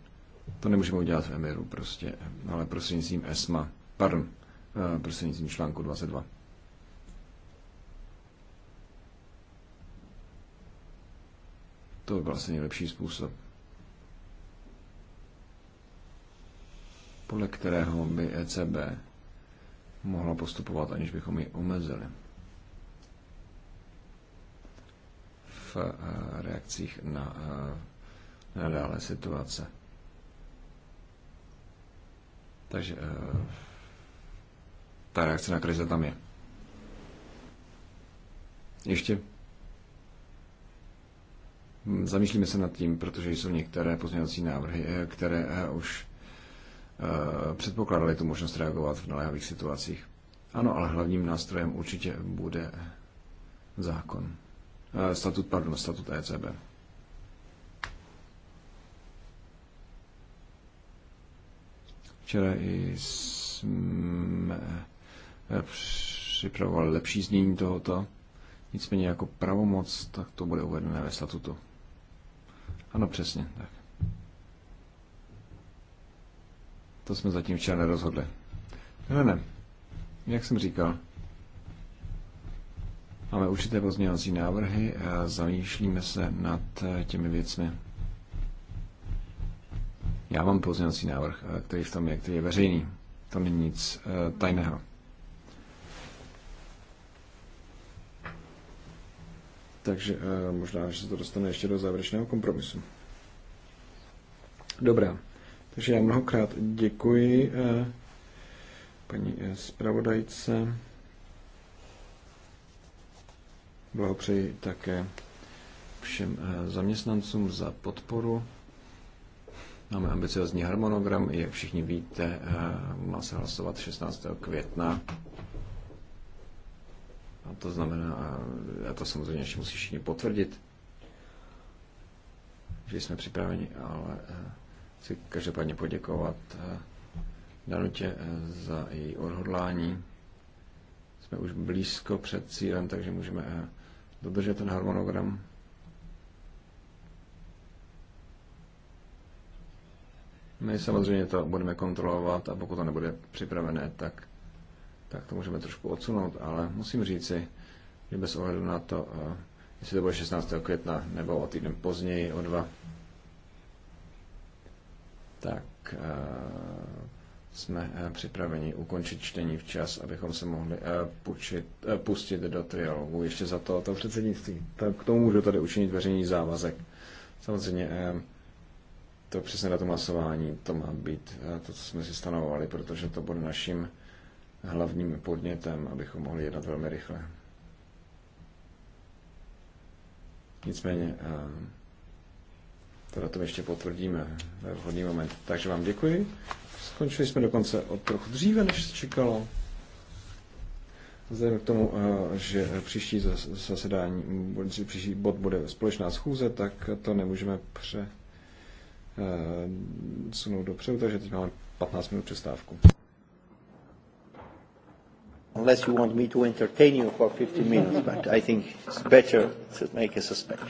S2: To nemůžeme udělat v Emiru prostě, ale prostřednictvím ESMA, pardon, prostřednictvím článku 22. To by byl asi nejlepší způsob, podle kterého by ECB mohla postupovat, aniž bychom ji omezili. V eh, reakcích na eh, nadále situace. Takže eh, ta reakce na krize tam je. Ještě Hm, zamýšlíme se nad tím, protože jsou některé pozměňovací návrhy, eh, které eh, už eh, předpokládali tu možnost reagovat v naléhavých situacích. Ano, ale hlavním nástrojem určitě bude zákon. Statut, pardon, statut ECB. Včera jsme připravovali lepší znění tohoto. Nicméně jako pravomoc, tak to bude uvedené ve statutu. Ano, přesně. Tak. To jsme zatím včera nerozhodli. Ne, no, ne, ne. Jak jsem říkal, máme určité pozměňovací návrhy a zamýšlíme se nad eh, těmi věcmi. Já mám pozměňovací návrh, eh, který v tom je, který je veřejný. To není nic eh, tajného. Takže eh, možná, že se to dostane ještě do závěrečného kompromisu. Dobrá. Takže já mnohokrát děkuji eh, paní eh, zpravodajce. Blahopřeji také všem zaměstnancům za podporu. Máme ambiciozní harmonogram, jak všichni víte, má se hlasovat 16. května. A to znamená, a to samozřejmě ještě musí všichni potvrdit, že jsme připraveni, ale eh, chci každopádně poděkovat eh, Danutě eh, za její odhodlání. Jsme už blízko před cílem, takže můžeme dodržet ten harmonogram. My samozřejmě to budeme kontrolovat a pokud to nebude připravené, tak tak to můžeme trošku odsunout, ale musím říci, že bez ohledu na to, eh, jestli to bude 16. května nebo o týden později, o dva, tak eh, jsme eh, připraveni ukončit čtení včas, abychom se mohli půjčit, pustit do trialogu ještě za to, to předsednictví. Tak k tomu můžu tady učinit veřejný závazek. Samozřejmě to přesně na to masování. to má být to, co jsme si stanovovali, protože to bude naším hlavním podnětem, abychom mohli jednat velmi rychle. Nicméně eh, to na tom ještě potvrdíme ve vhodný moment. Takže vám děkuji. Skončili jsme dokonce o trochu dříve, než se čekalo. Vzhledem k tomu, eh, že příští zasedání, příští bod bude společná schůze, tak to nemůžeme přesunout eh, dopředu, takže teď máme 15 minut přestávku unless you want me to entertain you for 15 minutes, but I think
S1: it's better to make a suspension.